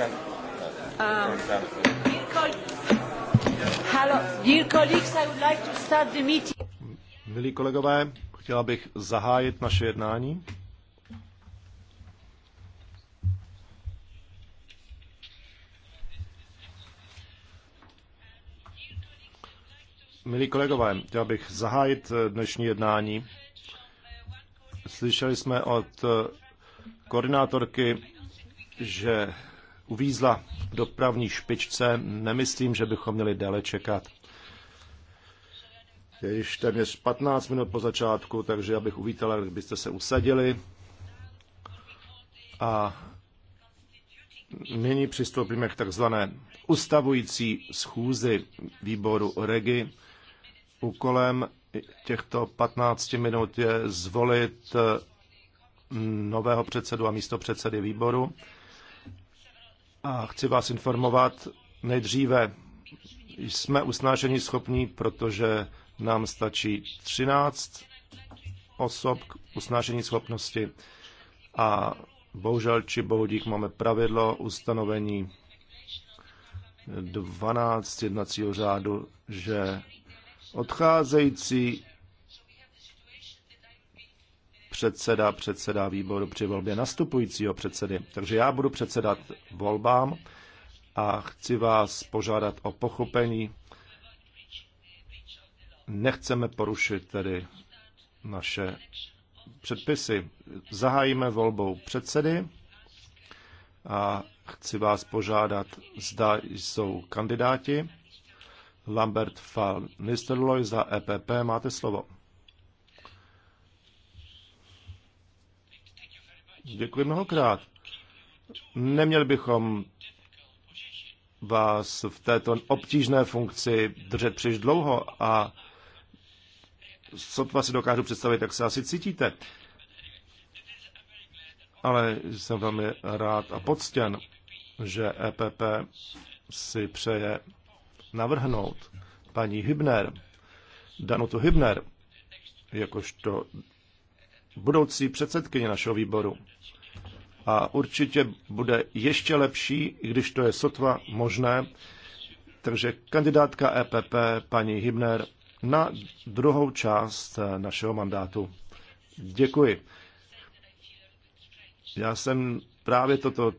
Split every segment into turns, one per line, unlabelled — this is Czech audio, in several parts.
dear colleagues, I would like to start the meeting.
Milí kolegové, chtěla bych zahájit naše jednání. Milí kolegové, chtěl bych zahájit dnešní jednání. Slyšeli jsme od koordinátorky, že uvízla v dopravní špičce, nemyslím, že bychom měli déle čekat. Je již téměř 15 minut po začátku, takže já bych uvítal, kdybyste se usadili. A nyní přistoupíme k takzvané ustavující schůzi výboru REGI. Úkolem těchto 15 minut je zvolit nového předsedu a místo předsedy výboru a chci vás informovat nejdříve. Jsme usnášení schopní, protože nám stačí 13 osob k usnášení schopnosti a bohužel či bohudík máme pravidlo ustanovení 12 jednacího řádu, že odcházející předseda předseda výboru při volbě nastupujícího předsedy. Takže já budu předsedat volbám a chci vás požádat o pochopení. Nechceme porušit tedy naše předpisy. Zahájíme volbou předsedy a chci vás požádat, zda jsou kandidáti. Lambert van Nistelrooy za EPP, máte slovo. Děkuji mnohokrát. Neměli bychom vás v této obtížné funkci držet příliš dlouho a sotva si dokážu představit, jak se asi cítíte. Ale jsem velmi rád a poctěn, že EPP si přeje navrhnout paní Hybner, Danutu Hybner, jakožto budoucí předsedkyně našeho výboru. A určitě bude ještě lepší, i když to je sotva možné. Takže kandidátka EPP, paní Hibner, na druhou část našeho mandátu. Děkuji. Já jsem právě toto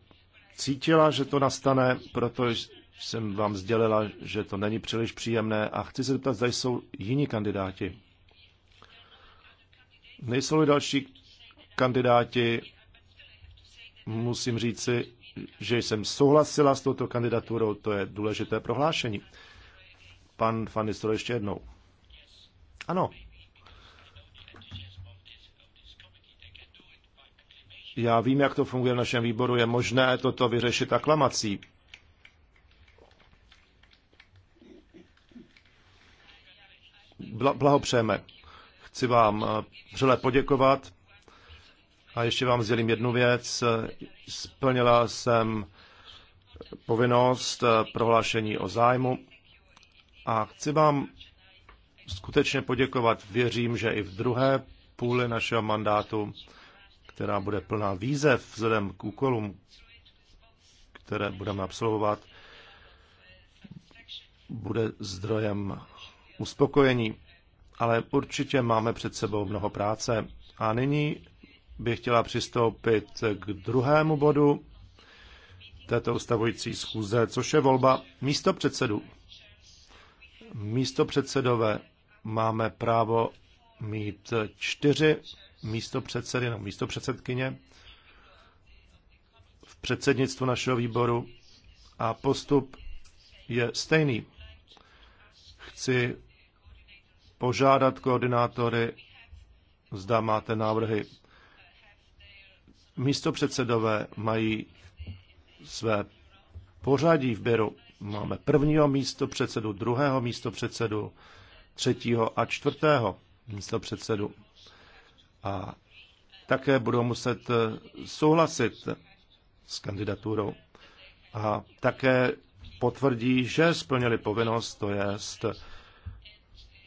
cítila, že to nastane, protože jsem vám sdělila, že to není příliš příjemné a chci se zeptat, zda jsou jiní kandidáti nejsou další kandidáti, musím říci, že jsem souhlasila s touto kandidaturou, to je důležité prohlášení. Pan Fanistro ještě jednou. Ano. Já vím, jak to funguje v našem výboru. Je možné toto vyřešit aklamací. blahopřejeme. Chci vám eh, vřele poděkovat a ještě vám sdělím jednu věc. Splnila jsem povinnost eh, prohlášení o zájmu a chci vám skutečně poděkovat. Věřím, že i v druhé půli našeho mandátu, která bude plná výzev vzhledem k úkolům, které budeme absolvovat, bude zdrojem uspokojení ale určitě máme před sebou mnoho práce. A nyní bych chtěla přistoupit k druhému bodu této ustavující schůze, což je volba místo předsedu. Místo předsedové máme právo mít čtyři místo předsedy no, místo předsedkyně v předsednictvu našeho výboru a postup je stejný. Chci požádat koordinátory, zda máte návrhy. Místo předsedové mají své pořadí v běru. Máme prvního místo předsedu, druhého místo předsedu, třetího a čtvrtého místo předsedu. A také budou muset eh, souhlasit s kandidaturou. A také potvrdí, že splnili povinnost, to jest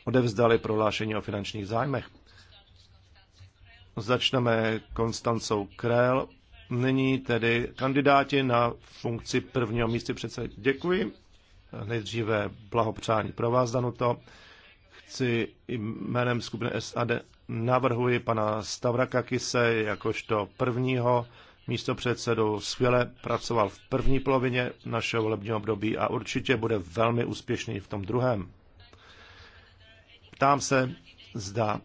odevzdali prohlášení o finančních zájmech. Začneme Konstancou Krell. Nyní tedy kandidáti na funkci prvního místa předsedy. Děkuji. Nejdříve blahopřání pro vás, Danuto. Chci jménem skupiny SAD navrhuji pana Kakise jakožto prvního místo předsedu. Skvěle pracoval v první polovině našeho volebního období a určitě bude velmi úspěšný v tom druhém. Ptám se, zda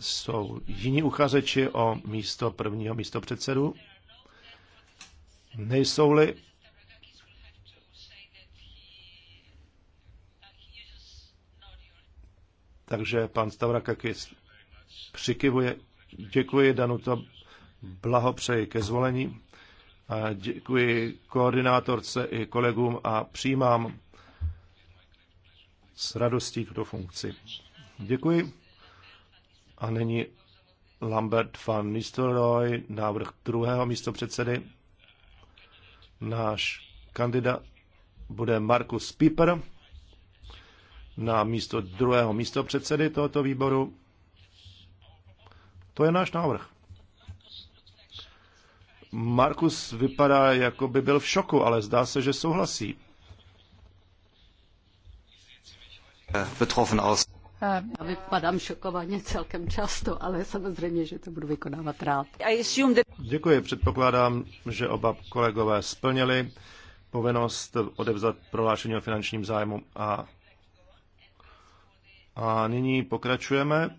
jsou jiní uchazeči o místo prvního místo předsedu. Nejsou-li, takže pan Stavrakakis přikivuje. Děkuji Danuto, blahopřeji ke zvolení. A děkuji koordinátorce i kolegům a přijímám s radostí tuto funkci. Děkuji. A nyní Lambert van Nistelrooy, návrh druhého místo předsedy. Náš kandidát bude Markus Piper na místo druhého místo předsedy tohoto výboru. To je náš návrh. Markus vypadá, jako by byl v šoku, ale zdá se, že souhlasí. Betroffen aus.
Já vypadám šokovaně celkem často, ale samozřejmě, že to budu vykonávat rád.
Děkuji. Předpokládám, že oba kolegové splnili povinnost odevzat prohlášení o finančním zájmu a, a nyní pokračujeme.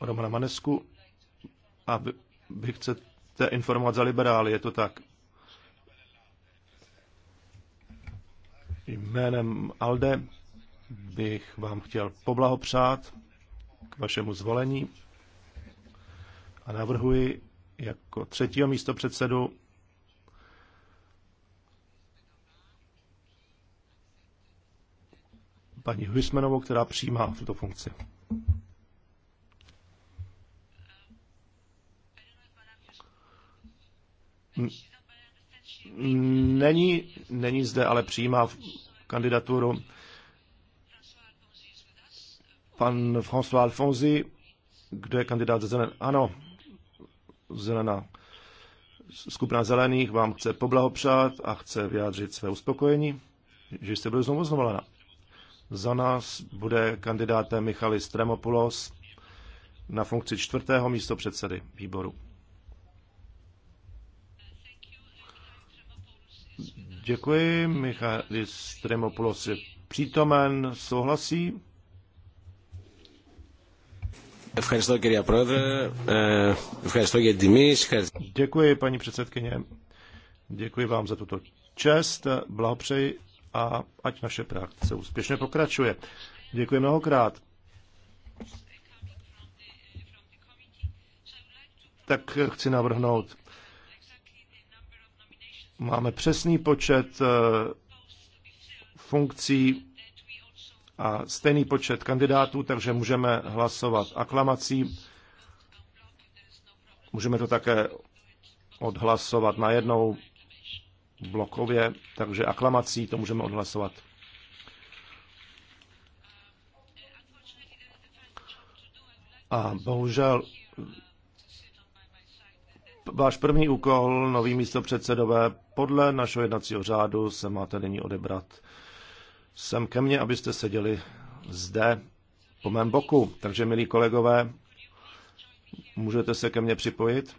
Romana Manesku a vy, vy chcete informovat za liberály, je to tak? Jménem ALDE bych vám chtěl poblahopřát k vašemu zvolení a navrhuji jako třetího místo předsedu paní Huismanovou, která přijímá tuto funkci. Mm. Není, není zde, ale přijímá kandidaturu pan François Alfonsi, kdo je kandidát zelen. Ano, zelená. Skupina zelených vám chce poblahopřát a chce vyjádřit své uspokojení, že jste byli znovu zvolena. Za nás bude kandidátem Michalis Tremopoulos na funkci čtvrtého místo předsedy výboru. Děkuji. Michalis Tremopoulos je přítomen, souhlasí. Děkuji, paní předsedkyně. Děkuji vám za tuto čest, blahopřeji a ať naše práce úspěšně pokračuje. Děkuji mnohokrát. Tak chci navrhnout Máme přesný počet eh, funkcí a stejný počet kandidátů, takže můžeme hlasovat aklamací. Můžeme to také odhlasovat na jednou blokově, takže aklamací to můžeme odhlasovat. A bohužel váš první úkol, nový místo předsedové, podle našeho jednacího řádu se máte nyní odebrat sem ke mně, abyste seděli zde po mém boku. Takže, milí kolegové, můžete se ke mně připojit?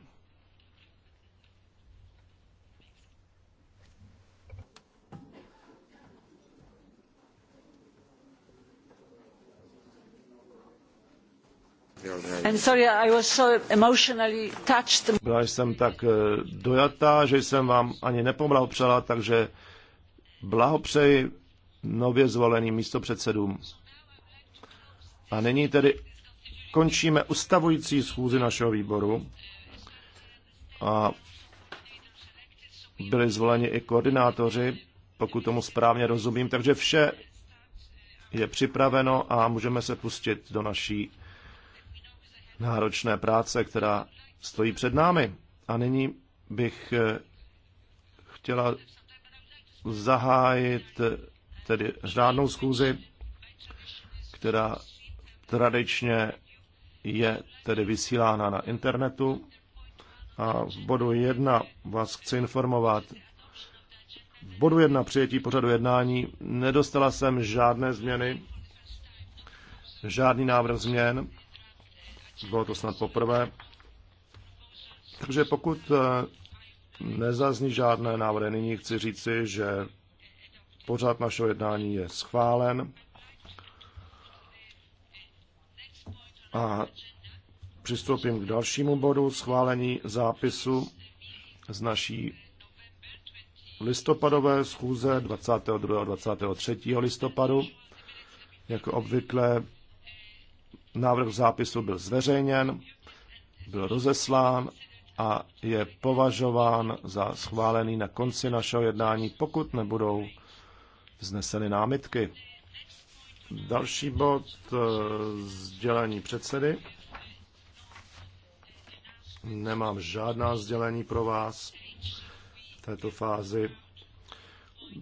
Byla jsem tak eh, dojatá, že jsem vám ani nepomlahopřela, takže blahopřeji nově zvoleným místopředsedům. A nyní tedy končíme ustavující schůzi našeho výboru. A byli zvoleni i koordinátoři, pokud tomu správně rozumím. Takže vše je připraveno a můžeme se pustit do naší náročné práce, která stojí před námi. A nyní bych eh, chtěla zahájit eh, tedy řádnou schůzi, která tradičně je tedy vysílána na internetu. A v bodu 1 vás chci informovat. V bodu 1 přijetí pořadu jednání nedostala jsem žádné změny, žádný návrh změn bylo to snad poprvé. Takže pokud eh, nezazní žádné návrhy, nyní chci říci, že pořád našeho jednání je schválen. A přistoupím k dalšímu bodu, schválení zápisu z naší listopadové schůze 22. a 23. listopadu. Jako obvykle návrh zápisu byl zveřejněn, byl rozeslán a je považován za schválený na konci našeho jednání, pokud nebudou vzneseny námitky. Další bod eh, sdělení předsedy. Nemám žádná sdělení pro vás v této fázi,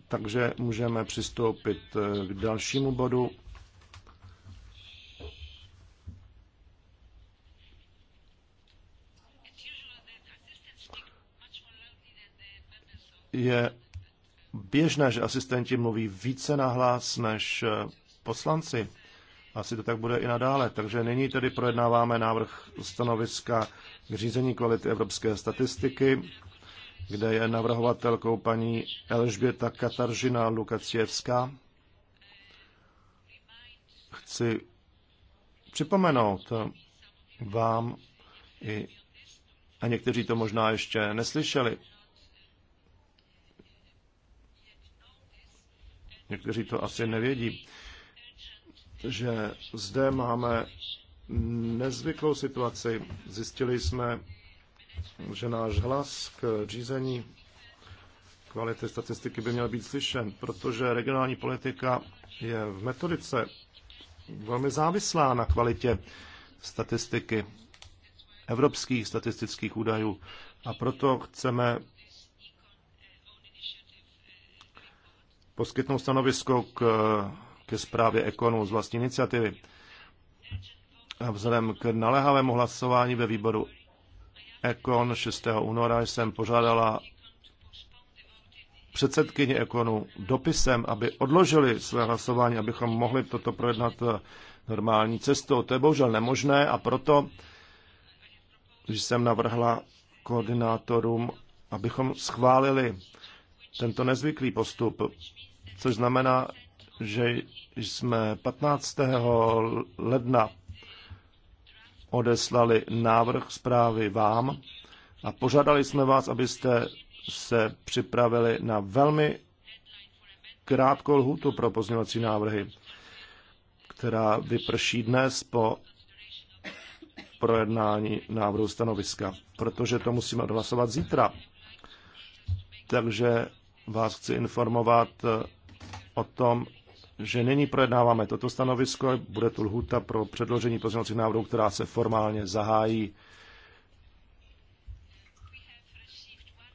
takže můžeme přistoupit eh, k dalšímu bodu. je běžné, že asistenti mluví více nahlas než eh, poslanci. Asi to tak bude i nadále. Takže nyní tedy projednáváme návrh stanoviska k řízení kvality evropské statistiky, kde je navrhovatelkou paní Elžběta Kataržina Lukacievská. Chci připomenout vám i, a někteří to možná ještě neslyšeli, někteří to asi nevědí, že zde máme nezvyklou situaci. Zjistili jsme, že náš hlas k řízení kvality statistiky by měl být slyšen, protože regionální politika je v metodice velmi závislá na kvalitě statistiky, evropských statistických údajů. A proto chceme poskytnout stanovisko k, ke zprávě Ekonu z vlastní iniciativy. A vzhledem k naléhavému hlasování ve výboru Ekon 6. února jsem požádala předsedkyni Ekonu dopisem, aby odložili své hlasování, abychom mohli toto projednat normální cestou. To je bohužel nemožné a proto že jsem navrhla koordinátorům, abychom schválili tento nezvyklý postup, což znamená, že jsme 15. ledna odeslali návrh zprávy vám a požádali jsme vás, abyste se připravili na velmi krátkou lhutu pro pozměňovací návrhy, která vyprší dnes po projednání návrhu stanoviska, protože to musíme odhlasovat zítra. Takže vás chci informovat o tom, že nyní projednáváme toto stanovisko, bude tu lhuta pro předložení pozměňovacích návrhů, která se formálně zahájí.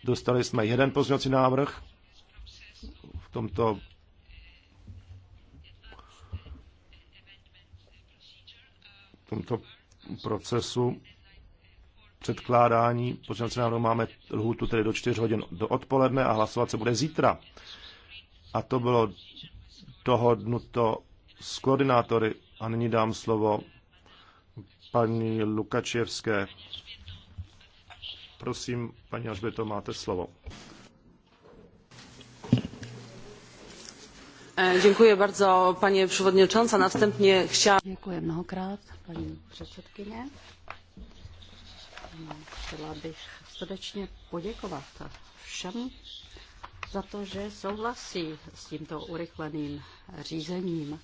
Dostali jsme jeden pozměňovací návrh v tomto v tomto procesu předkládání pozměňovacího návrhu máme lhůtu tedy do 4 hodin do odpoledne a hlasovat se bude zítra a to bylo dohodnuto s koordinátory. A nyní dám slovo paní Lukačevské. Prosím, paní Alžběto, máte slovo.
Eh, děkuji bardzo, paní předsedající. Następně chtěla... Děkuji mnohokrát, paní předsedkyně. Chtěla bych srdečně poděkovat všem za to, že souhlasí s tímto urychleným řízením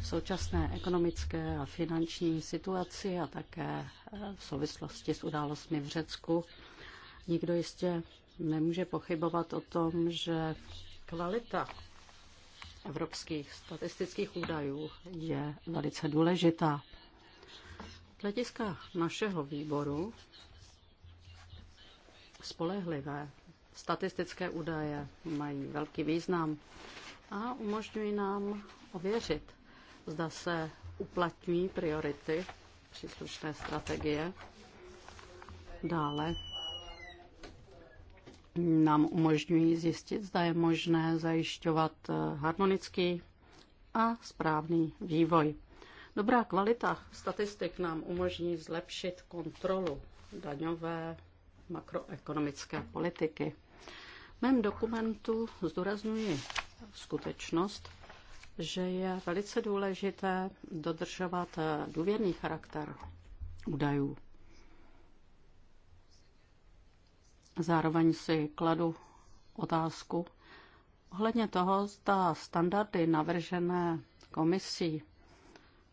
v současné ekonomické a finanční situaci a také eh, v souvislosti s událostmi v Řecku. Nikdo jistě nemůže pochybovat o tom, že kvalita evropských statistických údajů je velice důležitá. Hlediska našeho výboru spolehlivé statistické údaje mají velký význam a umožňují nám ověřit, zda se uplatňují priority příslušné strategie. Dále nám umožňují zjistit, zda je možné zajišťovat eh, harmonický a správný vývoj. Dobrá kvalita statistik nám umožní zlepšit kontrolu daňové makroekonomické politiky mém dokumentu zdůraznuji skutečnost, že je velice důležité dodržovat eh, důvěrný charakter údajů. Zároveň si kladu otázku ohledně toho, zda standardy navržené komisí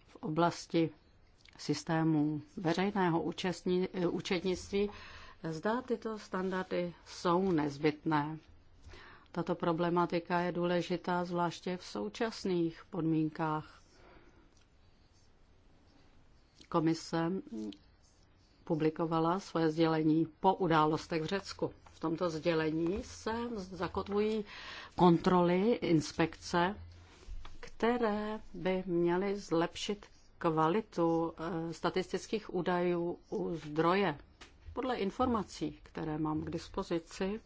v oblasti systému veřejného účetnictví Zda tyto standardy jsou nezbytné. Tato problematika je důležitá zvláště v současných podmínkách. Komise publikovala svoje sdělení po událostech v Řecku. V tomto sdělení se zakotvují kontroly inspekce, které by měly zlepšit kvalitu eh, statistických údajů u zdroje podle informací, které mám k dispozici,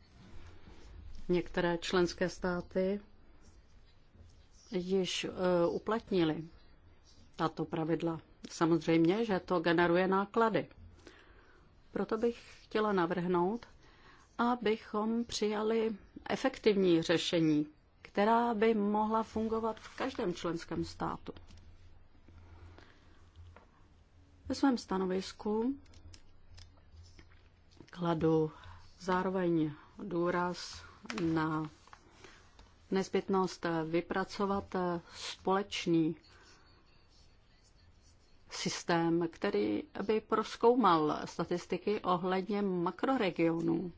některé členské státy již e, uplatnili tato pravidla. Samozřejmě, že to generuje náklady. Proto bych chtěla navrhnout, abychom přijali efektivní řešení, která by mohla fungovat v každém členském státu. Ve svém stanovisku kladu zároveň důraz na nezbytnost vypracovat společný systém, který by proskoumal statistiky ohledně makroregionů.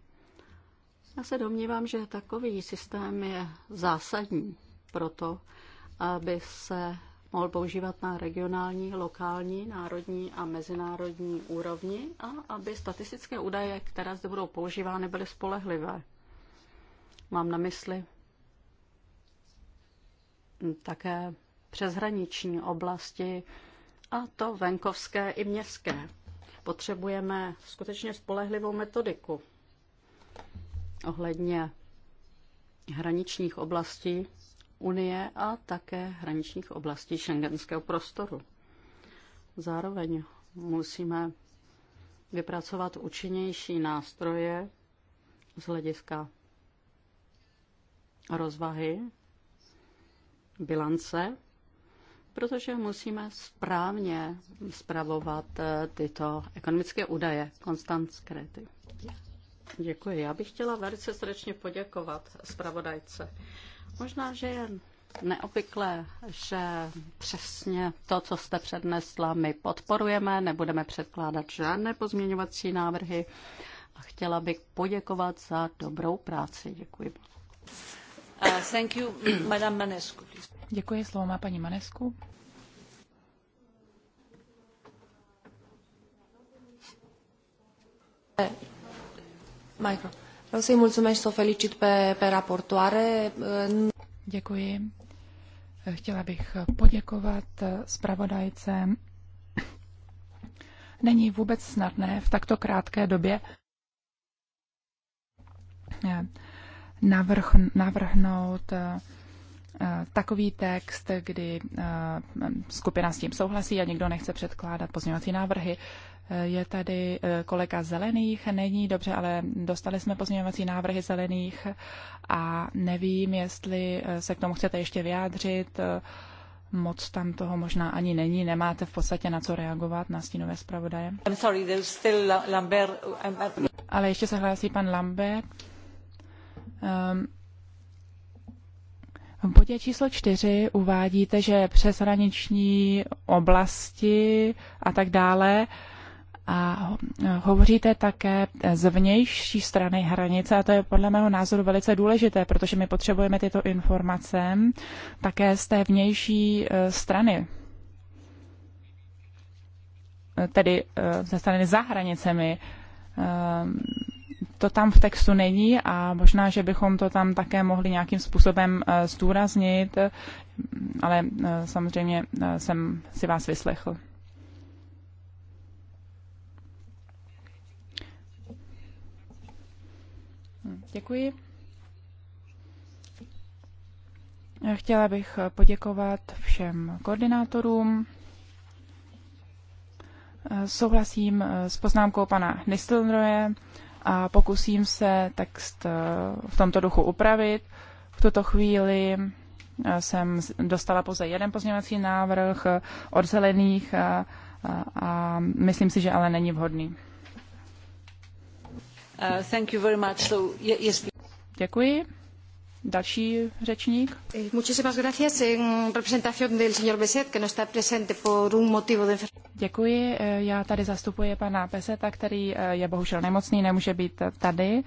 Já se domnívám, že takový systém je zásadní pro to, aby se mohl používat na regionální, lokální, národní a mezinárodní úrovni a aby statistické údaje, které zde budou používány, byly spolehlivé. Mám na mysli také přeshraniční oblasti, a to venkovské i městské. Potřebujeme skutečně spolehlivou metodiku ohledně hraničních oblastí unie a také hraničních oblastí šengenského prostoru. Zároveň musíme vypracovat účinnější nástroje z hlediska rozvahy, bilance, protože musíme správně zpravovat eh, tyto ekonomické údaje. Konstant Skréty. Děkuji. Já bych chtěla velice srdečně poděkovat zpravodajce. Možná, že je neobvyklé, že přesně to, co jste přednesla, my podporujeme, nebudeme předkládat žádné pozměňovací návrhy a chtěla bych poděkovat za dobrou práci. Děkuji. Uh, thank you, Madame Manescu.
Děkuji, slovo má paní Manesku. Eh, Micro. Să-i mulțumesc să o felicit pe, pe raportoare. Děkuji. Chtěla bych poděkovat zpravodajce. Není vůbec snadné v takto krátké době navrhnout Eh, takový text, kdy eh, skupina s tím souhlasí a někdo nechce předkládat pozměňovací návrhy. Eh, je tady kolega zelených, není dobře, ale dostali jsme pozměňovací návrhy zelených a nevím, jestli se k tomu chcete ještě vyjádřit. Moc tam toho možná ani není, nemáte v podstatě na co reagovat na stínové zpravodaje. Ale ještě se hlásí pan Lambert. Um, v bodě číslo čtyři uvádíte, že přeshraniční oblasti a tak dále a hovoříte také z vnější strany hranice a to je podle mého názoru velice důležité, protože my potřebujeme tyto informace také z té vnější e, strany, e, tedy e, ze strany za hranicemi to tam v textu není a možná, že bychom to tam také mohli nějakým způsobem eh, zdůraznit, eh, ale eh, samozřejmě jsem si vás vyslechl. Hm, děkuji. Chtěla bych poděkovat všem koordinátorům. Souhlasím s poznámkou pana Nistelroje a pokusím se text eh, v tomto duchu upravit. V tuto chvíli eh, jsem dostala pouze jeden pozměňovací návrh eh, od zelených a, a, a myslím si, že ale není vhodný. Uh, thank you very much. So, yes. Děkuji. Další řečník. No Děkuji, eh, já tady zastupuji pana Peseta, který eh, je bohužel nemocný, nemůže být tady,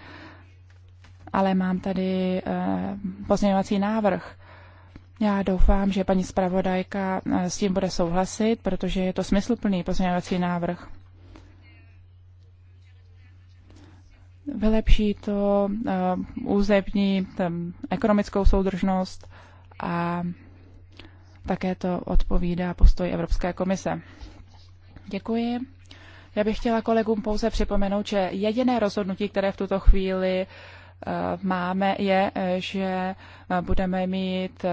ale mám tady eh, pozměňovací návrh. Já doufám, že paní zpravodajka s tím bude souhlasit, protože je to smysluplný pozměňovací návrh. vylepší to eh, územní tam, ekonomickou soudržnost a také to odpovídá postoj Evropské komise. Děkuji. Já bych chtěla kolegům pouze připomenout, že jediné rozhodnutí, které v tuto chvíli eh, máme, je, že eh, budeme mít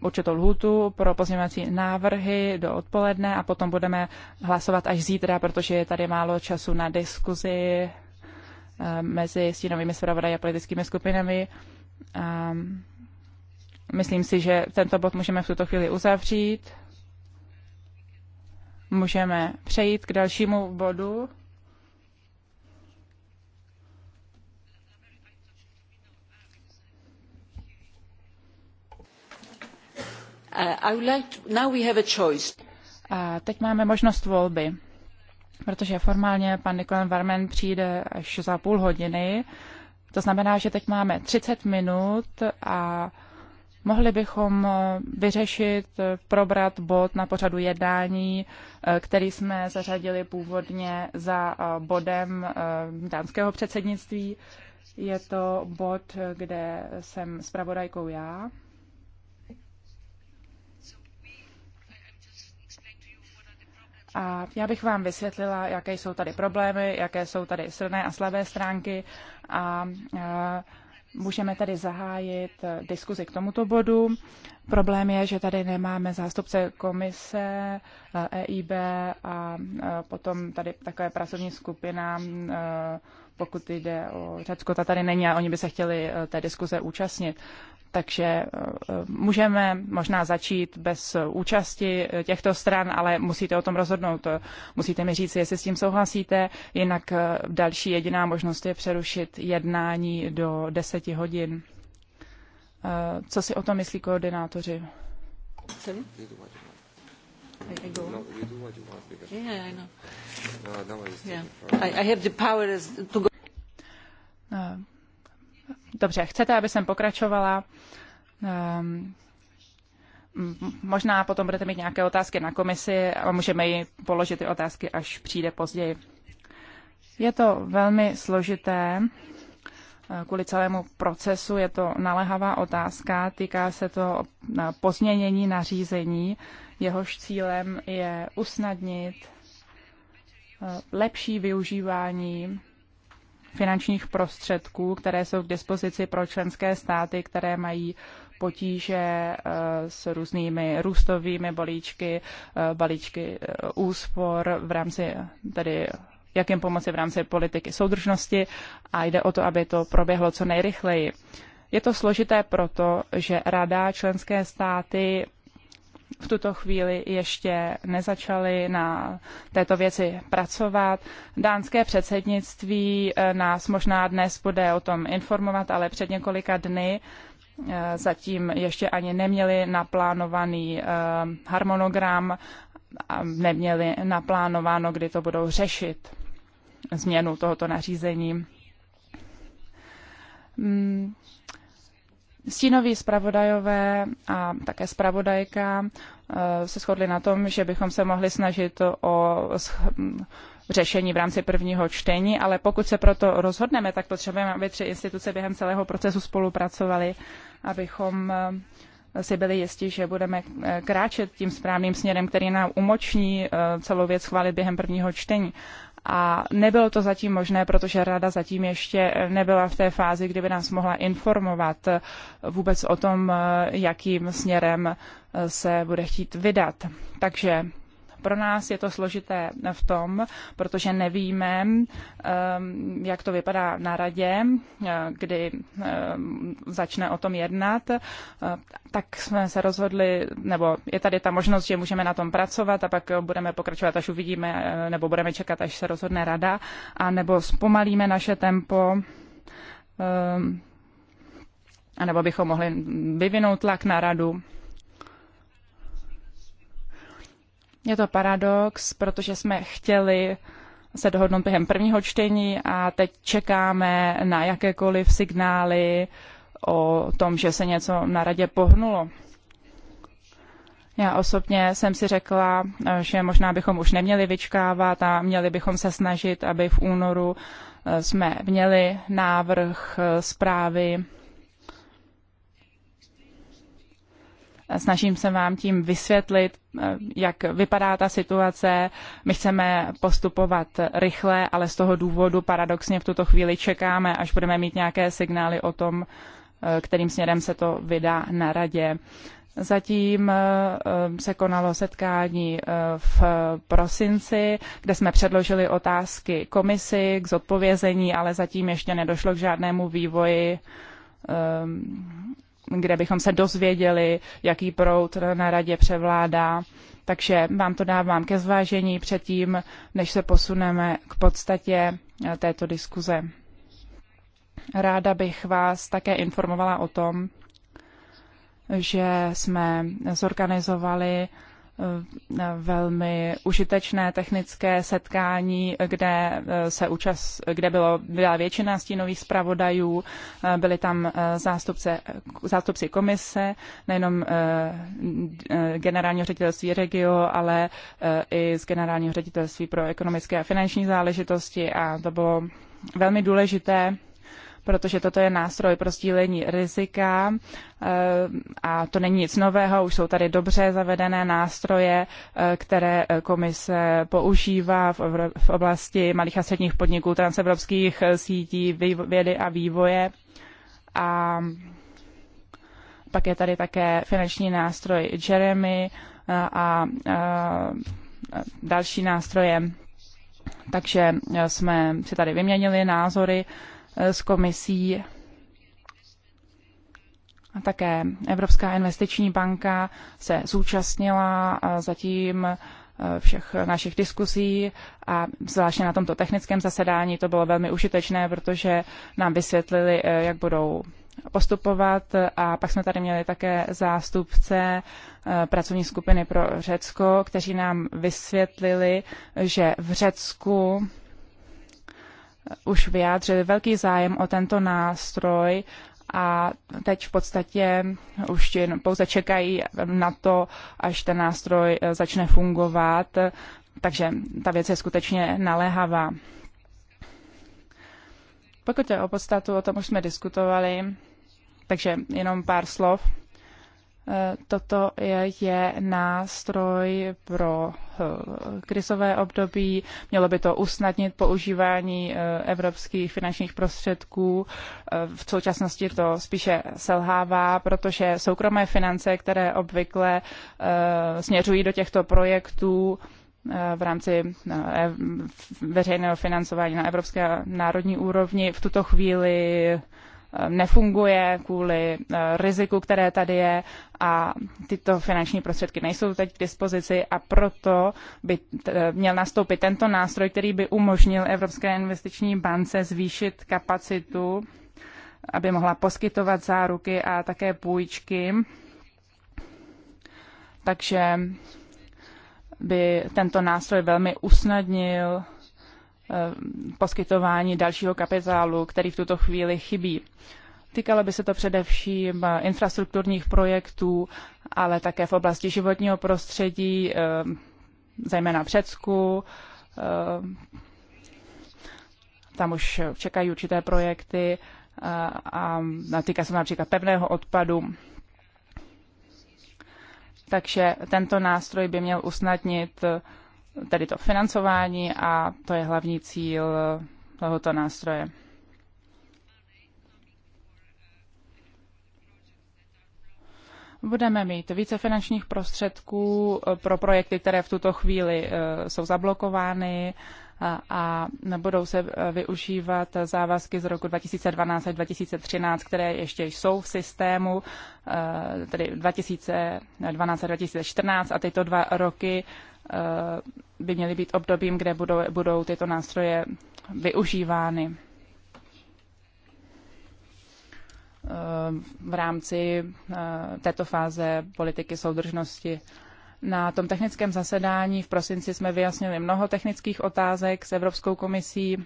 určitou lhutu pro pozměňovací návrhy do odpoledne a potom budeme hlasovat až zítra, protože je tady málo času na diskuzi Eh, mezi stínovými zpravodaji a politickými skupinami. A ehm, myslím si, že tento bod můžeme v tuto chvíli uzavřít. Můžeme přejít k dalšímu bodu. Eh, I would like now we have A teď máme možnost volby protože formálně pan Nikolan Varmen přijde až za půl hodiny. To znamená, že teď máme 30 minut a mohli bychom eh, vyřešit, eh, probrat bod na pořadu jednání, eh, který jsme zařadili původně za bodem dánského předsednictví. Je to bod, kde jsem zpravodajkou já. A já bych vám vysvětlila, jaké jsou tady problémy, jaké jsou tady silné a slabé stránky a, a e, Můžeme tady zahájit e, diskuzi k tomuto bodu. Problém je, že tady nemáme zástupce komise, EIB e a potom tady takové pracovní skupina pokud jde o Řecko, ta tady není a oni by se chtěli eh, té diskuze účastnit. Takže eh, eh, můžeme možná začít bez účasti těchto stran, ale musíte o tom rozhodnout. Musíte mi říct, jestli s tím souhlasíte, jinak další jediná možnost je přerušit jednání do deseti hodin. Co si o tom myslí koordinátoři? Dobře, chcete, aby jsem pokračovala? Um, možná potom budete mít nějaké otázky na komisi a můžeme ji položit ty otázky, až přijde později. Je to velmi složité kvůli celému procesu. Je to naléhavá otázka, týká se to eh, pozměnění nařízení. Jehož cílem je usnadnit eh, lepší využívání finančních prostředků, které jsou k dispozici pro členské státy, které mají potíže eh, s různými růstovými balíčky, balíčky úspor v rámci tedy jak jim pomoci v rámci politiky soudržnosti a jde o to, aby to proběhlo co nejrychleji. Je to složité proto, že Rada členské státy v tuto chvíli ještě nezačaly na této věci pracovat. Dánské předsednictví eh, nás možná dnes bude o tom informovat, ale před několika dny eh, zatím ještě ani neměli naplánovaný eh, harmonogram a neměli naplánováno, kdy to budou řešit změnu tohoto nařízení. Mm, stínoví zpravodajové a také zpravodajka eh, se shodli na tom, že bychom se mohli snažit o řešení v rámci prvního čtení, ale pokud se proto rozhodneme, tak potřebujeme, aby tři instituce během celého procesu spolupracovaly, abychom eh, si byli jistí, že budeme eh, kráčet tím správným směrem, který nám umoční celou věc chválit během prvního čtení a nebylo to zatím možné, protože rada zatím ještě eh, nebyla v té fázi, kdyby nás mohla informovat eh, vůbec o tom, eh, jakým směrem se bude chtít vydat. Takže pro nás je to složité v tom, protože nevíme, ehm, jak to vypadá na radě, eh, kdy ehm, začne o tom jednat, eh, tak jsme se rozhodli, nebo je tady ta možnost, že můžeme na tom pracovat a pak budeme pokračovat, až uvidíme, eh, nebo budeme čekat, až se rozhodne rada, a nebo zpomalíme naše tempo, ehm, a nebo bychom mohli vyvinout tlak na radu. Je to paradox, protože jsme chtěli se dohodnout během prvního čtení a teď čekáme na jakékoliv signály o tom, že se něco na radě pohnulo. Já osobně jsem si řekla, že možná bychom už neměli vyčkávat a měli bychom se snažit, aby v únoru eh, jsme měli návrh eh, zprávy Snažím se vám tím vysvětlit, eh, jak vypadá ta situace. My chceme postupovat rychle, ale z toho důvodu paradoxně v tuto chvíli čekáme, až budeme mít nějaké signály o tom, eh, kterým směrem se to vydá na radě. Zatím eh, se konalo setkání v prosinci, kde jsme předložili otázky komisi k zodpovězení, ale zatím ještě nedošlo k žádnému vývoji ehm, kde bychom se dozvěděli, jaký proud na radě převládá. Takže vám to dávám ke zvážení předtím, než se posuneme k podstatě eh, této diskuze. Ráda bych vás také informovala o tom, že jsme zorganizovali Eh, velmi užitečné technické setkání, kde, eh, se účast, kde bylo, byla většina stínových zpravodajů, eh, byli tam zástupce, zástupci komise, nejenom generálního ředitelství regio, ale i z generálního ředitelství pro ekonomické a finanční záležitosti a to bylo velmi důležité protože toto je nástroj pro sdílení rizika eh, a to není nic nového, už jsou tady dobře zavedené nástroje, eh, které komise používá v oblasti malých a středních podniků, transevropských eh, sítí, vědy a vývoje. A pak je tady také finanční nástroj Jeremy a další nástroje. Takže jsme si tady vyměnili názory Eh, s komisí. A také Evropská investiční banka se zúčastnila zatím eh, všech našich diskusí a zvláště na tomto technickém zasedání to bylo velmi užitečné, protože nám vysvětlili, eh, jak budou postupovat a pak jsme tady měli také zástupce pracovní skupiny pro Řecko, kteří nám vysvětlili, že v Řecku už vyjádřili velký zájem o tento nástroj a teď v podstatě už jen pouze čekají na to, až ten nástroj eh, začne fungovat, takže ta věc je skutečně naléhavá. Pokud je o podstatu, o tom už jsme diskutovali, takže jenom pár slov. Toto je, je nástroj pro eh, krizové období. Mělo by to usnadnit používání eh, evropských finančních prostředků. Eh, v současnosti to spíše selhává, protože soukromé finance, které obvykle směřují do těchto projektů, v rámci veřejného financování na evropské národní úrovni v tuto chvíli nefunguje kvůli eh, riziku, které tady je a tyto finanční prostředky nejsou teď k dispozici a proto by eh, měl nastoupit tento nástroj, který by umožnil Evropské investiční bance zvýšit kapacitu, aby mohla poskytovat záruky a také půjčky. Takže by tento nástroj velmi usnadnil Eh, poskytování dalšího kapitálu, který v tuto chvíli chybí. Týkalo by se to především eh, infrastrukturních projektů, ale také v oblasti životního prostředí, eh, zejména v Řecku. Tam už čekají určité projekty a týká se například pevného odpadu. Takže tento nástroj by měl usnadnit tedy to financování a to je hlavní cíl tohoto nástroje. Budeme mít více finančních prostředků eh, pro projekty, které v tuto chvíli eh, jsou zablokovány a budou se eh, využívat závazky z roku 2012 až 2013, které ještě jsou v systému, tedy 2012 a 2014 a tyto dva roky by měly být obdobím, kde budou, budou tyto nástroje využívány eh, v rámci eh, této fáze politiky soudržnosti. Na tom technickém zasedání v prosinci jsme vyjasnili mnoho technických otázek s Evropskou komisí,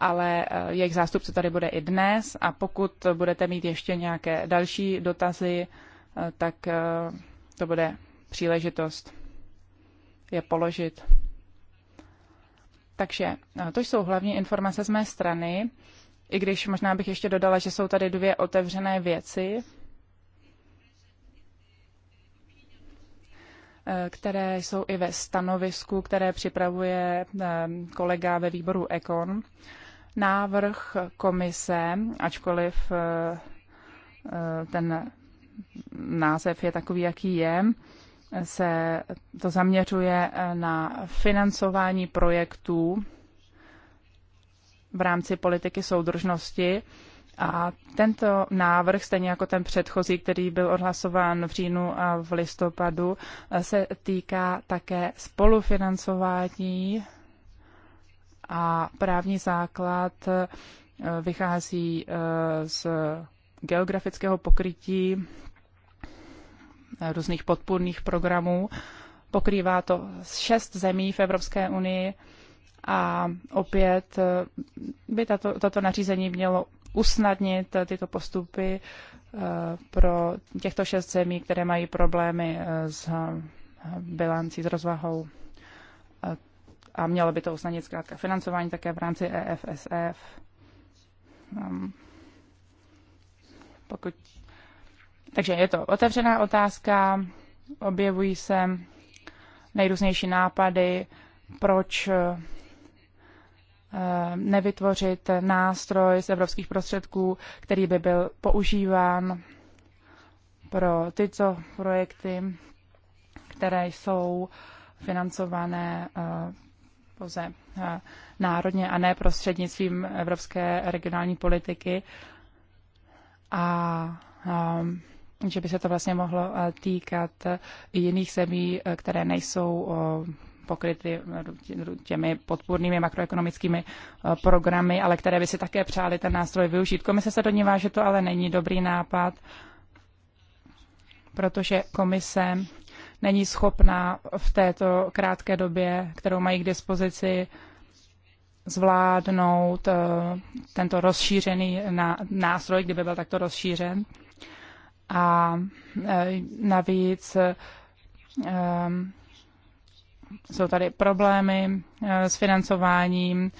ale eh, jejich zástupce tady bude i dnes a pokud budete mít ještě nějaké další dotazy, tak to bude příležitost je položit. Takže eh, to jsou hlavní informace z mé strany, i když možná bych ještě dodala, že jsou tady dvě otevřené věci, eh, které jsou i ve stanovisku, které připravuje eh, kolega ve výboru Ekon. Návrh komise, ačkoliv ten název je takový, jaký je, se to zaměřuje na financování projektů v rámci politiky soudržnosti. A tento návrh, stejně jako ten předchozí, který byl odhlasován v říjnu a v listopadu, se týká také spolufinancování a právní základ eh, vychází eh, z geografického pokrytí různých podpůrných programů. Pokrývá to šest zemí v Evropské unii a opět eh, by tato, toto nařízení mělo usnadnit eh, tyto postupy eh, pro těchto šest zemí, které mají problémy s bilancí, s rozvahou a mělo by to usnadnit zkrátka financování také v rámci EFSF. Ehm, pokud takže je to otevřená otázka, objevují se nejrůznější nápady, proč eh, nevytvořit nástroj z evropských prostředků, který by byl používán pro tyto projekty, které jsou financované eh, pouze eh, národně a ne prostřednictvím evropské regionální politiky. A že by se to vlastně mohlo eh, týkat i jiných zemí, eh, které nejsou eh, pokryty těmi podpůrnými makroekonomickými programy, ale které by si také přáli ten nástroj využít. Komise se donívá, že to ale není dobrý nápad, protože komise není schopná v této krátké době, kterou mají k dispozici, zvládnout tento rozšířený nástroj, kdyby byl takto rozšířen a e, navíc e, jsou tady problémy e, s financováním.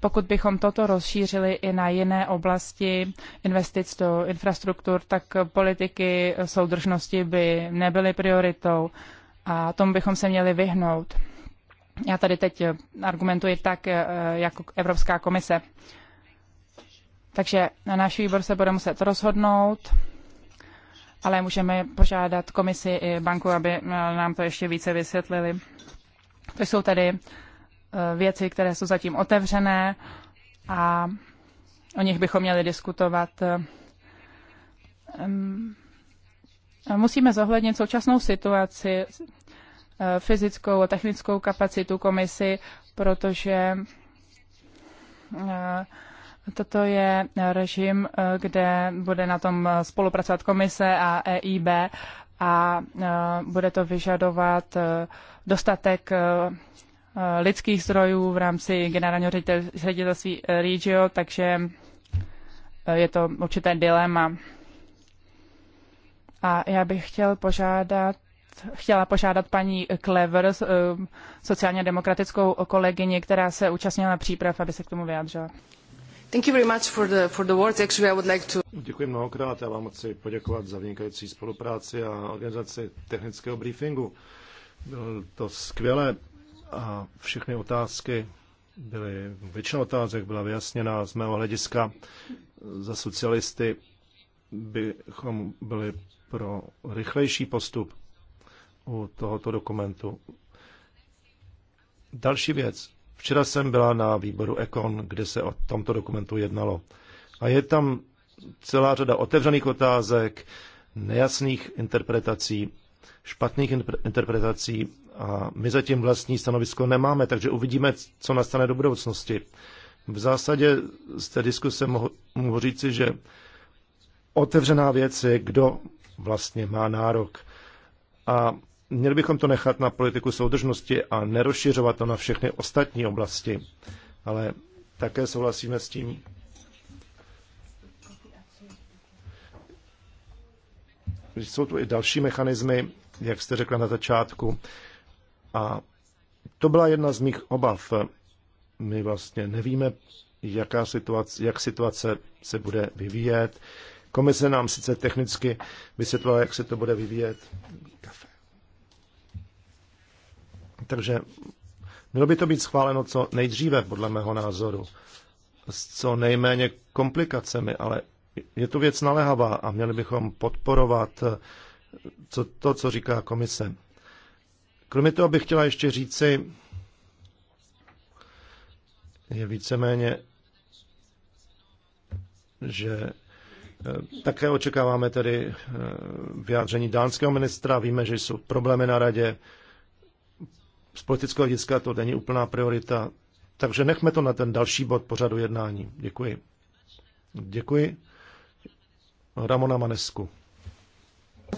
Pokud bychom toto rozšířili i na jiné oblasti investic do infrastruktur, tak politiky soudržnosti by nebyly prioritou a tomu bychom se měli vyhnout. Já tady teď argumentuji tak, jako Evropská komise. Takže na náš výbor se bude muset rozhodnout ale můžeme požádat komisi i banku, aby eh, nám to ještě více vysvětlili. To jsou tady eh, věci, které jsou zatím otevřené a o nich bychom měli diskutovat. Eh, musíme zohlednit současnou situaci, fyzickou a technickou kapacitu komisy, protože Toto je režim, eh, kde bude na tom eh, spolupracovat komise a EIB a eh, bude to vyžadovat dostatek lidských zdrojů v rámci generálního ředitelství Regio, takže je to určité dilema. A já bych chtěl požádat chtěla požádat paní Clever, sociálně demokratickou kolegyni, která se účastnila příprav, aby se k tomu vyjádřila.
Thank you very much for the, for the words. Actually, I would like to... Děkuji mnohokrát. Já vám chci poděkovat za vynikající spolupráci a organizaci technického briefingu. Bylo to skvělé a všechny otázky byly, většina otázek byla vyjasněna z mého hlediska. Za socialisty bychom byli pro rychlejší postup u tohoto dokumentu. Další věc. Včera jsem byla na výboru Ekon, kde se o tomto dokumentu jednalo. A je tam celá řada otevřených otázek, nejasných interpretací, špatných interpretací a my zatím vlastní stanovisko nemáme, takže uvidíme, co nastane do budoucnosti. V zásadě z té diskuse mohu, mohu říci, že otevřená věc je, kdo vlastně má nárok. A Měli bychom to nechat na politiku soudržnosti a nerozšiřovat to na všechny ostatní oblasti. Ale také souhlasíme s tím, jsou tu i další mechanismy, jak jste řekla na začátku. A to byla jedna z mých obav. My vlastně nevíme, jaká situace, jak situace se bude vyvíjet. Komise nám sice technicky vysvětlila, jak se to bude vyvíjet. Kafe. Takže mělo by to být schváleno co nejdříve, podle mého názoru, s co nejméně komplikacemi, ale je to věc naléhavá a měli bychom podporovat eh, co, to, co říká komise. Kromě toho bych chtěla ještě říci, je víceméně, že eh, také očekáváme tedy eh, vyjádření dánského ministra. Víme, že jsou problémy na radě z politického hlediska to není úplná priorita. Takže nechme to na ten další bod pořadu jednání. Děkuji. Děkuji. Ramona Manesku.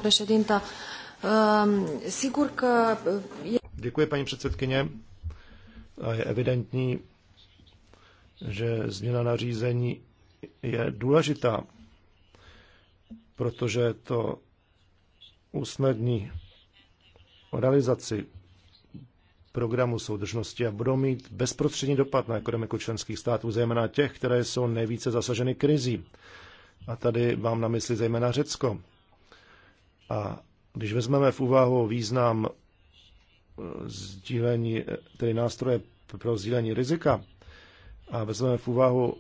Um, uh, e- Děkuji, paní předsedkyně. Je evidentní, že změna nařízení je důležitá, protože to usnadní realizaci programu soudržnosti a budou mít bezprostřední dopad na ekonomiku členských států, zejména těch, které jsou nejvíce zasaženy krizí. A tady mám na mysli zejména Řecko. A když vezmeme v úvahu význam eh, sdílení, tedy nástroje pro sdílení rizika a vezmeme v úvahu,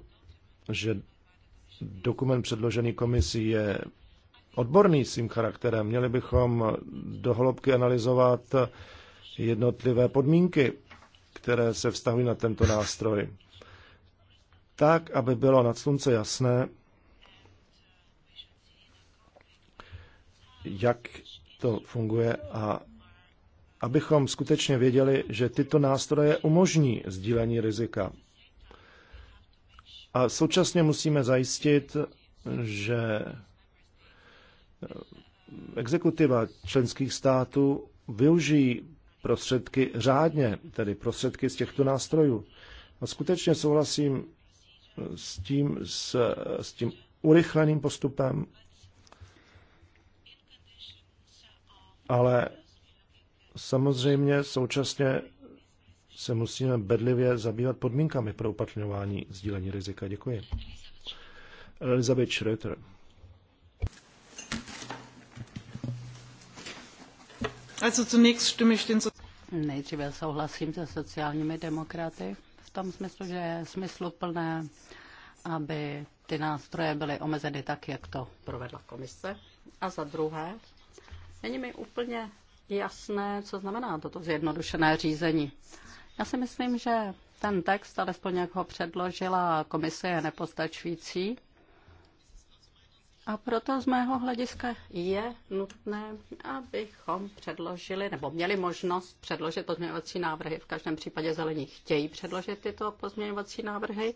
že dokument předložený komisí je odborný svým charakterem, měli bychom dohloubky analyzovat jednotlivé podmínky, které se vztahují na tento nástroj. Tak, aby bylo nad slunce jasné, jak to funguje a abychom skutečně věděli, že tyto nástroje umožní sdílení rizika. A současně musíme zajistit, že exekutiva členských států využijí prostředky řádně, tedy prostředky z těchto nástrojů. A skutečně souhlasím s tím, s, s tím urychleným postupem, ale samozřejmě současně se musíme bedlivě zabývat podmínkami pro upatňování sdílení rizika. Děkuji. Elizabeth Schröter.
Also zunächst stimme ich den Nejdříve souhlasím se sociálními demokraty v tom smyslu, že je smysluplné, aby ty nástroje byly omezeny tak, jak to provedla komise. A za druhé, není mi úplně jasné, co znamená toto zjednodušené řízení. Já si myslím, že ten text, alespoň jak ho předložila komise, je nepostačující. A proto z mého hlediska je nutné, abychom předložili, nebo měli možnost předložit pozměňovací návrhy. V každém případě zelení chtějí předložit tyto pozměňovací návrhy.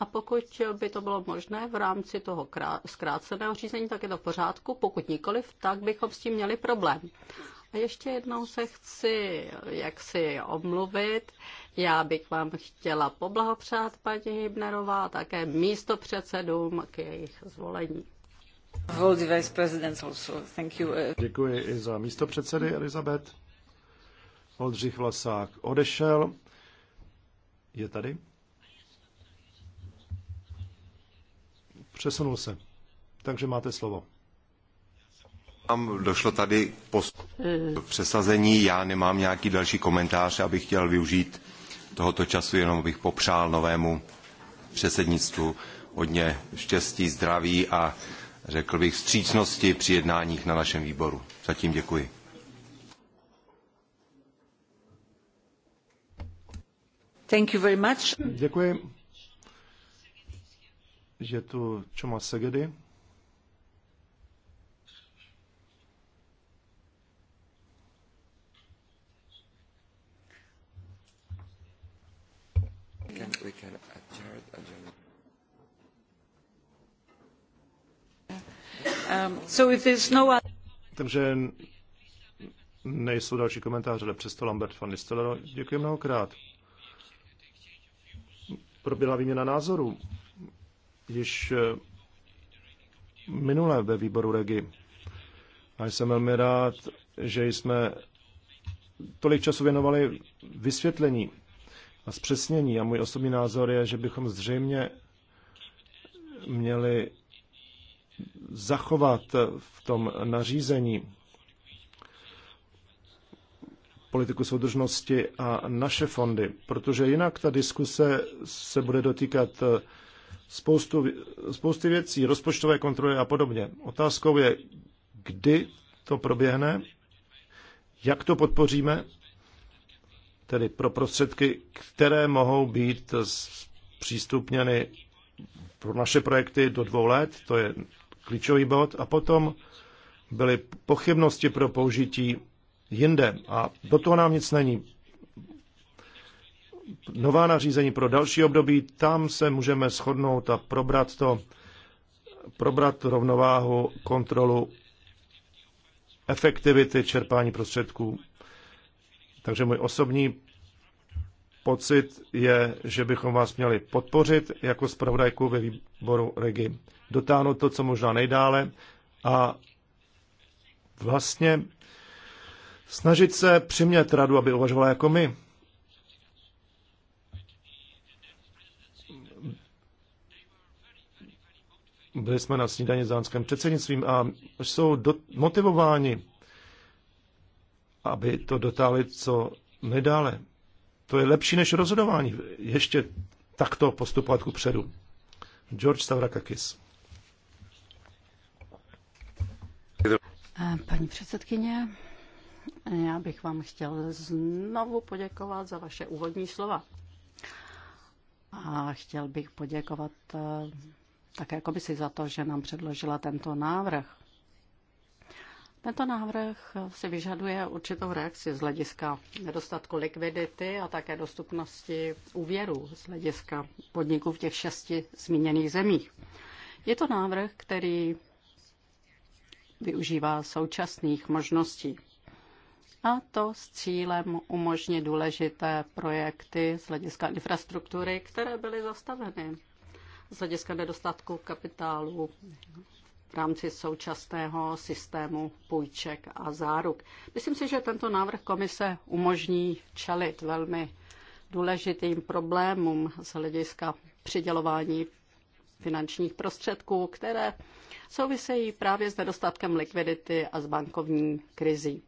A pokud by to bylo možné v rámci toho zkráceného řízení, tak je to v pořádku. Pokud nikoliv, tak bychom s tím měli problém. A ještě jednou se chci jaksi omluvit. Já bych vám chtěla poblahopřát paní Hybnerová a také místo předsedům k jejich zvolení. Uh,
Děkuji i za místo předsedy Elizabeth. Oldřich Vlasák odešel. Je tady? Přesunul se. Takže máte slovo. Tam došlo tady po eh. přesazení. Já nemám nějaký další komentář, abych chtěl využít tohoto času, jenom bych popřál novému předsednictvu hodně štěstí, zdraví a řekl bych, střícnosti při jednáních na našem výboru. Zatím děkuji. Thank you very much. Děkuji. Je tu Čoma Segedy.
Um, no
Takže nejsou další komentáře, ale přesto Lambert van Nistelrooy. Děkuji mnohokrát. Proběhla výměna názorů již eh, minule ve výboru Regi. A jsem velmi rád, že jsme tolik času věnovali vysvětlení a zpřesnění. A můj osobní názor je, že bychom zřejmě měli zachovat v tom nařízení politiku soudržnosti a naše fondy, protože jinak ta diskuse se bude dotýkat spoustu, spousty věcí, rozpočtové kontroly a podobně. Otázkou je, kdy to proběhne, jak to podpoříme, tedy pro prostředky, které mohou být přístupněny pro naše projekty do dvou let, to je klíčový bod, a potom byly pochybnosti pro použití jinde. A do toho nám nic není. Nová nařízení pro další období, tam se můžeme shodnout a probrat to, probrat rovnováhu, kontrolu, efektivity čerpání prostředků. Takže můj osobní pocit je, že bychom vás měli podpořit jako zpravodajku ve výboru Regi. Dotáhnout to, co možná nejdále a vlastně snažit se přimět radu, aby uvažovala jako my. Byli jsme na snídaně s dánským předsednictvím a jsou do, motivováni, aby to dotáhli co nejdále. To je lepší než rozhodování. Ještě takto postupovat ku předu. George Stavrakakis.
Paní předsedkyně, já bych vám chtěl znovu poděkovat za vaše úvodní slova. A chtěl bych poděkovat eh, také komisi za to, že nám předložila tento návrh. Tento návrh si vyžaduje určitou reakci z hlediska nedostatku likvidity a také dostupnosti úvěru z hlediska podniků v těch šesti zmíněných zemích. Je to návrh, který využívá současných možností. A to s cílem umožnit důležité projekty z hlediska infrastruktury, které byly zastaveny z hlediska nedostatku kapitálu v rámci současného systému půjček a záruk. Myslím si, že tento návrh komise umožní čelit velmi důležitým problémům z hlediska přidělování finančních prostředků, které souvisejí právě s nedostatkem likvidity a s bankovní krizí.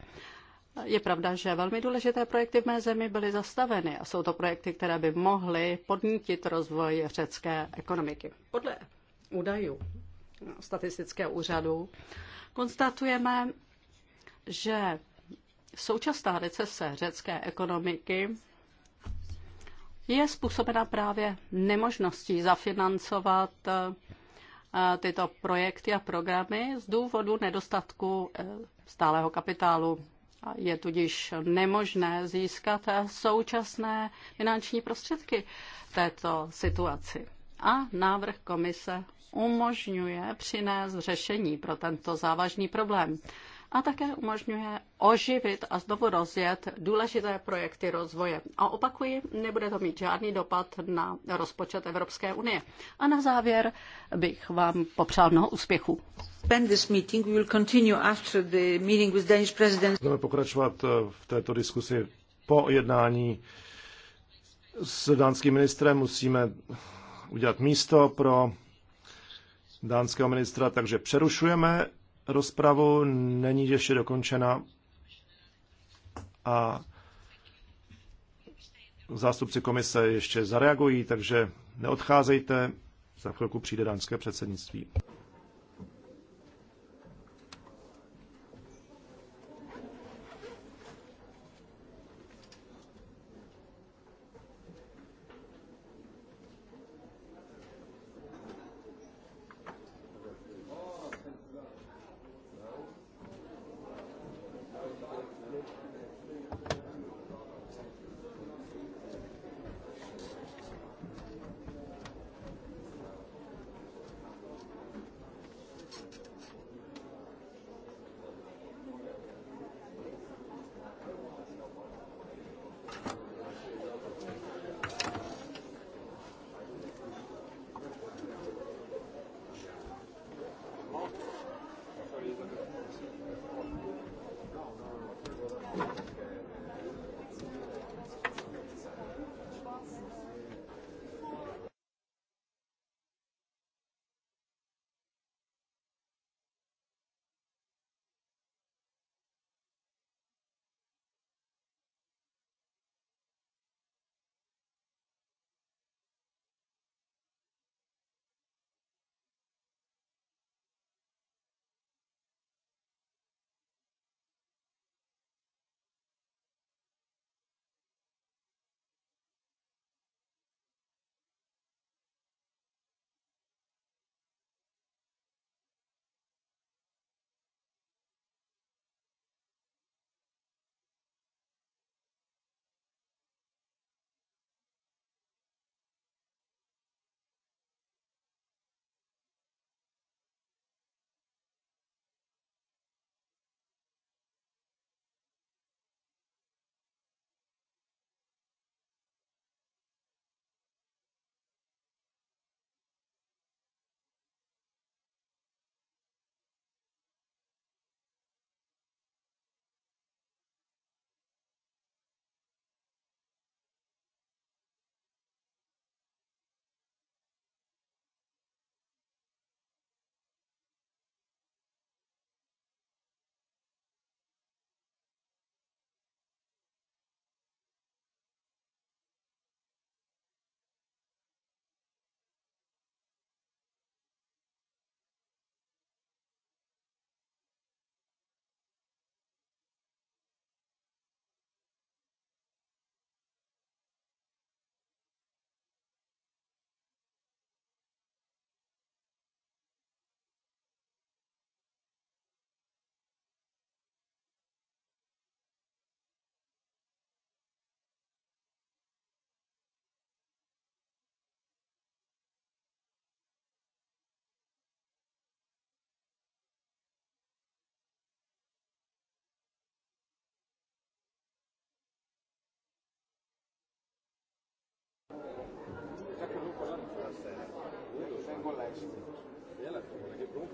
Je pravda, že velmi důležité projekty v mé zemi byly zastaveny a jsou to projekty, které by mohly podnítit rozvoj řecké ekonomiky. Podle údajů statistického úřadu, konstatujeme, že současná recese řecké ekonomiky je způsobena právě nemožností zafinancovat eh, tyto projekty a programy z důvodu nedostatku eh, stálého kapitálu. Je tudíž nemožné získat eh, současné finanční prostředky této situaci. A návrh komise umožňuje přinést řešení pro tento závažný problém a také umožňuje oživit a znovu rozjet důležité projekty rozvoje. A opakuji, nebude to mít žádný dopad na rozpočet Evropské unie. A na závěr bych vám popřál mnoho úspěchů.
Budeme pokračovat eh, v této diskusi po jednání s dánským ministrem. Musíme udělat místo pro dánského ministra, takže přerušujeme rozpravu, není ještě dokončena a zástupci komise ještě zareagují, takže neodcházejte, za chvilku přijde dánské předsednictví.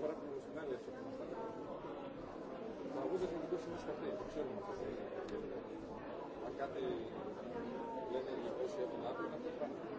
Κάτι λένε οι λεπτές έχουν άδειο να το πράγμα.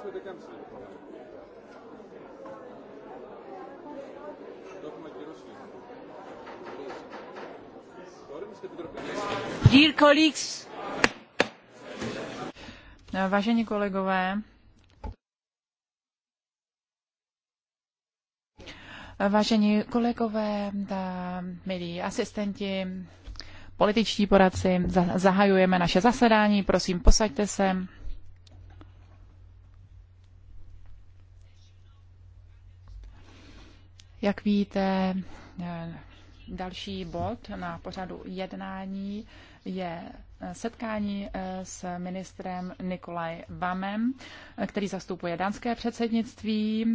is with
Dear colleagues. No, vážení kolegové, vážení kolegové, milí asistenti, političtí poradci, zahajujeme naše zasedání, prosím, posaďte se. Jak víte, eh, další bod na pořadu jednání je eh, setkání eh, s ministrem Nikolaj Vamem, který zastupuje dánské předsednictví.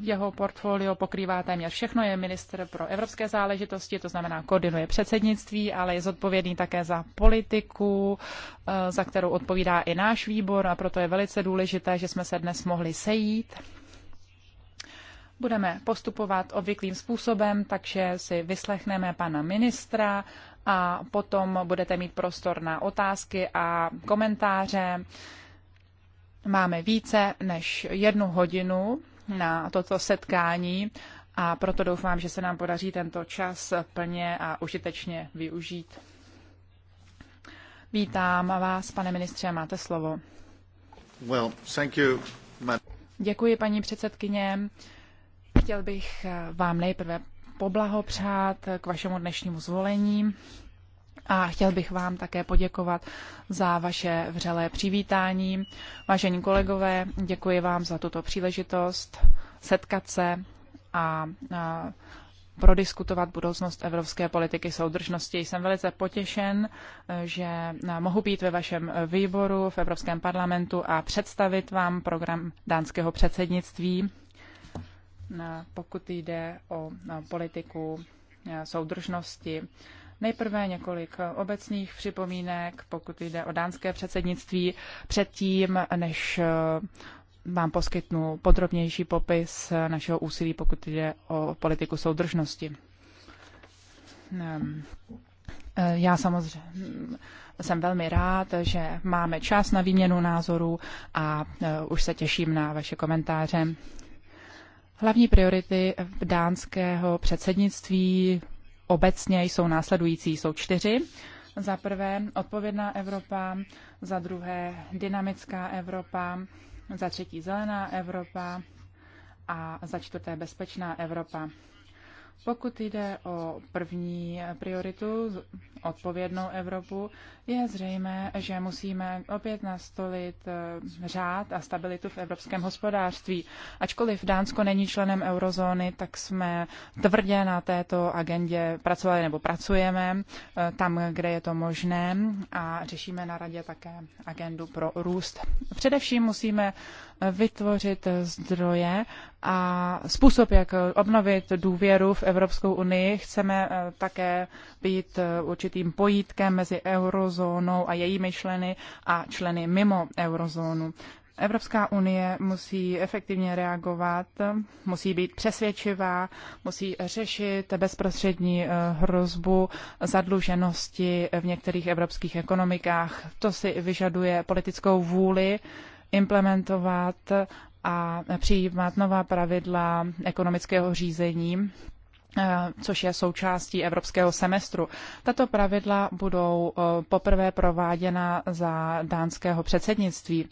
Jeho portfolio pokrývá téměř všechno, je minister pro evropské záležitosti, to znamená koordinuje předsednictví, ale je zodpovědný také za politiku, za kterou odpovídá i náš výbor a proto je velice důležité, že jsme se dnes mohli sejít Budeme postupovat obvyklým způsobem, takže si vyslechneme pana ministra a potom budete mít prostor na otázky a komentáře. Máme více než jednu hodinu na toto setkání a proto doufám, že se nám podaří tento čas plně a užitečně využít. Vítám vás, pane ministře, máte slovo. Děkuji, paní předsedkyně. Chtěl bych eh, vám nejprve poblahopřát k vašemu dnešnímu zvolení a chtěl bych vám také poděkovat za vaše vřelé přivítání. Vážení kolegové, děkuji vám za tuto příležitost setkat se a, prodiskutovat budoucnost evropské politiky soudržnosti. Jsem velice potěšen, eh, že eh, mohu být ve vašem výboru v Evropském parlamentu a představit vám program dánského předsednictví pokud jde o politiku e, soudržnosti. Nejprve několik obecných připomínek, pokud jde o dánské předsednictví, předtím, než e, vám poskytnu podrobnější popis našeho úsilí, pokud jde o politiku soudržnosti. E, já samozřejmě jsem velmi rád, že máme čas na výměnu názorů a už se těším na vaše komentáře Hlavní priority dánského předsednictví obecně jsou následující, jsou čtyři. Za prvé odpovědná Evropa, za druhé dynamická Evropa, za třetí zelená Evropa a za čtvrté bezpečná Evropa. Pokud jde o první prioritu, odpovědnou Evropu, je zřejmé, že musíme opět nastolit eh, řád a stabilitu v evropském hospodářství. Ačkoliv Dánsko není členem eurozóny, tak jsme tvrdě na této agendě pracovali nebo pracujeme eh, tam, kde je to možné a řešíme na radě také agendu pro růst. Především musíme vytvořit zdroje a způsob, jak obnovit důvěru v Evropskou unii. Chceme eh, také být eh, určitým pojítkem mezi eurozónou a jejími členy a členy mimo eurozónu. Evropská unie musí efektivně reagovat, musí být přesvědčivá, musí řešit bezprostřední eh, hrozbu zadluženosti v některých evropských ekonomikách. To si vyžaduje politickou vůli implementovat a přijímat nová pravidla ekonomického řízení eh, což je součástí evropského semestru. Tato pravidla budou eh, poprvé prováděna za dánského předsednictví.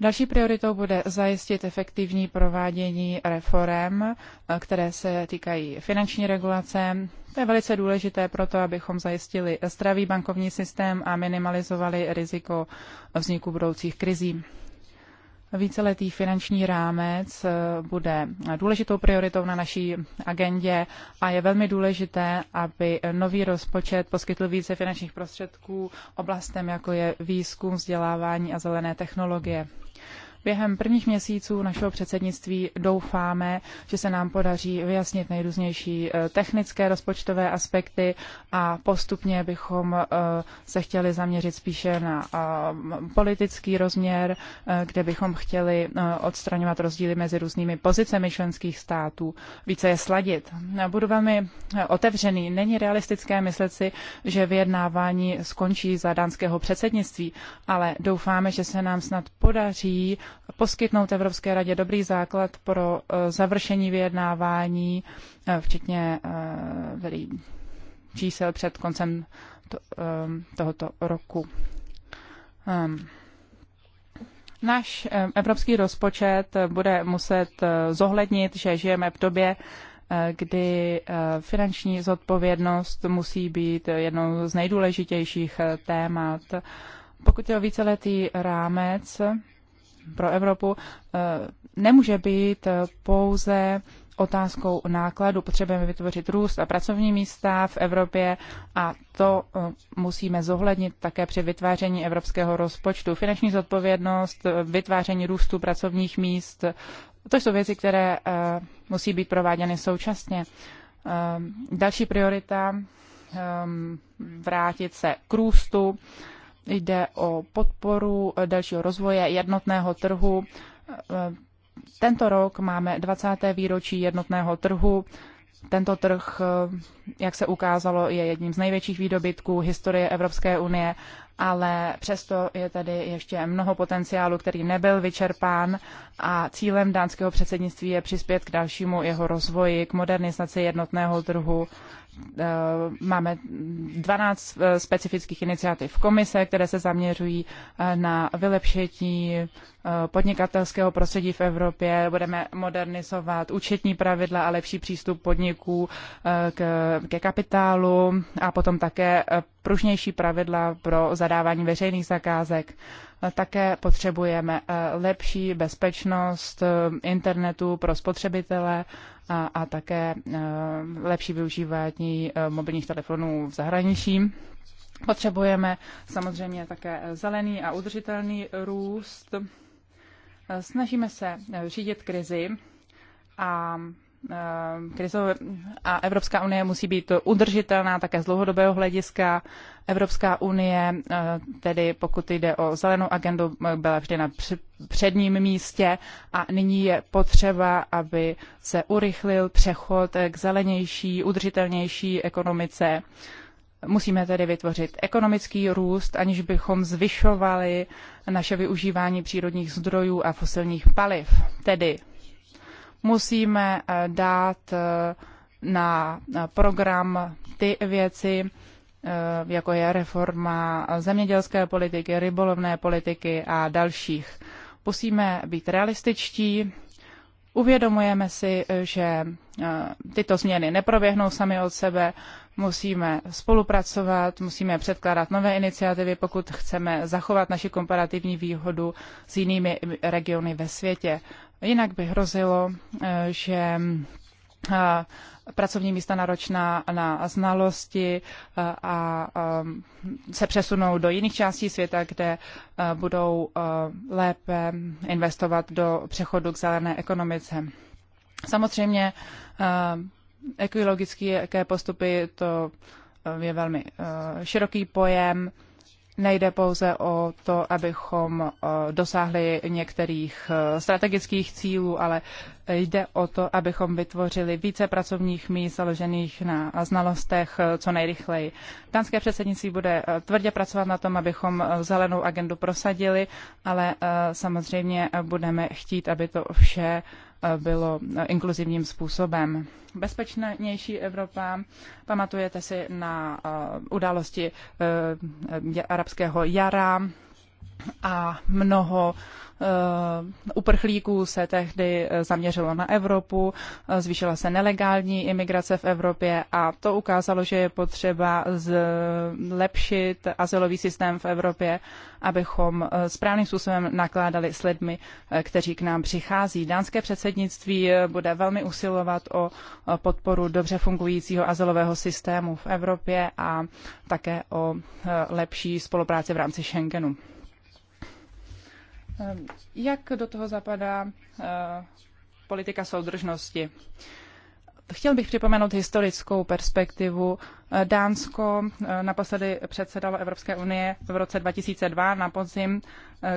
Další prioritou bude zajistit efektivní provádění reform, eh, které se týkají finanční regulace. To je velice důležité proto, abychom zajistili zdravý bankovní systém a minimalizovali riziko vzniku budoucích krizí. Víceletý finanční rámec eh, bude důležitou prioritou na naší agendě a je velmi důležité, aby nový rozpočet poskytl více finančních prostředků oblastem, jako je výzkum, vzdělávání a zelené technologie. Během prvních měsíců našeho předsednictví doufáme, že se nám podaří vyjasnit nejrůznější eh, technické rozpočtové aspekty a postupně bychom eh, se chtěli zaměřit spíše na eh, politický rozměr, kde bychom chtěli odstraňovat rozdíly mezi různými pozicemi členských států, více je sladit. Budu velmi otevřený. Není realistické myslet si, že vyjednávání skončí za dánského předsednictví, ale doufáme, že se nám snad podaří poskytnout Evropské radě dobrý základ pro eh, završení vyjednávání, eh, včetně eh, čísel před koncem to, tohoto roku. Ehm, náš evropský rozpočet bude muset zohlednit, že žijeme v době, kdy finanční zodpovědnost musí být jednou z nejdůležitějších témat. Pokud je o víceletý rámec, pro Evropu eh, nemůže být eh, pouze otázkou nákladu. Potřebujeme vytvořit růst a pracovní místa v Evropě a to eh, musíme zohlednit také při vytváření evropského rozpočtu. Finanční zodpovědnost, vytváření růstu pracovních míst, to jsou věci, které musí být prováděny současně. Další priorita vrátit se k růstu jde o podporu eh, dalšího rozvoje jednotného trhu. Eh, tento rok máme 20. výročí jednotného trhu. Tento trh, eh, jak se ukázalo, je jedním z největších výdobytků historie Evropské unie, ale přesto je tady ještě mnoho potenciálu, který nebyl vyčerpán a cílem dánského předsednictví je přispět k dalšímu jeho rozvoji, k modernizaci jednotného trhu Eh, máme 12 eh, specifických iniciativ komise, které se zaměřují eh, na vylepšení podnikatelského prostředí v Evropě. Budeme modernizovat účetní pravidla a lepší přístup podniků k, ke kapitálu a potom také pružnější pravidla pro zadávání veřejných zakázek. Také potřebujeme eh, lepší bezpečnost eh, internetu pro spotřebitele a, a také eh, lepší využívání mobilních telefonů v zahraničí. Potřebujeme samozřejmě také zelený a udržitelný růst. Snažíme se řídit krizi a Eh, krizové a Evropská unie musí být udržitelná také z dlouhodobého hlediska. Evropská unie, eh, tedy pokud jde o zelenou agendu, byla vždy na předním místě a nyní je potřeba, aby se urychlil přechod k zelenější, udržitelnější ekonomice. Musíme tedy vytvořit ekonomický růst, aniž bychom zvyšovali naše využívání přírodních zdrojů a fosilních paliv. Tedy musíme eh, dát eh, na eh, program ty věci, jako je reforma zemědělské politiky, rybolovné politiky a dalších. Musíme být realističtí, uvědomujeme si, že tyto změny neproběhnou sami od sebe, musíme spolupracovat, musíme předkládat nové iniciativy, pokud chceme zachovat naši komparativní výhodu s jinými regiony ve světě. Jinak by hrozilo, eh, že eh, pracovní místa náročná na znalosti eh, a se přesunou do jiných částí světa, kde budou lépe investovat do přechodu k zelené ekonomice. Samozřejmě ekologické postupy to je velmi široký pojem Nejde pouze o to, abychom eh, dosáhli některých eh, strategických cílů, ale jde o to, abychom vytvořili více pracovních míst založených na znalostech eh, co nejrychleji. Dánské předsednictví bude tvrdě pracovat na tom, abychom zelenou agendu prosadili, ale samozřejmě budeme chtít, aby to vše bylo inkluzivním způsobem. Bezpečnější Evropa, pamatujete si na eh, události eh, arabského jara, a mnoho eh, uprchlíků se tehdy eh, zaměřilo na Evropu, eh, zvýšila se nelegální imigrace v Evropě a to ukázalo, že je potřeba zlepšit asilový systém v Evropě, abychom správným způsobem nakládali s lidmi, kteří k nám přichází. Dánské předsednictví bude velmi usilovat o podporu dobře fungujícího asilového systému v Evropě a také o lepší spolupráci v rámci Schengenu. Eh, jak do toho zapadá eh, politika soudržnosti? Chtěl bych připomenout historickou perspektivu. Eh, Dánsko naposledy předsedalo Evropské unie v roce 2002 na podzim,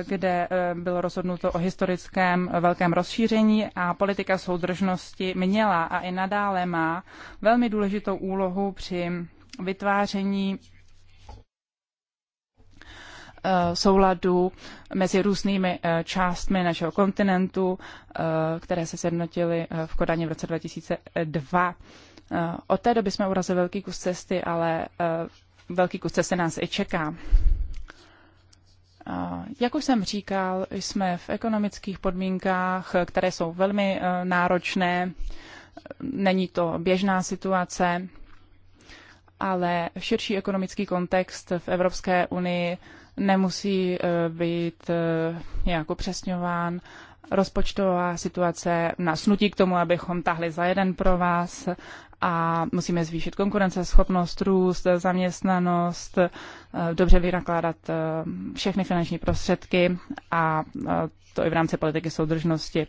kde bylo rozhodnuto o historickém velkém rozšíření a politika soudržnosti měla a i nadále má velmi důležitou úlohu při vytváření Eh, souladu mezi různými eh, částmi našeho kontinentu, eh, které se sjednotily v Kodani v roce 2002. Od té doby jsme urazili velký kus cesty, ale velký kus cesty nás i čeká. Jak už jsem říkal, jsme v ekonomických podmínkách, které jsou velmi náročné. Není to běžná situace, ale širší ekonomický kontext v Evropské unii nemusí eh, být eh, nějak upřesňován. Rozpočtová situace nás nutí k tomu, abychom tahli za jeden pro vás a musíme zvýšit konkurenceschopnost, růst, zaměstnanost, eh, dobře vynakládat všechny finanční prostředky a to i v rámci politiky soudržnosti.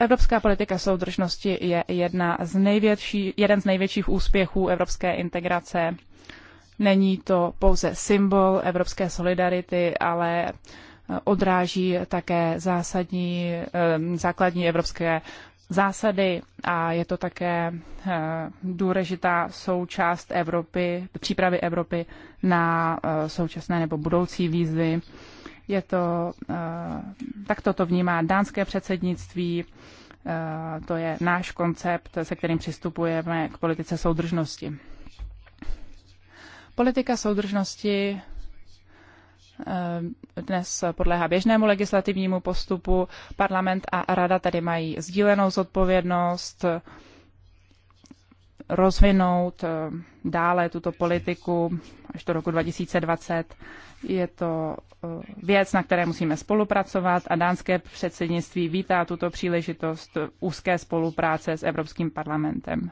Evropská politika soudržnosti je jedna z největší, jeden z největších úspěchů evropské integrace Není to pouze symbol evropské solidarity, ale eh, odráží také zásadní, eh, základní evropské zásady a je to také eh, důležitá součást Evropy, přípravy Evropy na současné nebo budoucí výzvy. Je to, tak toto vnímá dánské předsednictví, to je náš koncept, se kterým přistupujeme k politice soudržnosti. Politika soudržnosti eh, dnes podléhá běžnému legislativnímu postupu. Parlament a rada tady mají sdílenou zodpovědnost rozvinout eh, dále tuto politiku až do roku 2020. Je to eh, věc, na které musíme spolupracovat a dánské předsednictví vítá tuto příležitost úzké spolupráce s Evropským parlamentem.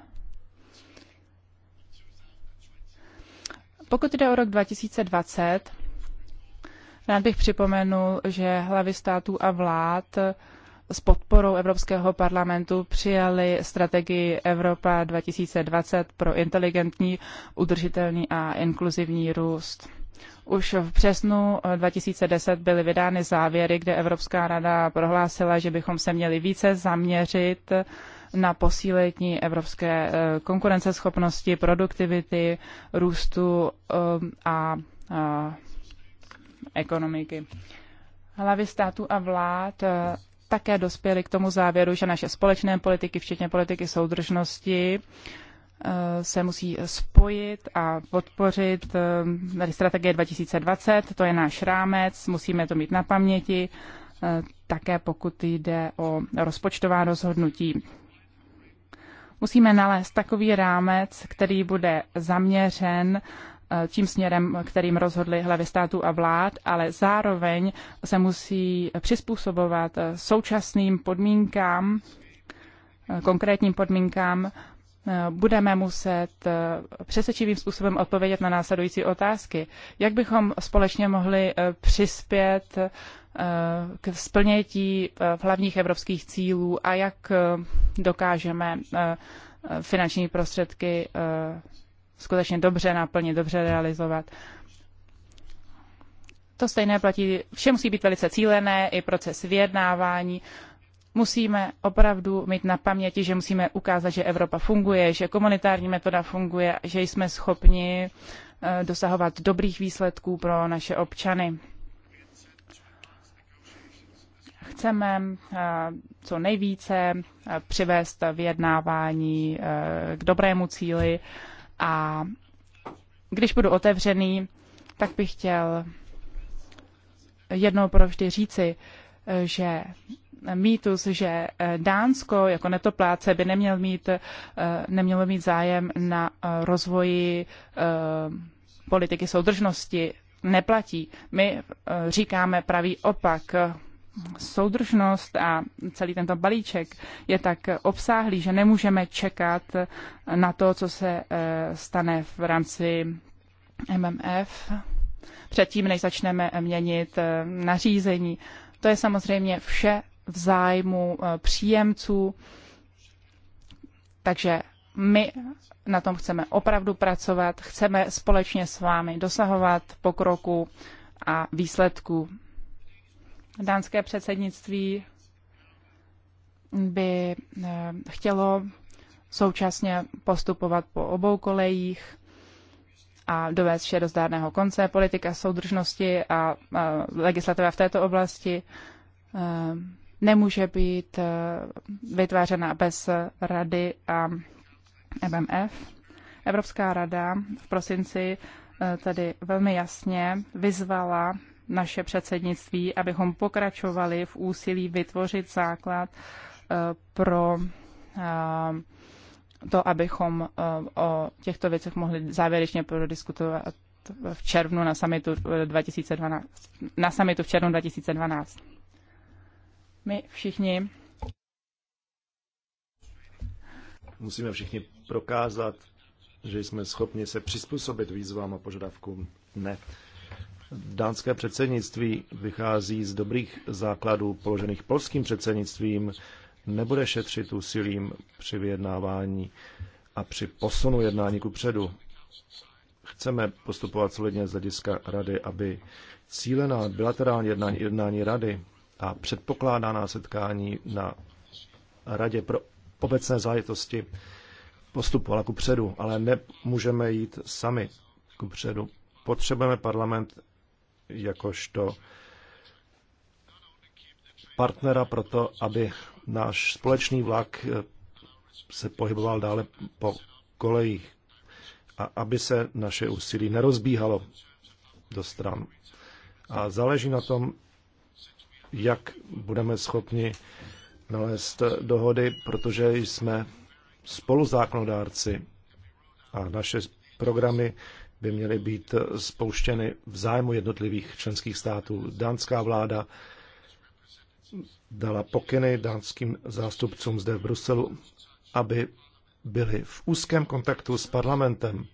Pokud jde o rok 2020, rád bych připomenul, že hlavy států a vlád s podporou Evropského parlamentu přijali strategii Evropa 2020 pro inteligentní, udržitelný a inkluzivní růst. Už v březnu 2010 byly vydány závěry, kde Evropská rada prohlásila, že bychom se měli více zaměřit na posílení evropské eh, konkurenceschopnosti, produktivity, růstu eh, a eh, ekonomiky. Hlavy států a vlád také dospěly k tomu závěru, že naše společné politiky, včetně politiky soudržnosti, se musí spojit a podpořit tady strategie 2020, to je náš rámec, musíme to mít na paměti, také pokud jde o rozpočtová rozhodnutí. Musíme nalézt takový rámec, který bude zaměřen eh, tím směrem, kterým rozhodly hlavy států a vlád, ale zároveň se musí přizpůsobovat eh, současným podmínkám, eh, konkrétním podmínkám budeme muset eh, přesvědčivým způsobem odpovědět na následující otázky. Jak bychom společně mohli eh, přispět eh, k splnění hlavních evropských cílů a jak dokážeme finanční prostředky skutečně dobře naplnit, dobře realizovat. To stejné platí, vše musí být velice cílené, i proces vyjednávání musíme opravdu mít na paměti, že musíme ukázat, že Evropa funguje, že komunitární metoda funguje, že jsme schopni eh, dosahovat dobrých výsledků pro naše občany. Chceme eh, co nejvíce eh, přivést vyjednávání k dobrému cíli a když budu otevřený, tak bych chtěl jednou pro vždy říci, že mýtus, že eh, Dánsko jako netopláce by neměl mít, eh, nemělo mít zájem na eh, rozvoji politiky soudržnosti, neplatí. My říkáme pravý opak soudržnost a celý tento balíček je tak obsáhlý, že nemůžeme čekat na to, co se stane v rámci MMF předtím, než začneme měnit nařízení. To je samozřejmě vše v zájmu eh, příjemců. Takže my na tom chceme opravdu pracovat, chceme společně s vámi dosahovat pokroku a výsledků. Dánské předsednictví by eh, chtělo současně postupovat po obou kolejích a dovést vše do zdárného konce. Politika soudržnosti a, a eh, legislativa v této oblasti nemůže být eh, vytvářena bez rady a MMF. Evropská rada v prosinci eh, tedy velmi jasně vyzvala naše předsednictví, abychom pokračovali v úsilí vytvořit základ eh, pro to, abychom o těchto věcech mohli závěrečně prodiskutovat v červnu na samitu 2012, na samitu v červnu 2012 my všichni
musíme všichni prokázat, že jsme schopni se přizpůsobit výzvám a požadavkům ne. Dánské předsednictví vychází z dobrých základů položených polským předsednictvím, nebude šetřit úsilím při vyjednávání a při posunu jednání ku předu. Chceme postupovat solidně z hlediska rady, aby cílená bilaterální jednání, jednání rady a předpokládaná setkání na Radě pro obecné zájetosti postupovala ku předu, ale nemůžeme jít sami ku předu. Potřebujeme parlament jakožto partnera pro to, aby náš společný vlak eh, se pohyboval dále po kolejích a aby se naše úsilí nerozbíhalo do stran. A záleží na tom, jak budeme schopni nalézt dohody, protože jsme spoluzákonodárci a naše programy by měly být spouštěny v zájmu jednotlivých členských států. Dánská vláda dala pokyny dánským zástupcům zde v Bruselu, aby byli v úzkém kontaktu s parlamentem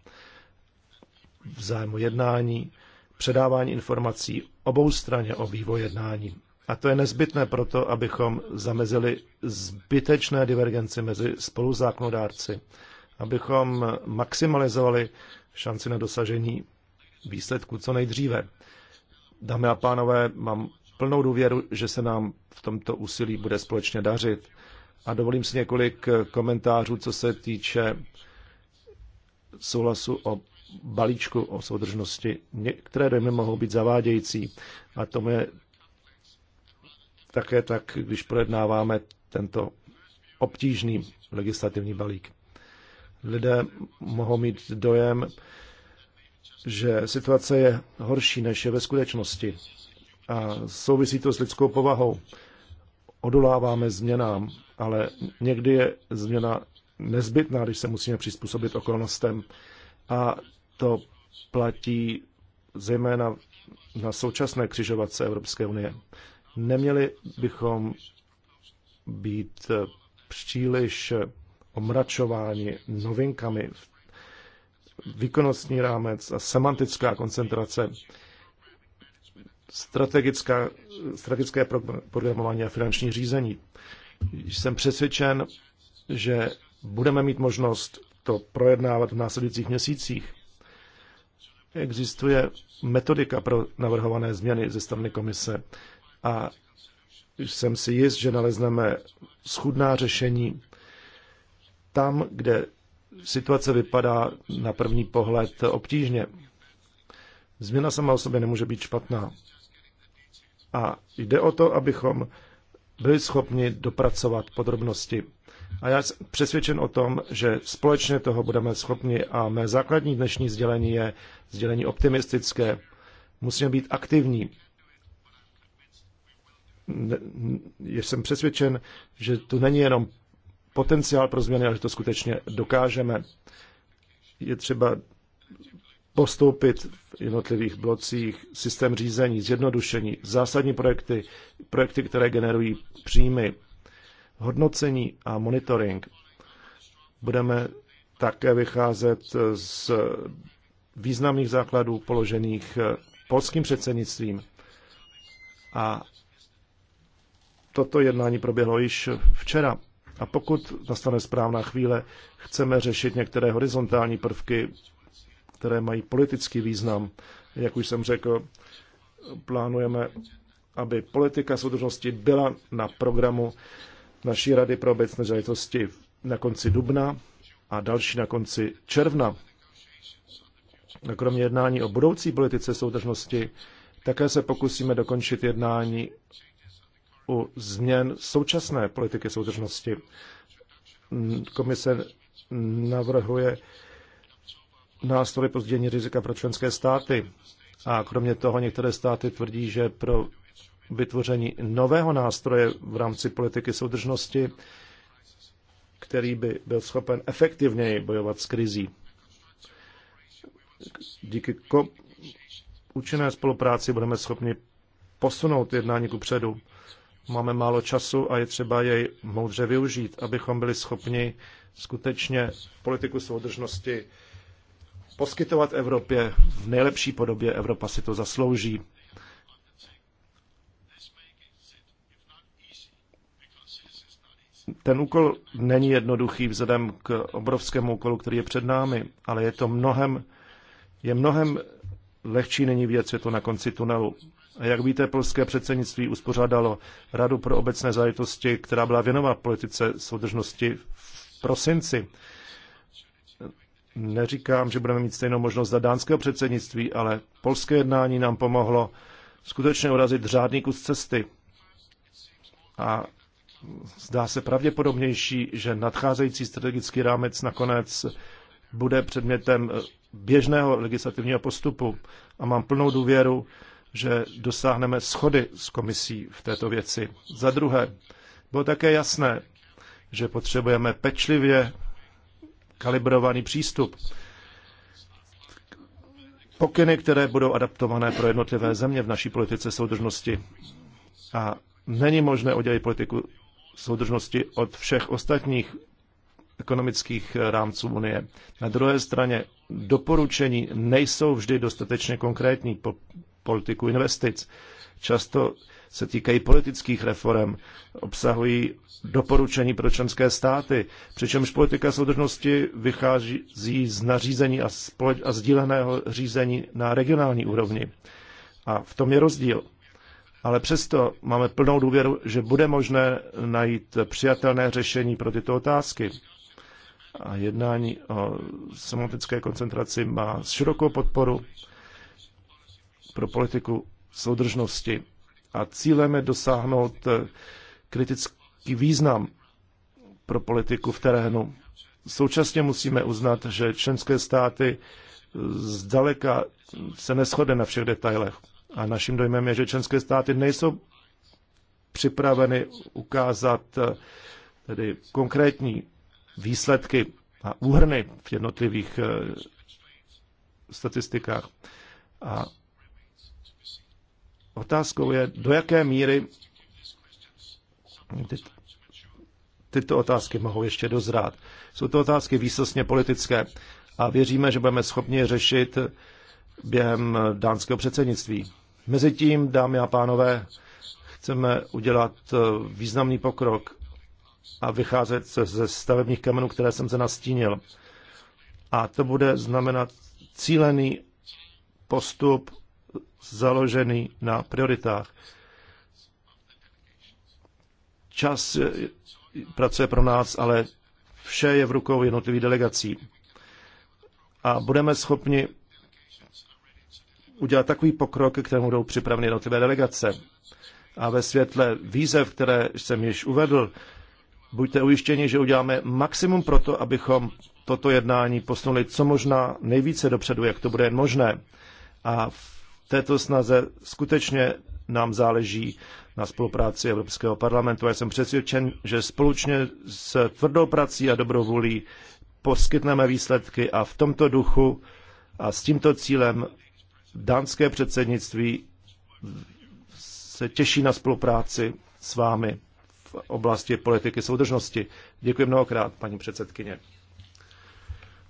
v zájmu jednání, předávání informací obou straně o vývoji jednání. A to je nezbytné proto, abychom zamezili zbytečné divergenci mezi spoluzákonodárci, abychom maximalizovali šanci na dosažení výsledku co nejdříve. Dámy a pánové, mám plnou důvěru, že se nám v tomto úsilí bude společně dařit. A dovolím si několik komentářů, co se týče souhlasu o balíčku o soudržnosti. Některé dojmy mohou být zavádějící a to je také tak, když projednáváme tento obtížný legislativní balík. Lidé mohou mít dojem, že situace je horší, než je ve skutečnosti. A souvisí to s lidskou povahou. Odoláváme změnám, ale někdy je změna nezbytná, když se musíme přizpůsobit okolnostem. A to platí zejména na současné křižovatce Evropské unie. Neměli bychom být příliš omračováni novinkami. Výkonnostní rámec a semantická koncentrace, strategická, strategické programování a finanční řízení. Jsem přesvědčen, že budeme mít možnost to projednávat v následujících měsících. Existuje metodika pro navrhované změny ze strany komise a jsem si jist, že nalezneme schudná řešení tam, kde situace vypadá na první pohled obtížně. Změna sama o sobě nemůže být špatná. A jde o to, abychom byli schopni dopracovat podrobnosti. A já jsem přesvědčen o tom, že společně toho budeme schopni a mé základní dnešní sdělení je sdělení optimistické. Musíme být aktivní jsem přesvědčen, že to není jenom potenciál pro změny, ale že to skutečně dokážeme. Je třeba postoupit v jednotlivých blocích, systém řízení, zjednodušení, zásadní projekty, projekty, které generují příjmy, hodnocení a monitoring. Budeme také vycházet z významných základů položených polským předsednictvím a Toto jednání proběhlo již včera. A pokud nastane správná chvíle, chceme řešit některé horizontální prvky, které mají politický význam. Jak už jsem řekl, plánujeme, aby politika soudržnosti byla na programu naší Rady pro obecné žalitosti na konci dubna a další na konci června. A kromě jednání o budoucí politice soudržnosti také se pokusíme dokončit jednání u změn současné politiky soudržnosti. Komise navrhuje nástroj pro sdělení rizika pro členské státy. A kromě toho některé státy tvrdí, že pro vytvoření nového nástroje v rámci politiky soudržnosti, který by byl schopen efektivněji bojovat s krizí. Díky ko- účinné spolupráci budeme schopni posunout jednání ku předu Máme málo času a je třeba jej moudře využít, abychom byli schopni skutečně politiku soudržnosti poskytovat Evropě v nejlepší podobě. Evropa si to zaslouží. Ten úkol není jednoduchý vzhledem k obrovskému úkolu, který je před námi, ale je to mnohem, je mnohem lehčí není vidět světlo na konci tunelu. Jak víte, polské předsednictví uspořádalo Radu pro obecné záležitosti, která byla věnová politice soudržnosti v prosinci. Neříkám, že budeme mít stejnou možnost za dánského předsednictví, ale polské jednání nám pomohlo skutečně urazit řádný kus cesty. A zdá se pravděpodobnější, že nadcházející strategický rámec nakonec bude předmětem běžného legislativního postupu. A mám plnou důvěru, že dosáhneme schody s komisí v této věci. Za druhé, bylo také jasné, že potřebujeme pečlivě kalibrovaný přístup. Pokyny, které budou adaptované pro jednotlivé země v naší politice soudržnosti. A není možné oddělit politiku soudržnosti od všech ostatních ekonomických rámců Unie. Na druhé straně doporučení nejsou vždy dostatečně konkrétní, politiku investic. Často se týkají politických reform, obsahují doporučení pro členské státy, přičemž politika soudržnosti vychází z nařízení a, společ- a sdíleného řízení na regionální úrovni. A v tom je rozdíl. Ale přesto máme plnou důvěru, že bude možné najít přijatelné řešení pro tyto otázky. A jednání o semantické koncentraci má širokou podporu pro politiku soudržnosti. A cílem je dosáhnout eh, kritický význam pro politiku v terénu. Současně musíme uznat, že členské státy eh, zdaleka se neschodne na všech detailech. A naším dojmem je, že členské státy nejsou připraveny ukázat eh, tedy konkrétní výsledky a úhrny v jednotlivých statistikách. A Otázkou je, do jaké míry ty, tyto otázky mohou ještě dozrát. Jsou to otázky výsostně politické a věříme, že budeme schopni je řešit během dánského předsednictví. Mezitím, dámy a pánové, chceme udělat významný pokrok a vycházet ze stavebních kamenů, které jsem se nastínil. A to bude znamenat cílený postup založený na prioritách. Čas pracuje pro nás, ale vše je v rukou jednotlivých delegací. A budeme schopni udělat takový pokrok, kterému budou připraveny jednotlivé delegace. A ve světle výzev, které jsem již uvedl, buďte ujištěni, že uděláme maximum pro to, abychom toto jednání posunuli co možná nejvíce dopředu, jak to bude jen možné. A v této snaze skutečně nám záleží na spolupráci Evropského parlamentu Já jsem přesvědčen, že společně s tvrdou prací a dobrou vůlí poskytneme výsledky a v tomto duchu a s tímto cílem dánské předsednictví se těší na spolupráci s vámi v oblasti politiky soudržnosti. Děkuji mnohokrát, paní předsedkyně.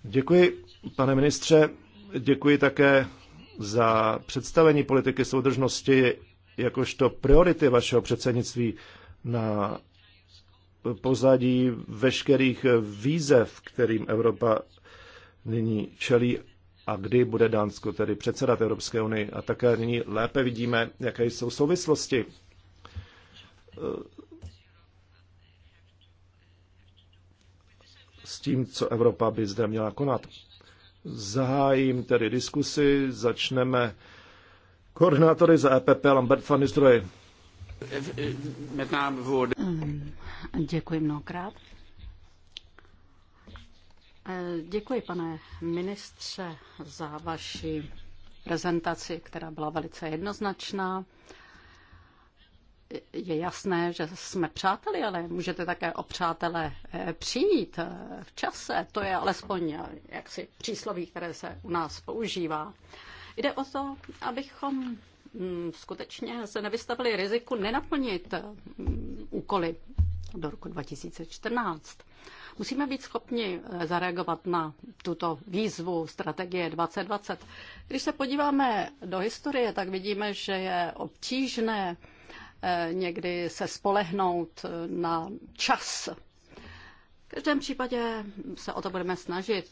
Děkuji, pane ministře. Děkuji také za představení politiky soudržnosti jakožto priority vašeho předsednictví na pozadí veškerých výzev, kterým Evropa nyní čelí a kdy bude Dánsko tedy předsedat Evropské unii. A také nyní lépe vidíme, jaké jsou souvislosti s tím, co Evropa by zde měla konat. Zahájím tedy diskusi, začneme koordinátory za EPP Lambert van Nistroje.
Ehm, děkuji mnohokrát. Ehm, děkuji, pane ministře, za vaši prezentaci, která byla velice jednoznačná je jasné, že jsme přáteli, ale můžete také o přátelé eh, přijít eh, v čase. To je alespoň eh, jaksi přísloví, které se u nás používá. Jde o to, abychom mm, skutečně se nevystavili riziku nenaplnit mm, úkoly do roku 2014. Musíme být schopni zareagovat na tuto výzvu strategie 2020. Když se podíváme do historie, tak vidíme, že je obtížné Eh, někdy se spolehnout na čas. V každém případě se o to budeme snažit.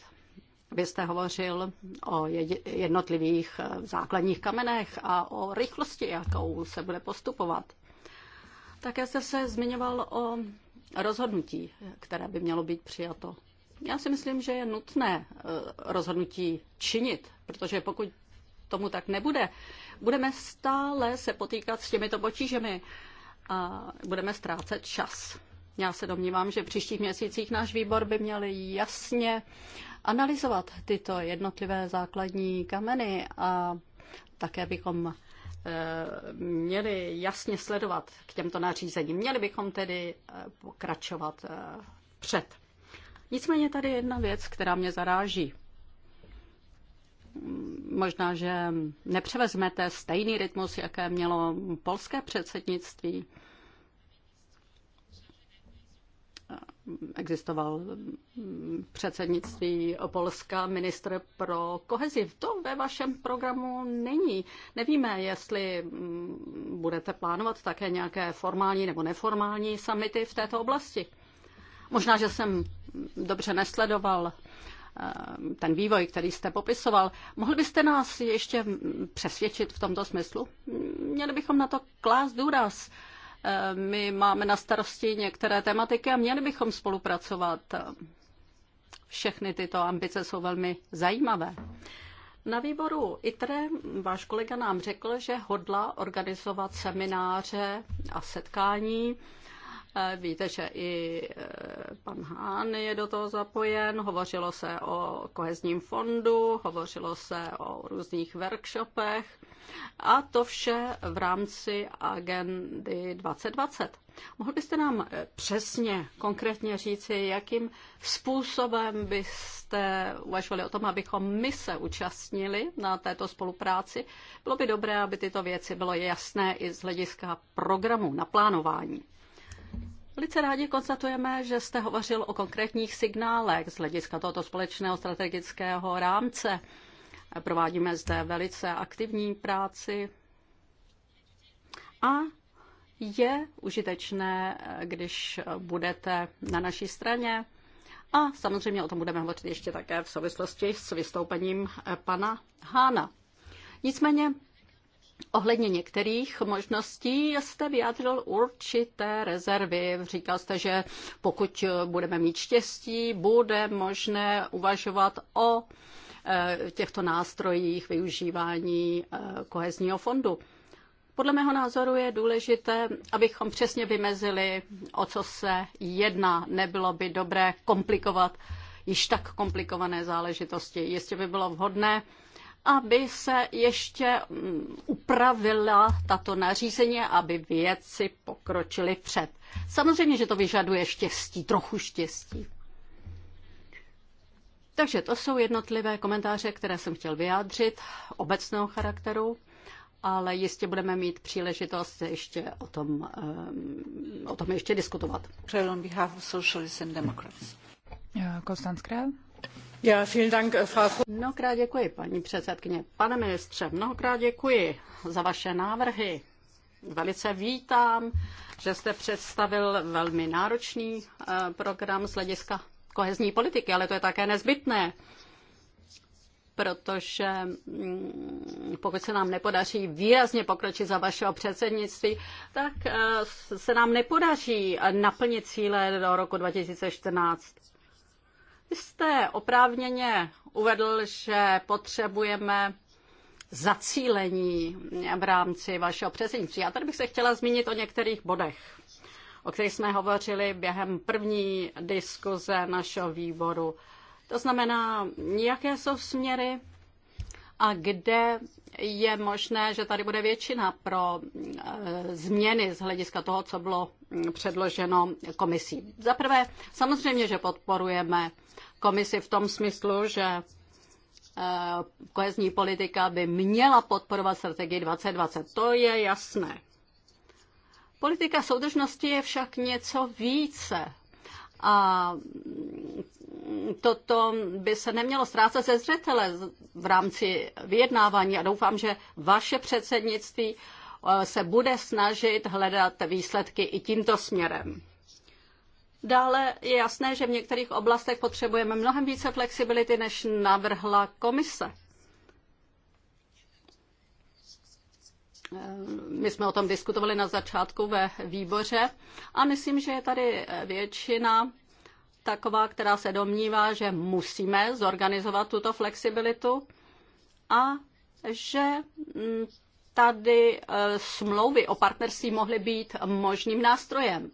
Vy jste hovořil o jednotlivých eh, základních kamenech a o rychlosti, jakou se bude postupovat. Také jste se zmiňoval o rozhodnutí, které by mělo být přijato. Já si myslím, že je nutné eh, rozhodnutí činit, protože pokud tomu tak nebude, budeme stále se potýkat s těmito potížemi a budeme ztrácet čas. Já se domnívám, že v příštích měsících náš výbor by měl jasně analyzovat tyto jednotlivé základní kameny a také bychom eh, měli jasně sledovat k těmto nařízením. Měli bychom tedy eh, pokračovat eh, před. Nicméně tady je jedna věc, která mě zaráží. Možná, že nepřevezmete stejný rytmus, jaké mělo polské předsednictví. Existoval předsednictví Polska, ministr pro kohezi. To ve vašem programu není. Nevíme, jestli budete plánovat také nějaké formální nebo neformální samity v této oblasti. Možná, že jsem dobře nesledoval Ehm, ten vývoj, který jste popisoval. Mohl byste nás ještě přesvědčit v tomto smyslu? Měli bychom na to klást důraz. Ehm, my máme na starosti některé tematiky a měli bychom spolupracovat. Všechny tyto ambice jsou velmi zajímavé. Na výboru ITRE váš kolega nám řekl, že hodla organizovat semináře a setkání E, víte, že i e, pan Hán je do toho zapojen. Hovořilo se o kohezním fondu, hovořilo se o různých workshopech a to vše v rámci agendy 2020. Mohl byste nám e, přesně, konkrétně říci, jakým způsobem byste uvažovali o tom, abychom my se účastnili na této spolupráci? Bylo by dobré, aby tyto věci bylo jasné i z hlediska programu, naplánování. Velice rádi konstatujeme, že jste hovořil o konkrétních signálech z hlediska tohoto společného strategického rámce. Provádíme zde velice aktivní práci a je užitečné, když budete na naší straně. A samozřejmě o tom budeme hovořit ještě také v souvislosti s vystoupením pana Hána. Nicméně Ohledně některých možností jste vyjádřil určité rezervy. Říkal jste, že pokud budeme mít štěstí, bude možné uvažovat o e, těchto nástrojích využívání e, kohezního fondu. Podle mého názoru je důležité, abychom přesně vymezili, o co se jedná. Nebylo by dobré komplikovat již tak komplikované záležitosti. Jestli by bylo vhodné aby se ještě mm, upravila tato nařízení, aby věci pokročily před. Samozřejmě, že to vyžaduje štěstí, trochu štěstí. Takže to jsou jednotlivé komentáře, které jsem chtěl vyjádřit, obecného charakteru, ale jistě budeme mít příležitost ještě o tom, um, o tom ještě diskutovat.
Eh, Konstanz Král.
Eh, mnohokrát děkuji, paní předsedkyně. Pane ministře, mnohokrát děkuji za vaše návrhy. Velice vítám, že jste představil velmi náročný eh, program z hlediska kohezní politiky, ale to je také nezbytné, protože mm, pokud se nám nepodaří výrazně pokročit za vašeho předsednictví, tak eh, se nám nepodaří naplnit cíle do roku 2014. Vy jste oprávněně uvedl, že potřebujeme zacílení v rámci vašeho předsednictví. Já tady bych se chtěla zmínit o některých bodech, o kterých jsme hovořili během první diskuze našeho výboru. To znamená, jaké jsou směry a kde je možné, že tady bude většina pro eh, změny z hlediska toho, co bylo mm, předloženo komisí. Za prvé, samozřejmě, že podporujeme komisi v tom smyslu, že eh, kohezní politika by měla podporovat strategii 2020. To je jasné. Politika soudržnosti je však něco více. A toto by se nemělo ztrácet ze zřetele v rámci vyjednávání a doufám, že vaše předsednictví eh, se bude snažit hledat výsledky i tímto směrem. Dále je jasné, že v některých oblastech potřebujeme mnohem více flexibility, než navrhla komise. Eh, my jsme o tom diskutovali na začátku ve výboře a myslím, že je tady většina taková, která se domnívá, že musíme zorganizovat tuto flexibilitu a že mm, tady eh, smlouvy o partnerství mohly být možným nástrojem.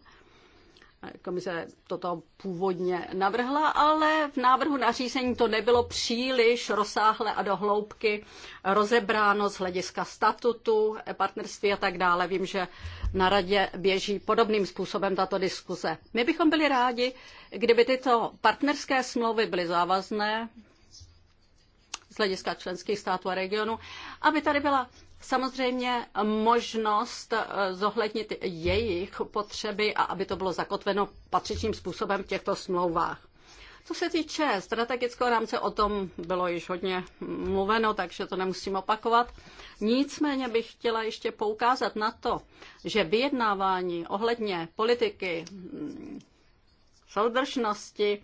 Komise toto původně navrhla, ale v návrhu nařízení to nebylo příliš rozsáhle a dohloubky rozebráno z hlediska statutu, partnerství a tak dále. Vím, že na radě běží podobným způsobem tato diskuze. My bychom byli rádi, kdyby tyto partnerské smlouvy byly závazné z hlediska členských států a regionu, aby tady byla samozřejmě možnost eh, zohlednit jejich potřeby a aby to bylo zakotveno patřičným způsobem v těchto smlouvách. Co se týče strategického rámce, o tom bylo již hodně mluveno, takže to nemusím opakovat. Nicméně bych chtěla ještě poukázat na to, že vyjednávání ohledně politiky mm, soudržnosti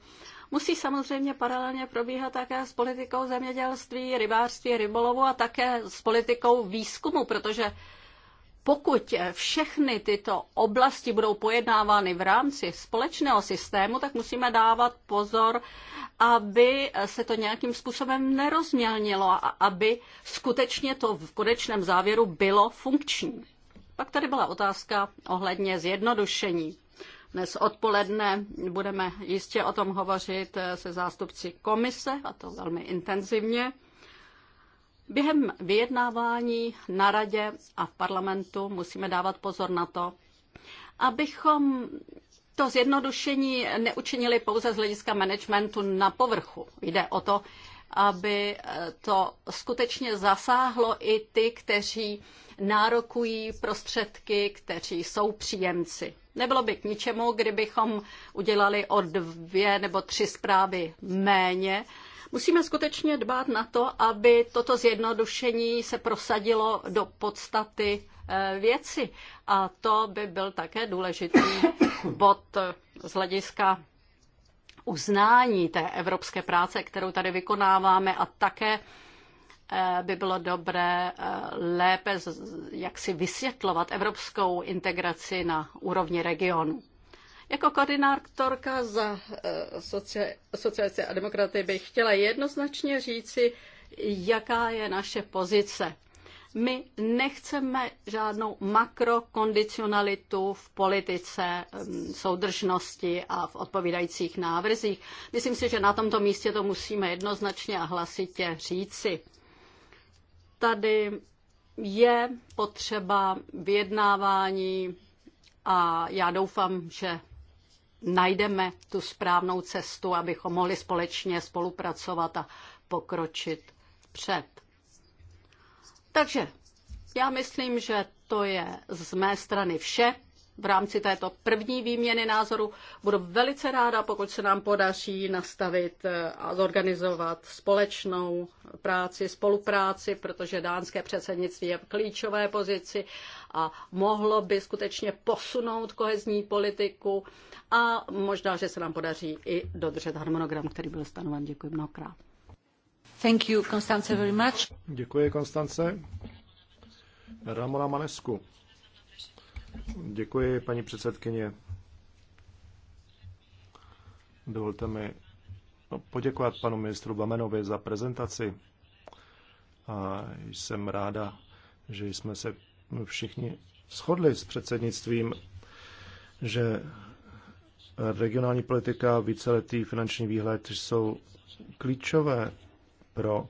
musí samozřejmě paralelně probíhat také s politikou zemědělství, rybářství, rybolovu a také s politikou výzkumu, protože pokud všechny tyto oblasti budou pojednávány v rámci společného systému, tak musíme dávat pozor, aby se to nějakým způsobem nerozmělnilo a aby skutečně to v konečném závěru bylo funkční. Pak tady byla otázka ohledně zjednodušení. Dnes odpoledne budeme jistě o tom hovořit se zástupci komise, a to velmi intenzivně. Během vyjednávání na radě a v parlamentu musíme dávat pozor na to, abychom to zjednodušení neučinili pouze z hlediska managementu na povrchu. Jde o to, aby to skutečně zasáhlo i ty, kteří nárokují prostředky, kteří jsou příjemci. Nebylo by k ničemu, kdybychom udělali o dvě nebo tři zprávy méně. Musíme skutečně dbát na to, aby toto zjednodušení se prosadilo do podstaty eh, věci. A to by byl také důležitý bod z hlediska uznání té evropské práce, kterou tady vykonáváme a také Eh, by bylo dobré eh, lépe jak si vysvětlovat evropskou integraci na úrovni regionu. Jako koordinátorka za eh, socialice a demokraty bych chtěla jednoznačně říci, jaká je naše pozice. My nechceme žádnou makrokondicionalitu v politice soudržnosti a v odpovídajících návrzích. Myslím si, že na tomto místě to musíme jednoznačně a hlasitě říci tady je potřeba vyjednávání a já doufám, že najdeme tu správnou cestu, abychom mohli společně spolupracovat a pokročit před. Takže já myslím, že to je z mé strany vše v rámci této první výměny názoru. Budu velice ráda, pokud se nám podaří nastavit eh, a zorganizovat společnou práci, spolupráci, protože dánské předsednictví je v klíčové pozici a mohlo by skutečně posunout kohezní politiku a možná, že se nám podaří i dodržet harmonogram, který byl stanoven. Děkuji mnohokrát. Thank you, Constance, very much.
Děkuji, Konstance. Ramona Manesku. Děkuji, paní předsedkyně. Dovolte mi no, poděkovat panu ministru Bamenovi za prezentaci. A jsem ráda, že jsme se všichni shodli s předsednictvím, že regionální politika víceletý finanční výhled jsou klíčové pro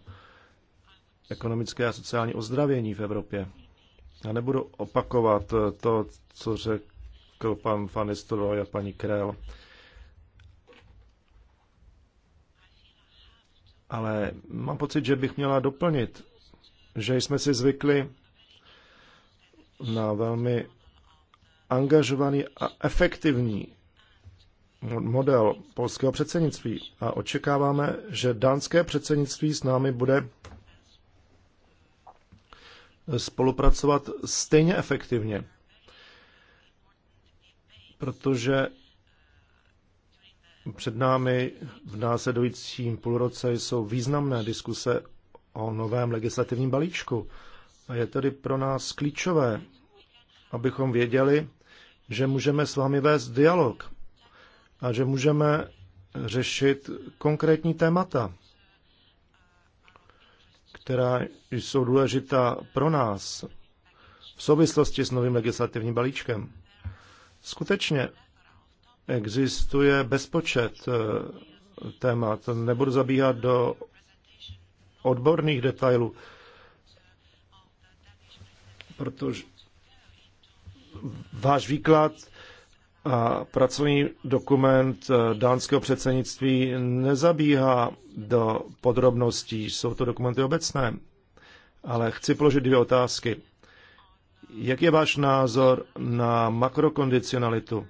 ekonomické a sociální ozdravění v Evropě. Já nebudu opakovat to, co řekl pan Fanistoroy a paní Krell, ale mám pocit, že bych měla doplnit, že jsme si zvykli na velmi angažovaný a efektivní model polského předsednictví a očekáváme, že dánské předsednictví s námi bude spolupracovat stejně efektivně. Protože před námi v následujícím půlroce jsou významné diskuse o novém legislativním balíčku. A je tedy pro nás klíčové, abychom věděli, že můžeme s vámi vést dialog a že můžeme řešit konkrétní témata která jsou důležitá pro nás v souvislosti s novým legislativním balíčkem. Skutečně existuje bezpočet eh, témat. Nebudu zabíhat do odborných detailů, protože váš výklad a pracovní dokument eh, dánského předsednictví nezabíhá do podrobností, jsou to dokumenty obecné. Ale chci položit dvě otázky. Jak je váš názor na makrokondicionalitu?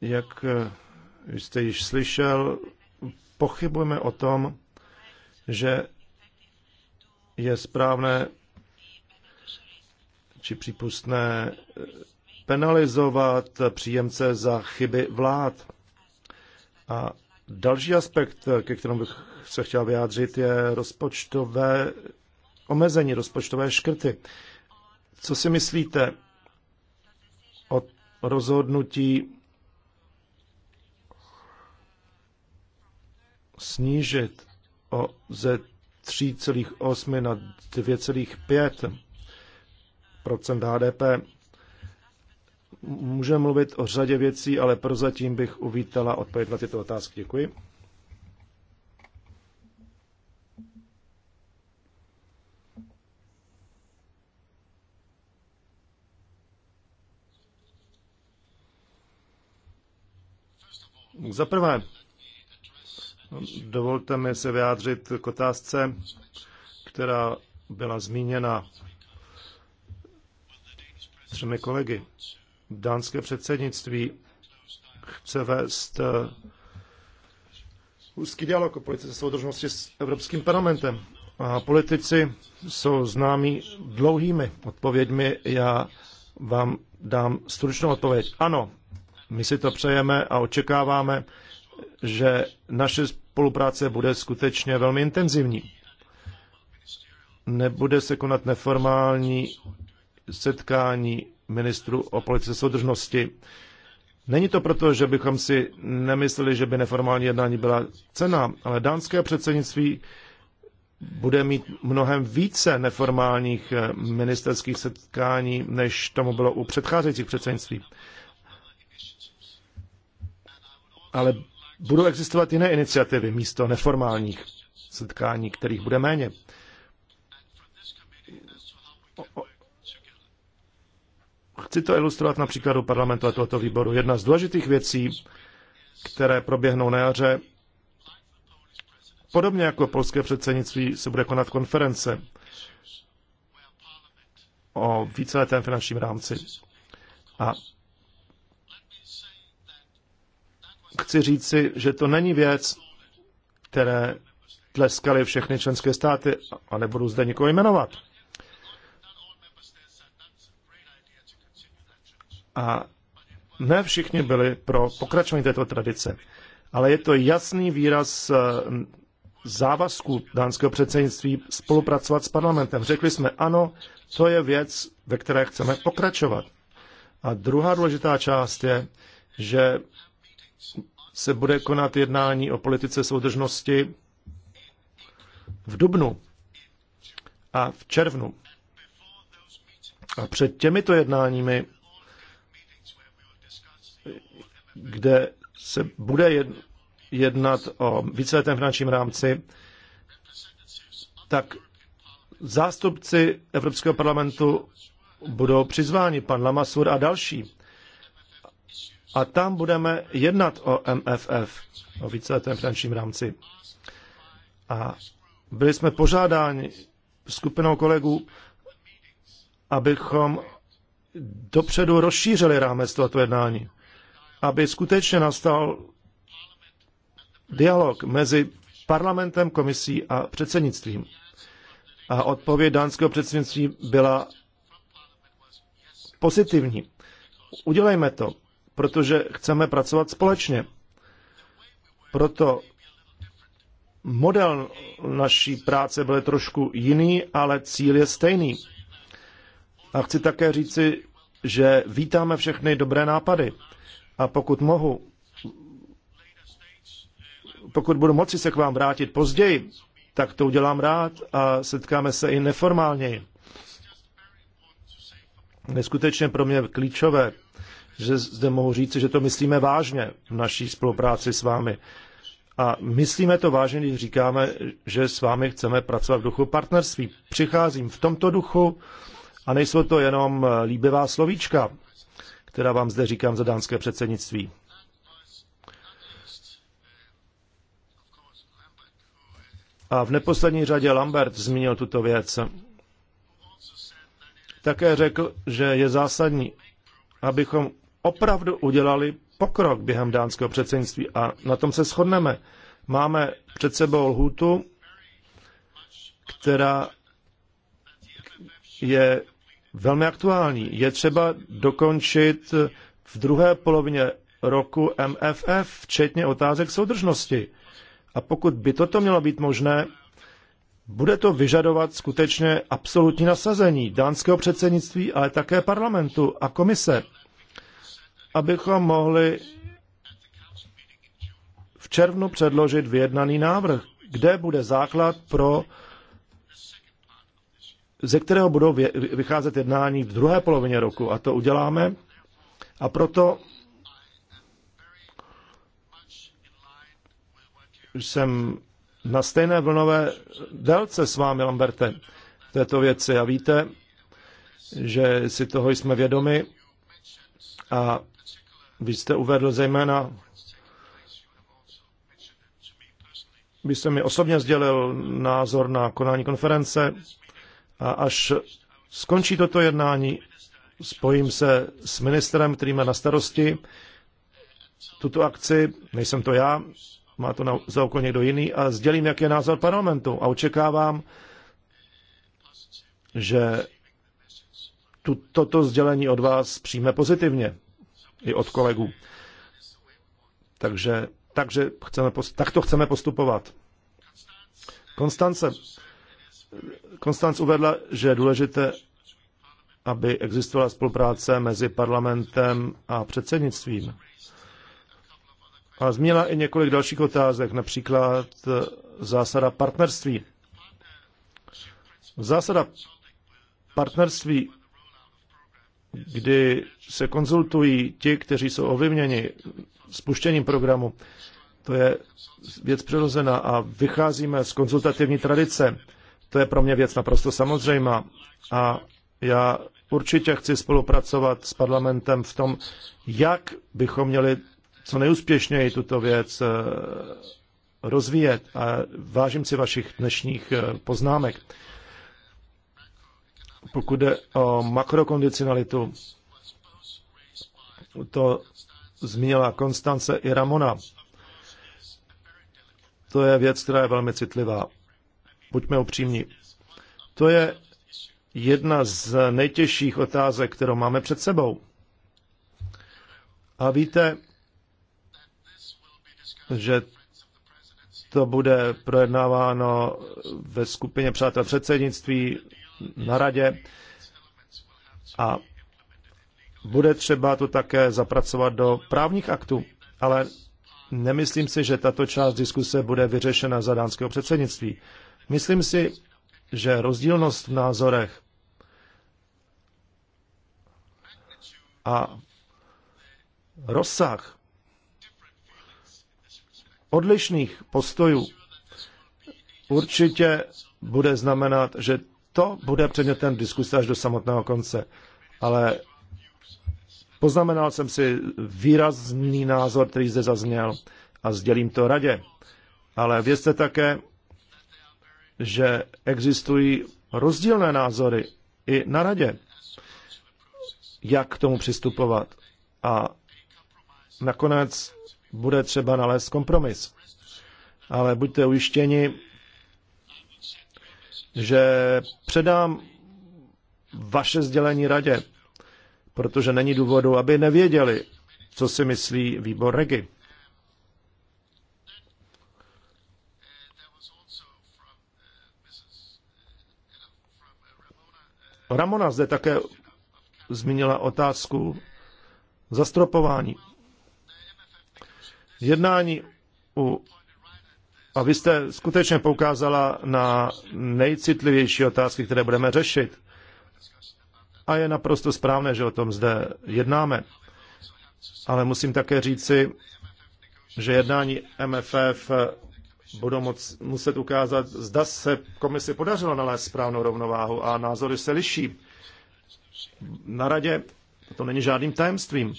Jak eh, jste již slyšel, pochybujeme o tom, že je správné či přípustné eh, penalizovat příjemce za chyby vlád. A další aspekt, ke kterému bych se chtěl vyjádřit, je rozpočtové omezení, rozpočtové škrty. Co si myslíte o rozhodnutí snížit o ze 3,8 na 2,5 HDP Můžeme mluvit o řadě věcí, ale prozatím bych uvítala odpověď na tyto otázky. Děkuji. Za prvé, dovolte mi se vyjádřit k otázce, která byla zmíněna třemi kolegy dánské předsednictví chce vést eh, úzký dialog o politice soudržnosti s Evropským parlamentem. A politici jsou známí dlouhými odpověďmi. Já vám dám stručnou odpověď. Ano, my si to přejeme a očekáváme, že naše spolupráce bude skutečně velmi intenzivní. Nebude se konat neformální setkání ministrů o politice soudržnosti. Není to proto, že bychom si nemysleli, že by neformální jednání byla cena, ale dánské předsednictví bude mít mnohem více neformálních eh, ministerských setkání, než tomu bylo u předcházejících předsednictví. Ale budou existovat jiné iniciativy místo neformálních setkání, kterých bude méně. Chci to ilustrovat na příkladu parlamentu a tohoto výboru. Jedna z důležitých věcí, které proběhnou na jaře, podobně jako polské předsednictví, se bude konat konference o víceletém finančním rámci. A chci říci, že to není věc, které tleskaly všechny členské státy, a nebudu zde nikoho jmenovat. A ne všichni byli pro pokračování této tradice, ale je to jasný výraz eh, závazku dánského předsednictví spolupracovat s parlamentem. Řekli jsme ano, to je věc, ve které chceme pokračovat. A druhá důležitá část je, že se bude konat jednání o politice soudržnosti v dubnu a v červnu. A před těmito jednáními kde se bude jednat o víceletém finančním rámci, tak zástupci Evropského parlamentu budou přizváni, pan Lamasur a další. A tam budeme jednat o MFF, o víceletém finančním rámci. A byli jsme požádáni skupinou kolegů, abychom dopředu rozšířili rámec tohoto jednání aby skutečně nastal dialog mezi parlamentem, komisí a předsednictvím. A odpověď dánského předsednictví byla pozitivní. Udělejme to, protože chceme pracovat společně. Proto model naší práce byl trošku jiný, ale cíl je stejný. A chci také říci, že vítáme všechny dobré nápady. A pokud mohu, pokud budu moci se k vám vrátit později, tak to udělám rád a setkáme se i neformálněji. Neskutečně pro mě klíčové, že zde mohu říci, že to myslíme vážně v naší spolupráci s vámi. A myslíme to vážně, když říkáme, že s vámi chceme pracovat v duchu partnerství. Přicházím v tomto duchu a nejsou to jenom líbivá slovíčka, která vám zde říkám za dánské předsednictví. A v neposlední řadě Lambert zmínil tuto věc. Také řekl, že je zásadní, abychom opravdu udělali pokrok během dánského předsednictví a na tom se shodneme. Máme před sebou lhůtu, která je velmi aktuální. Je třeba dokončit v druhé polovině roku MFF, včetně otázek soudržnosti. A pokud by toto mělo být možné, bude to vyžadovat skutečně absolutní nasazení dánského předsednictví, ale také parlamentu a komise, abychom mohli v červnu předložit vyjednaný návrh, kde bude základ pro ze kterého budou vycházet jednání v druhé polovině roku. A to uděláme. A proto jsem na stejné vlnové délce s vámi, Lamberte, v této věci. A víte, že si toho jsme vědomi a vy jste uvedl zejména, vy jste mi osobně sdělil názor na konání konference a až skončí toto jednání, spojím se s ministrem, který má na starosti tuto akci, nejsem to já, má to na, za okol někdo jiný, a sdělím, jak je názor parlamentu. A očekávám, že tu, toto sdělení od vás přijme pozitivně, i od kolegů. Takže, takže chceme, takto chceme postupovat. Konstance, Konstanc uvedla, že je důležité, aby existovala spolupráce mezi parlamentem a předsednictvím. A zmínila i několik dalších otázek, například eh, zásada partnerství. Zásada partnerství, kdy se konzultují ti, kteří jsou ovlivněni spuštěním programu, to je věc přirozená a vycházíme z konzultativní tradice. To je pro mě věc naprosto samozřejmá. A já určitě chci spolupracovat s parlamentem v tom, jak bychom měli co nejúspěšněji tuto věc eh, rozvíjet. A vážím si vašich dnešních eh, poznámek. Pokud jde o makrokondicionalitu, to zmínila Konstance i Ramona. To je věc, která je velmi citlivá. Buďme upřímní. To je jedna z nejtěžších otázek, kterou máme před sebou. A víte, že to bude projednáváno ve skupině přátel předsednictví na radě a bude třeba to také zapracovat do právních aktů, ale nemyslím si, že tato část diskuse bude vyřešena za dánského předsednictví. Myslím si, že rozdílnost v názorech a rozsah odlišných postojů určitě bude znamenat, že to bude předmětem diskuse až do samotného konce. Ale poznamenal jsem si výrazný názor, který zde zazněl a sdělím to radě. Ale vězte také, že existují rozdílné názory i na radě, jak k tomu přistupovat. A nakonec bude třeba nalézt kompromis. Ale buďte ujištěni, že předám vaše sdělení radě, protože není důvodu, aby nevěděli, co si myslí výbor Regi. Ramona zde také zmínila otázku zastropování. Jednání u a vy jste skutečně poukázala na nejcitlivější otázky, které budeme řešit. A je naprosto správné, že o tom zde jednáme. Ale musím také říci, že jednání MFF budou moc, muset ukázat, zda se komisi podařilo nalézt správnou rovnováhu a názory se liší. Na radě to není žádným tajemstvím,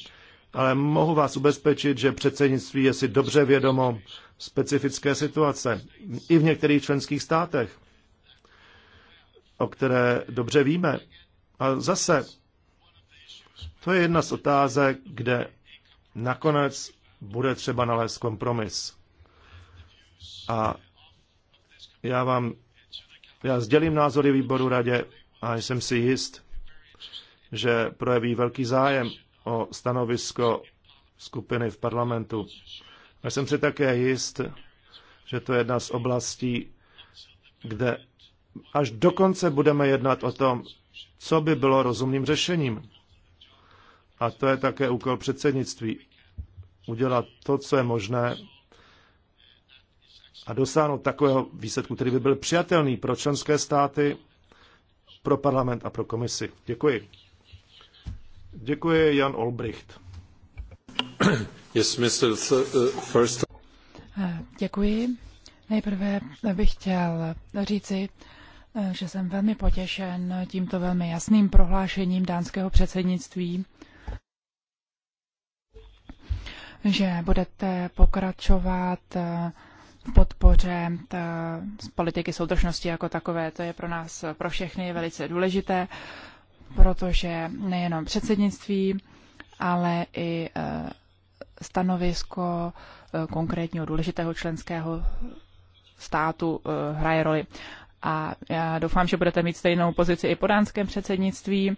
ale mohu vás ubezpečit, že předsednictví je si dobře vědomo specifické situace i v některých členských státech, o které dobře víme. A zase, to je jedna z otázek, kde nakonec bude třeba nalézt kompromis a já vám já sdělím názory výboru radě a jsem si jist, že projeví velký zájem o stanovisko skupiny v parlamentu. A jsem si také jist, že to je jedna z oblastí, kde až dokonce budeme jednat o tom, co by bylo rozumným řešením. A to je také úkol předsednictví. Udělat to, co je možné, a dosáhnout takového výsledku, který by byl přijatelný pro členské státy, pro parlament a pro komisi. Děkuji. Děkuji, Jan Olbricht. Yes, Mr. Uh, first... Eh, děkuji.
Nejprve bych chtěl říci, eh, že jsem velmi potěšen tímto velmi jasným prohlášením dánského předsednictví, že budete pokračovat eh, podpoře eh, z politiky soudržnosti jako takové. To je pro nás, eh, pro všechny velice důležité, protože nejenom předsednictví, ale i eh, stanovisko konkrétního důležitého členského státu hraje roli. A já doufám, že budete mít stejnou pozici i po dánském předsednictví,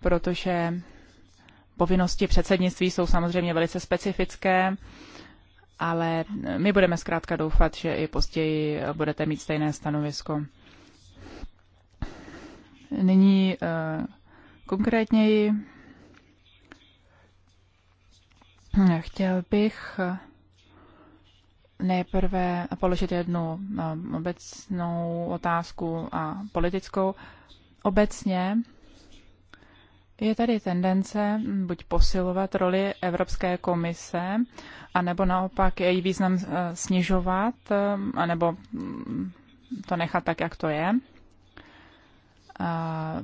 protože povinnosti předsednictví jsou samozřejmě velice specifické ale my budeme zkrátka doufat, že i později budete mít stejné stanovisko. Nyní eh, konkrétněji chtěl bych eh, nejprve položit jednu eh, obecnou otázku a politickou. Obecně je tady tendence buď posilovat roli Evropské komise, anebo naopak její význam eh, snižovat, eh, anebo mm, to nechat tak, jak to je. A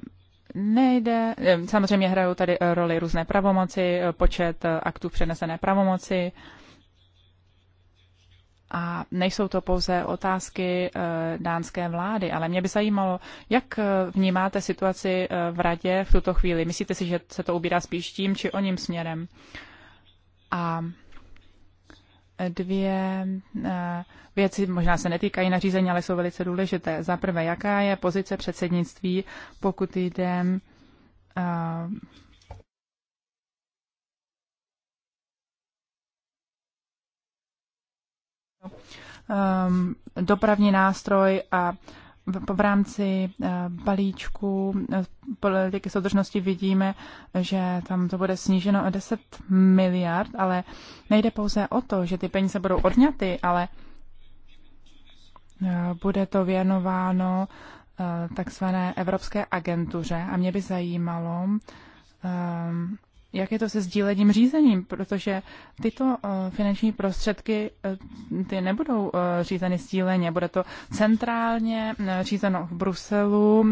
nejde, eh, samozřejmě hrajou tady roli různé pravomoci, počet aktů přenesené pravomoci, a nejsou to pouze otázky eh, dánské vlády, ale mě by zajímalo, jak eh, vnímáte situaci eh, v radě v tuto chvíli. Myslíte si, že se to ubírá spíš tím či o ním směrem? A dvě věci, možná se netýkají nařízení, ale jsou velice důležité. Za prvé, jaká je pozice předsednictví, pokud jde Ehm, dopravní nástroj a v rámci eh, balíčku eh, politiky soudržnosti vidíme, že tam to bude sníženo o 10 miliard, ale nejde pouze o to, že ty peníze budou odňaty, ale eh, bude to věnováno takzvané Evropské agentuře. A mě by zajímalo, ehm, jak je to se sdílením řízením, protože tyto eh, finanční prostředky eh, ty nebudou eh, řízeny sdíleně, bude to centrálně řízeno v Bruselu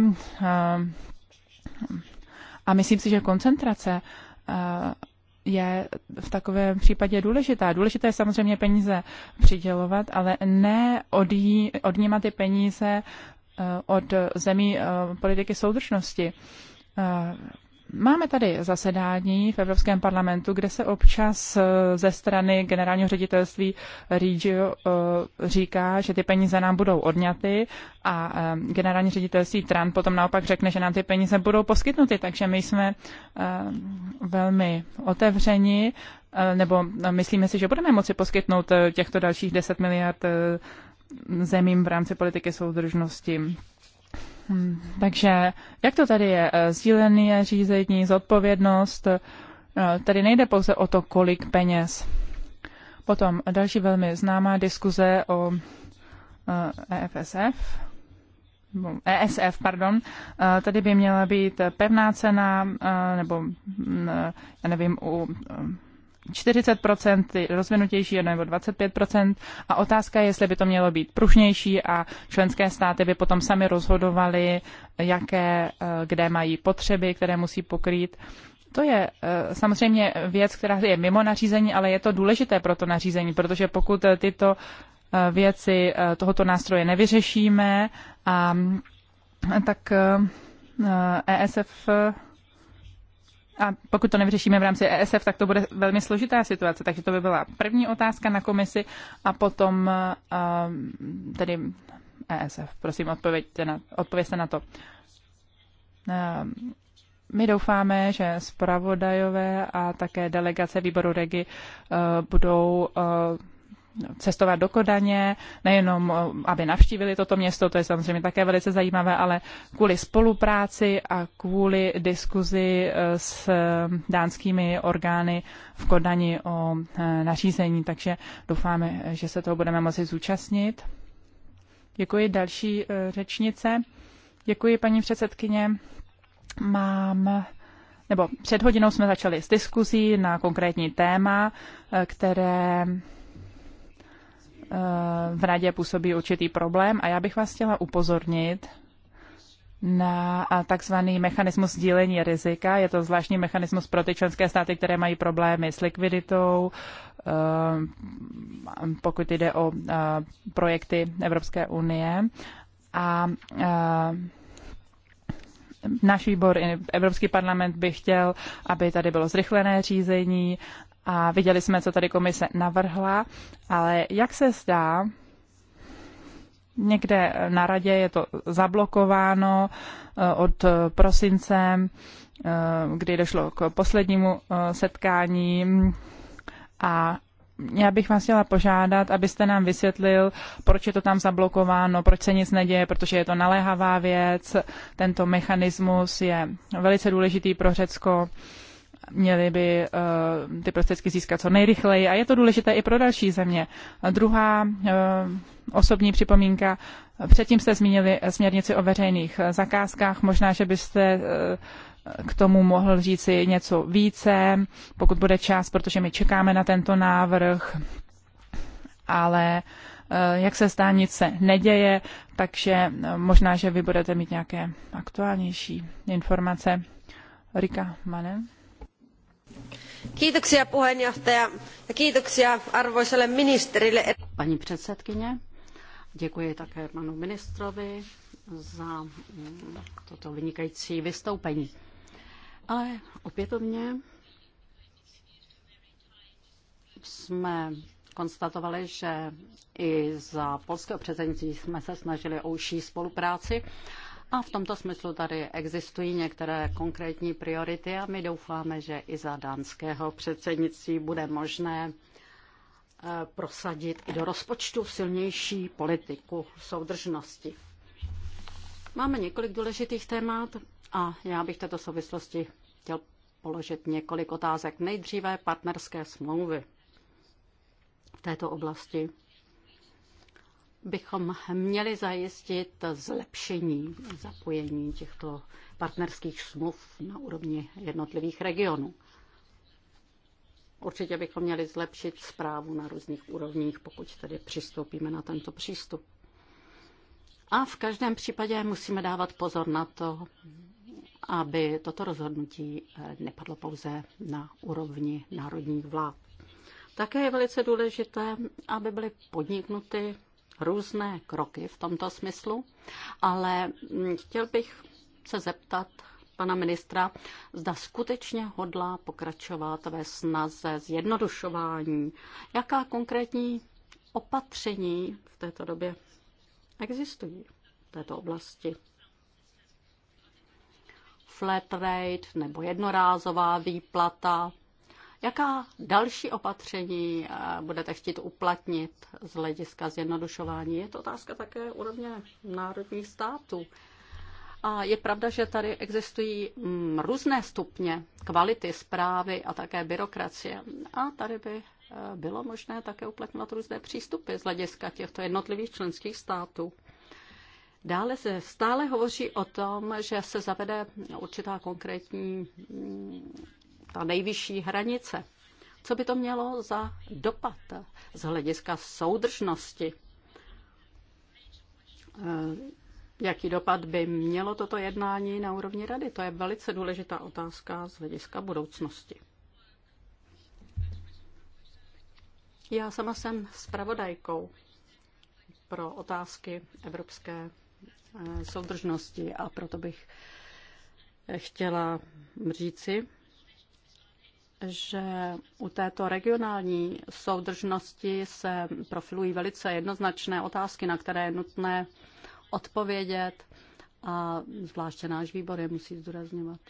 a myslím si, že koncentrace je v takovém případě důležitá. Důležité je samozřejmě peníze přidělovat, ale ne odnímat ty peníze od zemí politiky soudržnosti Máme tady zasedání v Evropském parlamentu, kde se občas eh, ze strany generálního ředitelství Regio eh, říká, že ty peníze nám budou odňaty a eh, generální ředitelství TRAN potom naopak řekne, že nám ty peníze budou poskytnuty, takže my jsme velmi otevřeni nebo no, myslíme si, že budeme moci poskytnout těchto dalších 10 miliard zemím v rámci politiky soudržnosti. Hmm, takže jak to tady je? Eh, je řízení, zodpovědnost. Eh, tady nejde pouze o to, kolik peněz. Potom další velmi známá diskuze o EFSF, eh, e ESF, e pardon, tady by měla být pevná cena, nebo mm, já nevím, u 40% rozvinutější nebo 25% a otázka je, jestli by to mělo být pružnější a členské státy by potom sami rozhodovaly, jaké, eh, kde mají potřeby, které musí pokrýt. To je eh, samozřejmě věc, která je mimo nařízení, ale je to důležité pro to nařízení, protože pokud eh, tyto věci tohoto nástroje nevyřešíme, a, tak ESF e a pokud to nevyřešíme v rámci ESF, tak to bude velmi složitá situace. Takže to by byla první otázka na komisi a potom uh, tedy ESF. Prosím, odpověďte na, odpovězte na to. Uh, my doufáme, že zpravodajové a také delegace výboru REGI uh, budou uh, cestovat do Kodaně, nejenom eh, aby navštívili toto město, to je samozřejmě také velice zajímavé, ale kvůli spolupráci a kvůli diskuzi eh, s eh, dánskými orgány v Kodani o nařízení, takže doufáme, že se toho budeme moci zúčastnit. Děkuji další řečnice. Děkuji, paní předsedkyně. Mám nebo před hodinou jsme začali s diskuzí na konkrétní téma, které v radě působí určitý problém a já bych vás chtěla upozornit na takzvaný mechanismus sdílení rizika. Je to zvláštní mechanismus pro ty členské státy, které mají problémy s likviditou, ehm, pokud jde o eh, projekty Evropské unie. A eh, náš výbor, Evropský parlament by chtěl, aby tady bylo zrychlené řízení a viděli jsme, co tady komise navrhla, ale jak se zdá, někde na radě je to zablokováno eh, od prosince, eh, kdy došlo k poslednímu eh, setkání a já bych vás chtěla požádat, abyste nám vysvětlil, proč je to tam zablokováno, proč se nic neděje, protože je to naléhavá věc. Tento mechanismus je velice důležitý pro Řecko měli by eh, ty prostředky získat co nejrychleji a je to důležité i pro další země. A druhá eh, osobní připomínka. Předtím jste zmínili eh, směrnici o veřejných zakázkách. Možná, že byste k tomu mohl říci něco více, pokud bude čas, protože my čekáme na tento návrh. Ale jak se zdá, nic se neděje, takže možná, že vy budete mít nějaké aktuálnější informace. Rika Manem.
Kiitoksia puheenjohtaja ja kiitoksia arvoisalle ministerille. Paní
předsedkyně,
děkuji také panu ministrovi za mm, toto vynikající vystoupení. Ale opětovně jsme konstatovali, že i za polského předsednictví jsme se snažili o užší spolupráci a v tomto smyslu tady existují některé konkrétní priority a my doufáme, že i za dánského předsednictví bude možné eh, prosadit i do rozpočtu silnější politiku soudržnosti. Máme několik důležitých témat a já bych v této souvislosti chtěl položit několik otázek. Nejdříve partnerské smlouvy v této oblasti bychom měli zajistit zlepšení zapojení těchto partnerských smluv na úrovni jednotlivých regionů. Určitě bychom měli zlepšit zprávu na různých úrovních, pokud tedy přistoupíme na tento přístup. A v každém případě musíme dávat pozor na to, aby toto rozhodnutí nepadlo pouze na úrovni národních vlád. Také je velice důležité, aby byly podniknuty různé kroky v tomto smyslu, ale mm, chtěl bych se zeptat pana ministra, zda skutečně hodlá pokračovat ve snaze zjednodušování. Jaká konkrétní opatření v této době existují v této oblasti? Flat rate nebo jednorázová výplata Jaká další opatření eh, budete chtít uplatnit z hlediska zjednodušování? Je to otázka také úrovně národních států. A je pravda, že tady existují mm, různé stupně kvality zprávy a také byrokracie. A tady by eh, bylo možné také uplatňovat různé přístupy z hlediska těchto jednotlivých členských států. Dále se stále hovoří o tom, že se zavede určitá konkrétní mm, ta nejvyšší hranice. Co by to mělo za dopad z hlediska soudržnosti? Eh, jaký dopad by mělo toto jednání na úrovni rady? To je velice důležitá otázka z hlediska budoucnosti. Já sama jsem spravodajkou pro otázky evropské eh, soudržnosti a proto bych chtěla říci, že u této regionální soudržnosti se profilují velice jednoznačné otázky, na které je nutné odpovědět a zvláště náš výbor je musí zdůrazňovat.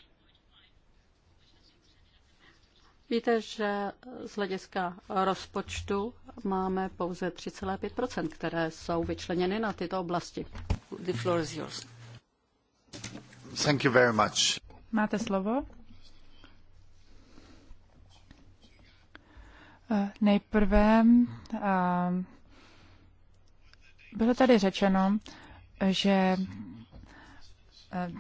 Víte, že z hlediska rozpočtu máme pouze 3,5%, které jsou vyčleněny na tyto oblasti. The floor is yours.
Thank you very much.
Máte slovo. Nejprve bylo tady řečeno, že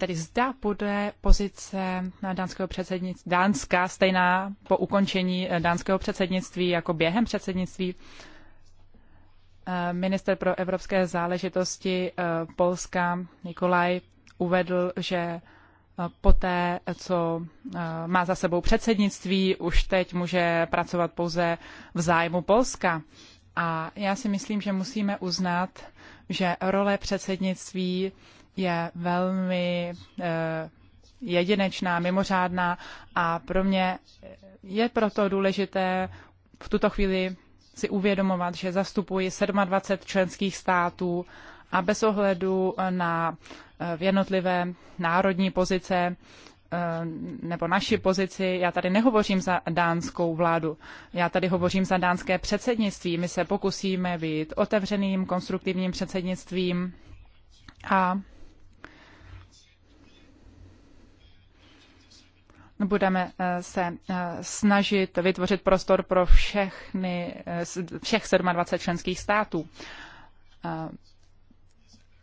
tedy zda bude pozice dánského předsednictví, dánská stejná po ukončení dánského předsednictví jako během předsednictví. Minister pro evropské záležitosti Polska Nikolaj uvedl, že poté, co eh, má za sebou předsednictví, už teď může pracovat pouze v zájmu Polska. A já si myslím, že musíme uznat, že role předsednictví je velmi eh, jedinečná, mimořádná a pro mě je proto důležité v tuto chvíli si uvědomovat, že zastupuji 27 členských států a bez ohledu na eh, jednotlivé národní pozice eh, nebo naši pozici, já tady nehovořím za dánskou vládu, já tady hovořím za dánské předsednictví. My se pokusíme být otevřeným, konstruktivním předsednictvím a budeme eh, se snažit vytvořit prostor pro všechny, všech 27 členských států.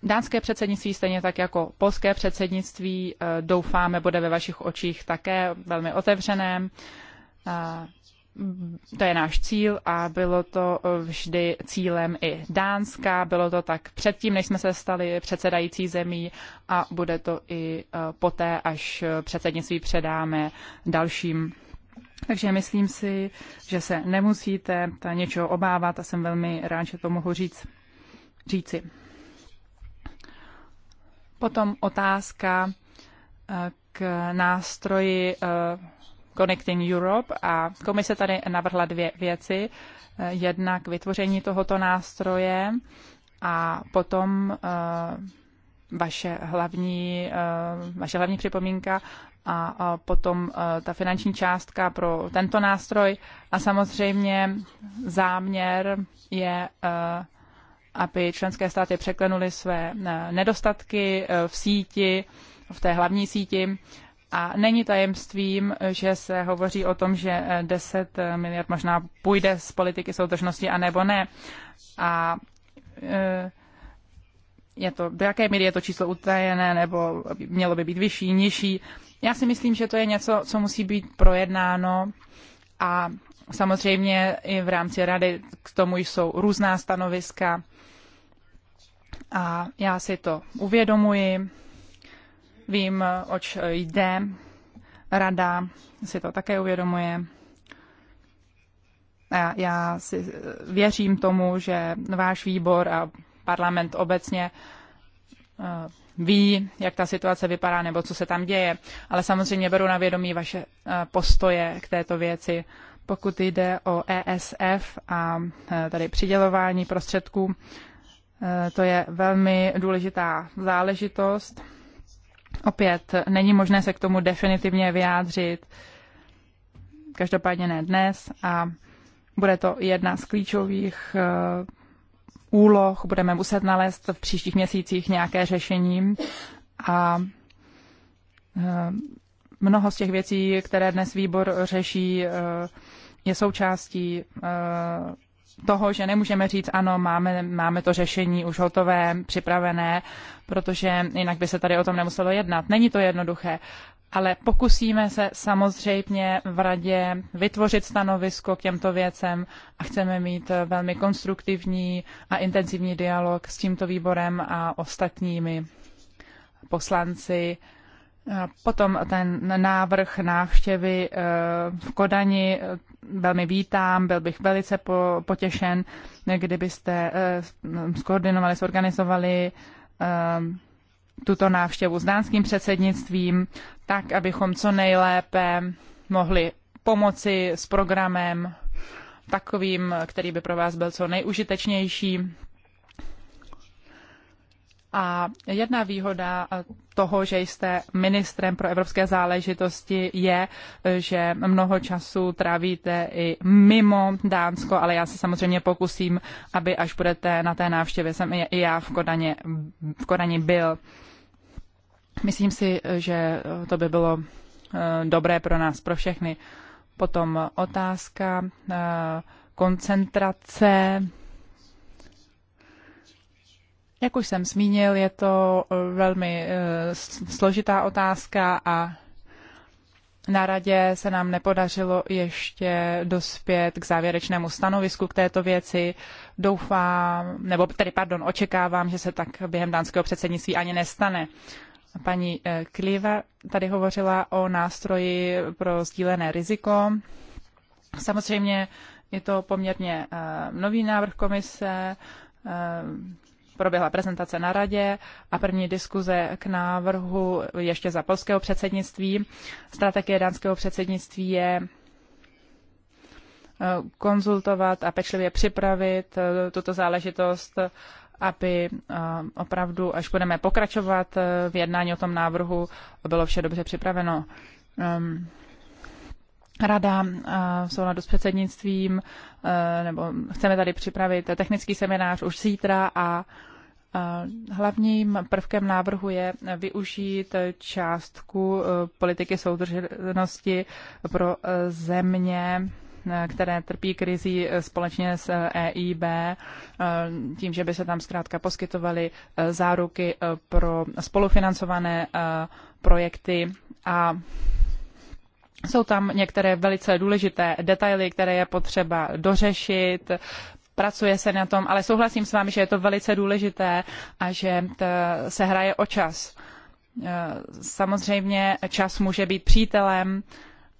Dánské předsednictví, stejně tak jako polské předsednictví, eh, doufáme, bude ve vašich očích také velmi otevřené. Eh, to je náš cíl a bylo to eh, vždy cílem i Dánska. Bylo to tak předtím, než jsme se stali předsedající zemí a bude to i poté, až předsednictví předáme dalším takže myslím si, že se nemusíte něčeho obávat a jsem velmi rád, že to mohu říct, říci. Potom otázka eh, k nástroji eh, Connecting Europe a komise tady navrhla dvě věci. Eh, jedna k vytvoření tohoto nástroje a potom vaše hlavní, vaše hlavní připomínka a potom ta finanční částka pro tento nástroj. A samozřejmě záměr je aby členské státy překlenuly své eh, nedostatky eh, v síti, v té hlavní síti. A není tajemstvím, že se hovoří o tom, že 10 eh, miliard možná půjde z politiky soudržnosti, nebo ne. A je to, do jaké míry je to číslo utajené, nebo mělo by být vyšší, nižší. Já si myslím, že to je něco, co musí být projednáno a samozřejmě i v rámci rady k tomu jsou různá stanoviska a já si to uvědomuji, vím, oč jde, rada si to také uvědomuje. A já si věřím tomu, že váš výbor a parlament obecně eh, ví, jak ta situace vypadá nebo co se tam děje, ale samozřejmě beru na vědomí vaše eh, postoje k této věci. Pokud jde o ESF a eh, tady přidělování prostředků, Eh, to je velmi důležitá záležitost. Opět není možné se k tomu definitivně vyjádřit, každopádně ne dnes a bude to jedna z klíčových eh, úloh, budeme muset nalézt v příštích měsících nějaké řešení a eh, mnoho z těch věcí, které dnes výbor řeší, je součástí toho, že nemůžeme říct, ano, máme, máme to řešení už hotové, připravené, protože jinak by se tady o tom nemuselo jednat. Není to jednoduché, ale pokusíme se samozřejmě v radě vytvořit stanovisko k těmto věcem a chceme mít velmi konstruktivní a intenzivní dialog s tímto výborem a ostatními poslanci Potom ten návrh návštěvy eh, v Kodani eh, velmi vítám, byl bych velice potěšen, kdybyste eh, skoordinovali, zorganizovali tuto návštěvu s dánským předsednictvím, tak abychom co nejlépe mohli pomoci s programem takovým, který by pro vás byl co nejužitečnější a jedna výhoda eh, toho, že jste ministrem pro evropské záležitosti, je, eh, že mnoho času trávíte i mimo Dánsko, ale já se samozřejmě pokusím, aby až budete na té návštěvě, jsem i já v Kodaně, v Kodaně byl. Myslím si, eh, že to by bylo dobré pro nás, pro všechny. Potom otázka koncentrace jak už jsem zmínil, je to eh, velmi eh, složitá otázka a na radě se nám nepodařilo ještě dospět k závěrečnému stanovisku k této věci. Doufám, nebo tedy, pardon, očekávám, že se tak během dánského předsednictví ani nestane. Paní eh, Kliva tady hovořila o nástroji pro sdílené riziko. Samozřejmě je to poměrně nový návrh komise, proběhla prezentace na radě a první diskuze k návrhu ještě za polského předsednictví. Strategie dánského předsednictví je eh, konzultovat a pečlivě připravit eh, tuto záležitost, aby eh, opravdu, až budeme pokračovat v jednání o tom návrhu, bylo vše dobře připraveno. Ehm, Rada eh, v souladu s předsednictvím, eh, nebo chceme tady připravit technický seminář už zítra a eh, Hlavním prvkem návrhu je využít částku politiky soudržnosti pro země, které trpí krizí společně s EIB, e tím, že by se tam zkrátka poskytovaly záruky pro spolufinancované projekty a jsou tam některé velice důležité detaily, které je potřeba dořešit, pracuje se na tom, ale souhlasím s vámi, že je to velice důležité a že se hraje o čas. E, samozřejmě čas může být přítelem,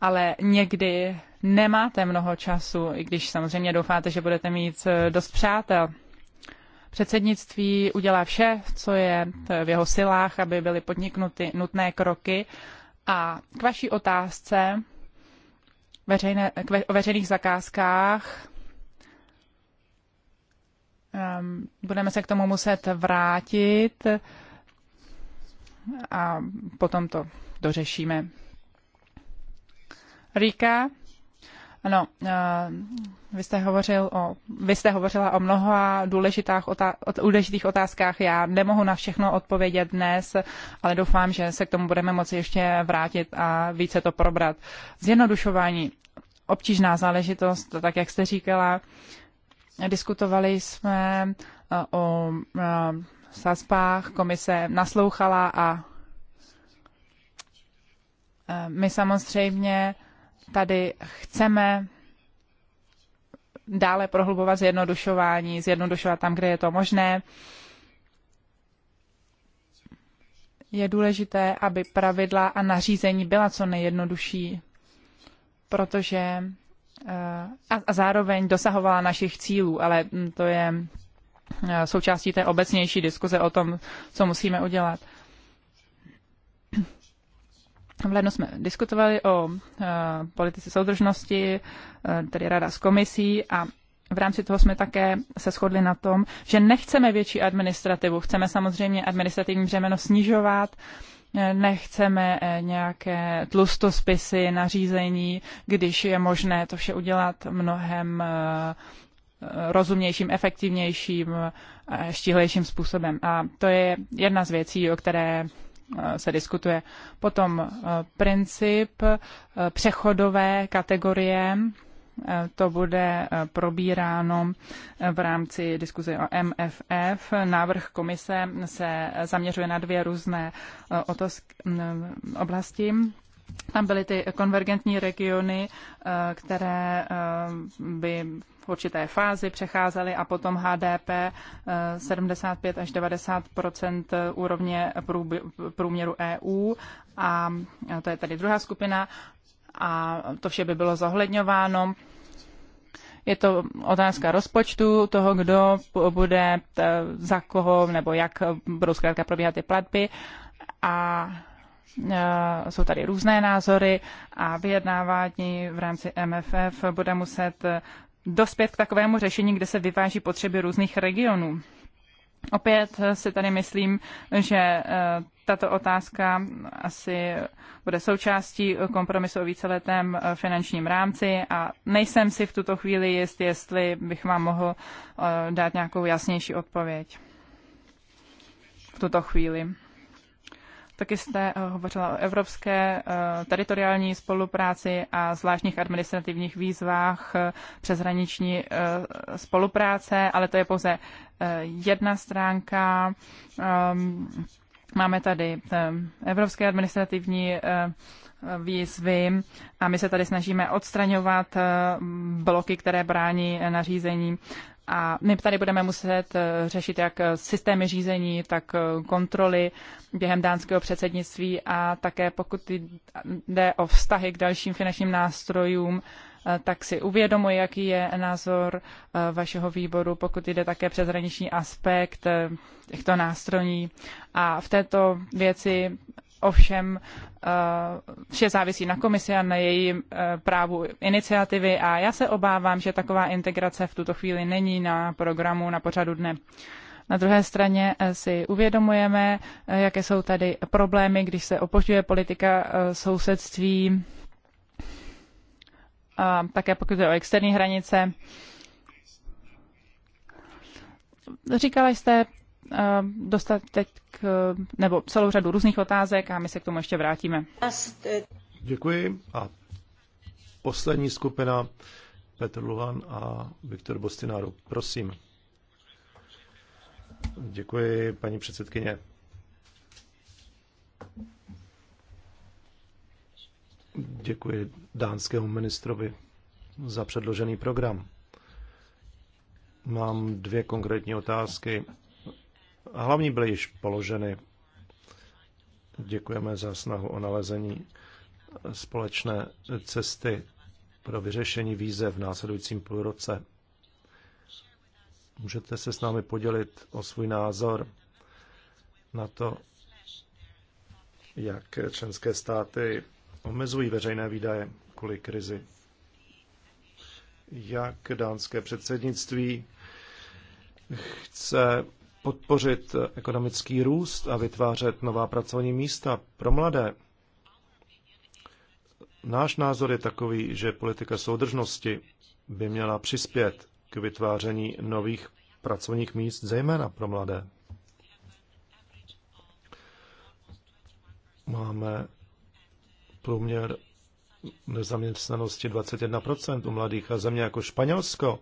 ale někdy nemáte mnoho času, i když samozřejmě doufáte, že budete mít e, dost přátel. Předsednictví udělá vše, co je v jeho silách, aby byly podniknuty nutné kroky a k vaší otázce veřejné, k ve, o veřejných zakázkách um, budeme se k tomu muset vrátit a potom to dořešíme. Rika, ano, eh, vy jste, hovořil o, vy jste hovořila o mnoha důležitých, otá, důležitých otázkách. Já nemohu na všechno odpovědět dnes, ale doufám, že se k tomu budeme moci ještě vrátit a více to probrat. Zjednodušování, obtížná záležitost, tak jak jste říkala, diskutovali jsme eh, o eh, sazbách, komise naslouchala a my samozřejmě tady chceme dále prohlubovat zjednodušování, zjednodušovat tam, kde je to možné. Je důležité, aby pravidla a nařízení byla co nejjednodušší, protože eh, a, a zároveň dosahovala našich cílů, ale mm, to je eh, součástí té obecnější diskuze o tom, co musíme udělat. V lednu jsme diskutovali o eh, politice soudržnosti, eh, tedy rada s komisí a v rámci toho jsme také se shodli na tom, že nechceme větší administrativu, chceme samozřejmě administrativní břemeno snižovat, eh, nechceme nějaké tlustospisy, nařízení, když je možné to vše udělat mnohem rozumnějším, efektivnějším, štíhlejším způsobem. A to je jedna z věcí, o které se diskutuje. Potom eh, princip eh, přechodové kategorie, eh, to bude probíráno v rámci diskuze o MFF. Návrh komise se zaměřuje na dvě různé oblasti tam byly ty konvergentní regiony, eh, které eh, by v určité fázi přecházely a potom HDP 75 eh, až 90 úrovně průměru EU. A to je tady druhá skupina. A to vše by bylo zohledňováno. Je to otázka rozpočtu, toho, kdo bude, za koho, nebo jak budou zkrátka probíhat ty platby. A Eh, jsou tady různé názory a vyjednávání v rámci MFF bude muset eh, dospět k takovému řešení, kde se vyváží potřeby různých regionů. Opět eh, si tady myslím, že tato otázka asi bude součástí kompromisu o víceletém finančním rámci a nejsem si v tuto chvíli jist, jestli bych vám mohl dát nějakou jasnější odpověď v tuto chvíli. Taky jste eh, hovořila o evropské eh, teritoriální spolupráci a zvláštních administrativních výzvách eh, přeshraniční spolupráce, ale to je pouze jedna stránka. Ehm, máme tady evropské administrativní výzvy a my se tady snažíme odstraňovat bloky, které brání nařízení a my tady budeme muset eh, řešit jak eh, systémy řízení, tak eh, kontroly během dánského předsednictví a také pokud jde o vztahy k dalším finančním nástrojům, tak si uvědomuji, jaký je názor vašeho výboru, pokud jde také přeshraniční aspekt těchto nástrojů. A v této věci Ovšem eh, vše závisí na komisi a na jejím eh, právu iniciativy a já se obávám, že taková integrace v tuto chvíli není na programu na pořadu dne. Na druhé straně eh, si uvědomujeme, jaké jsou tady problémy, když se opožďuje politika sousedství, a také pokud jde o externí hranice. Říkala jste Eh, k, nebo celou řadu různých otázek a my se k tomu ještě vrátíme.
Děkuji a poslední skupina Petr Luhan a Viktor Bostináru. Prosím. Děkuji, paní předsedkyně. Děkuji dánskému ministrovi za předložený program. Mám dvě konkrétní otázky Hlavní byly již položeny. Děkujeme za snahu o nalezení společné cesty pro vyřešení víze v následujícím půlroce. Můžete se s námi podělit o svůj názor na to, jak členské státy omezují veřejné výdaje kvůli krizi. Jak dánské předsednictví chce podpořit ekonomický růst a vytvářet nová pracovní místa pro mladé. Náš názor je takový, že politika soudržnosti by měla přispět k vytváření nových pracovních míst, zejména pro mladé. Máme průměr nezaměstnanosti 21% u mladých a země jako Španělsko,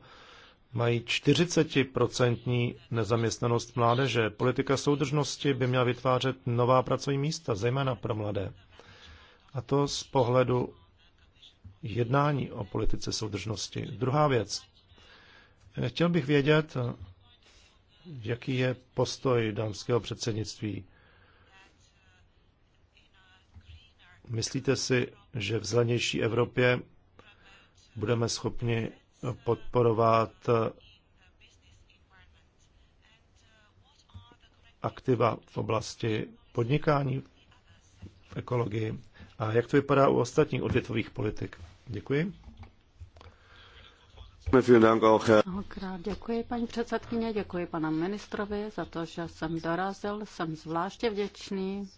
mají 40% nezaměstnanost mládeže. Politika soudržnosti by měla vytvářet nová pracovní místa, zejména pro mladé. A to z pohledu jednání o politice soudržnosti. Druhá věc. Chtěl bych vědět, jaký je postoj dámského předsednictví. Myslíte si, že v zelenější Evropě budeme schopni podporovat eh, aktiva v oblasti podnikání v ekologii. A jak to vypadá u ostatních odvětvových politik? Děkuji. Mnohokrát
děkuji, paní předsedkyně, děkuji panu ministrovi za to, že jsem dorazil. Jsem zvláště vděčný,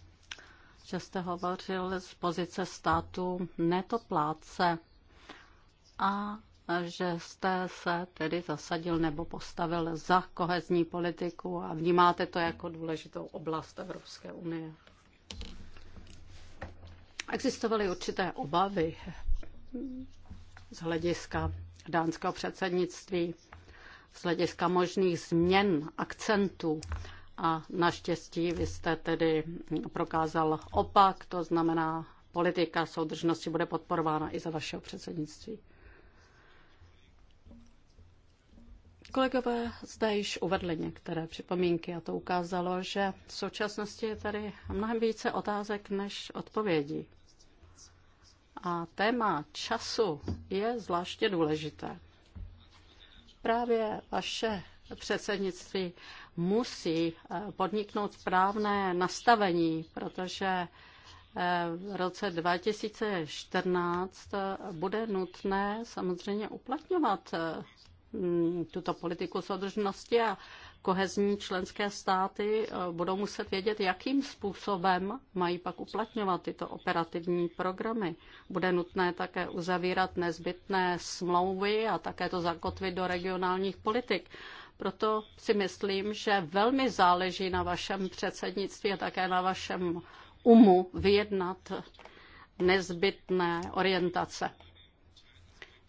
že jste hovořil z pozice státu netopláce a a že jste se tedy zasadil nebo postavil za kohezní politiku a vnímáte to jako důležitou oblast Evropské unie. Existovaly určité obavy z hlediska dánského předsednictví, z hlediska možných změn akcentů a naštěstí vy jste tedy prokázal opak, to znamená politika soudržnosti bude podporována i za vašeho předsednictví. Kolegové zde již uvedli některé připomínky a to ukázalo, že v současnosti je tady mnohem více otázek než odpovědí. A téma času je zvláště důležité. Právě vaše předsednictví musí eh, podniknout správné nastavení, protože eh, v roce 2014 eh, bude nutné samozřejmě uplatňovat Mm, tuto politiku soudržnosti a kohezní členské státy eh, budou muset vědět, jakým způsobem mají pak uplatňovat tyto operativní programy. Bude nutné také uzavírat nezbytné smlouvy a také to zakotvit do regionálních politik. Proto si myslím, že velmi záleží na vašem předsednictví a také na vašem umu vyjednat nezbytné orientace.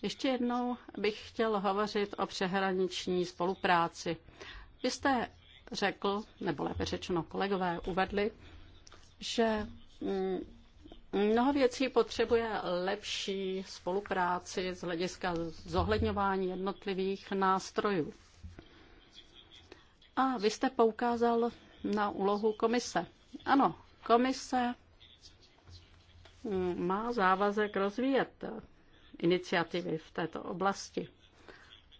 Ještě jednou bych chtěl hovořit o přehraniční spolupráci. Vy jste řekl, nebo lépe řečeno kolegové uvedli, že mm, mnoho věcí potřebuje lepší spolupráci z hlediska zohledňování jednotlivých nástrojů. A vy jste poukázal na úlohu komise. Ano, komise mm, má závazek rozvíjet iniciativy v této oblasti.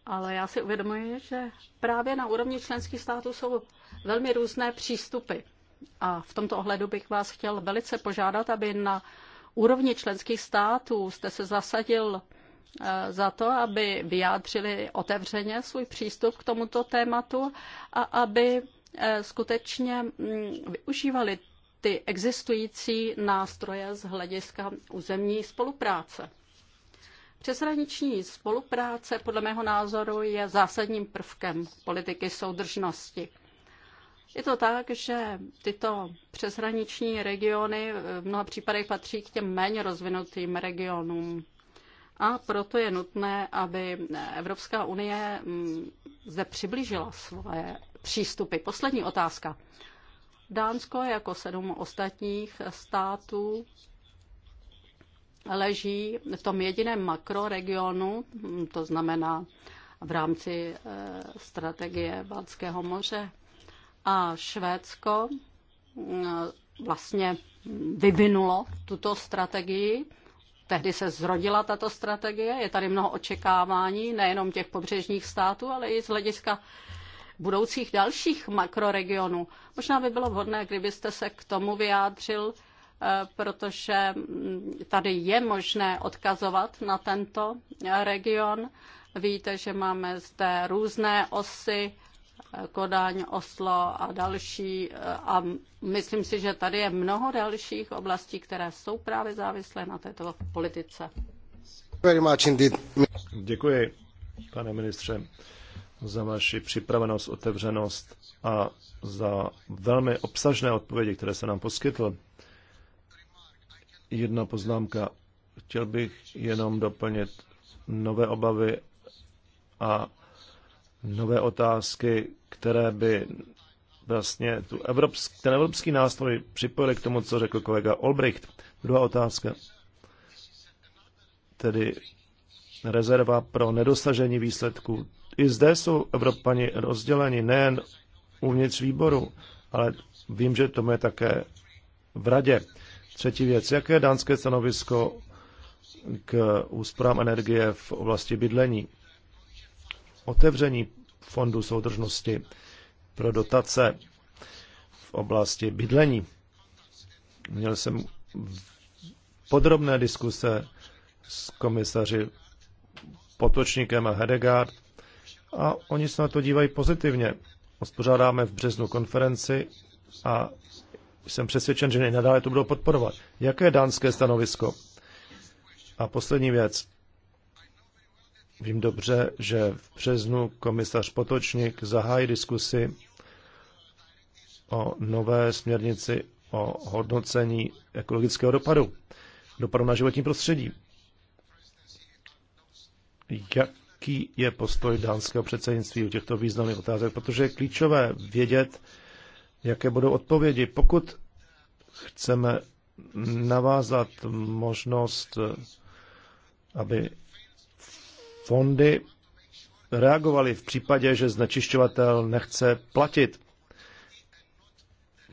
Ale já si uvědomuji, že právě na úrovni členských států jsou velmi různé přístupy. A v tomto ohledu bych vás chtěl velice požádat, aby na úrovni členských států jste se zasadil eh, za to, aby vyjádřili otevřeně svůj přístup k tomuto tématu a aby eh, skutečně mm, využívali ty existující nástroje z hlediska územní spolupráce. Přeshraniční spolupráce podle mého názoru je zásadním prvkem politiky soudržnosti. Je to tak, že tyto přeshraniční regiony v mnoha případech patří k těm méně rozvinutým regionům. A proto je nutné, aby Evropská unie mm, zde přiblížila svoje přístupy. Poslední otázka. Dánsko jako sedm ostatních států leží v tom jediném makroregionu, to znamená v rámci e, strategie Balckého moře. A Švédsko e, vlastně vyvinulo tuto strategii. Tehdy se zrodila tato strategie, je tady mnoho očekávání, nejenom těch pobřežních států, ale i z hlediska budoucích dalších makroregionů. Možná by bylo vhodné, kdybyste se k tomu vyjádřil, protože tady je možné odkazovat na tento region. Víte, že máme zde různé osy, Kodaň, Oslo a další. A myslím si, že tady je mnoho dalších oblastí, které jsou právě závislé na této politice.
Děkuji, pane ministře, za vaši připravenost, otevřenost a za velmi obsažné odpovědi, které se nám poskytl jedna poznámka. Chtěl bych jenom doplnit nové obavy a nové otázky, které by vlastně tu evropský, ten evropský nástroj připojili k tomu, co řekl kolega Olbricht. Druhá otázka. Tedy rezerva pro nedosažení výsledků. I zde jsou Evropani rozděleni nejen uvnitř výboru, ale vím, že tomu je také v radě. Třetí věc, jaké je dánské stanovisko k úsporám energie v oblasti bydlení? Otevření fondu soudržnosti pro dotace v oblasti bydlení. Měl jsem podrobné diskuse s komisaři Potočníkem a Hedegard a oni se na to dívají pozitivně. Ospořádáme v březnu konferenci a jsem přesvědčen, že nadále to budou podporovat. Jaké je dánské stanovisko? A poslední věc. Vím dobře, že v březnu komisař Potočník zahájí diskusi o nové směrnici o hodnocení ekologického dopadu, dopadu na životní prostředí. Jaký je postoj dánského předsednictví u těchto významných otázek? Protože je klíčové vědět, jaké budou odpovědi. Pokud chceme navázat možnost, aby fondy reagovaly v případě, že znečišťovatel nechce platit,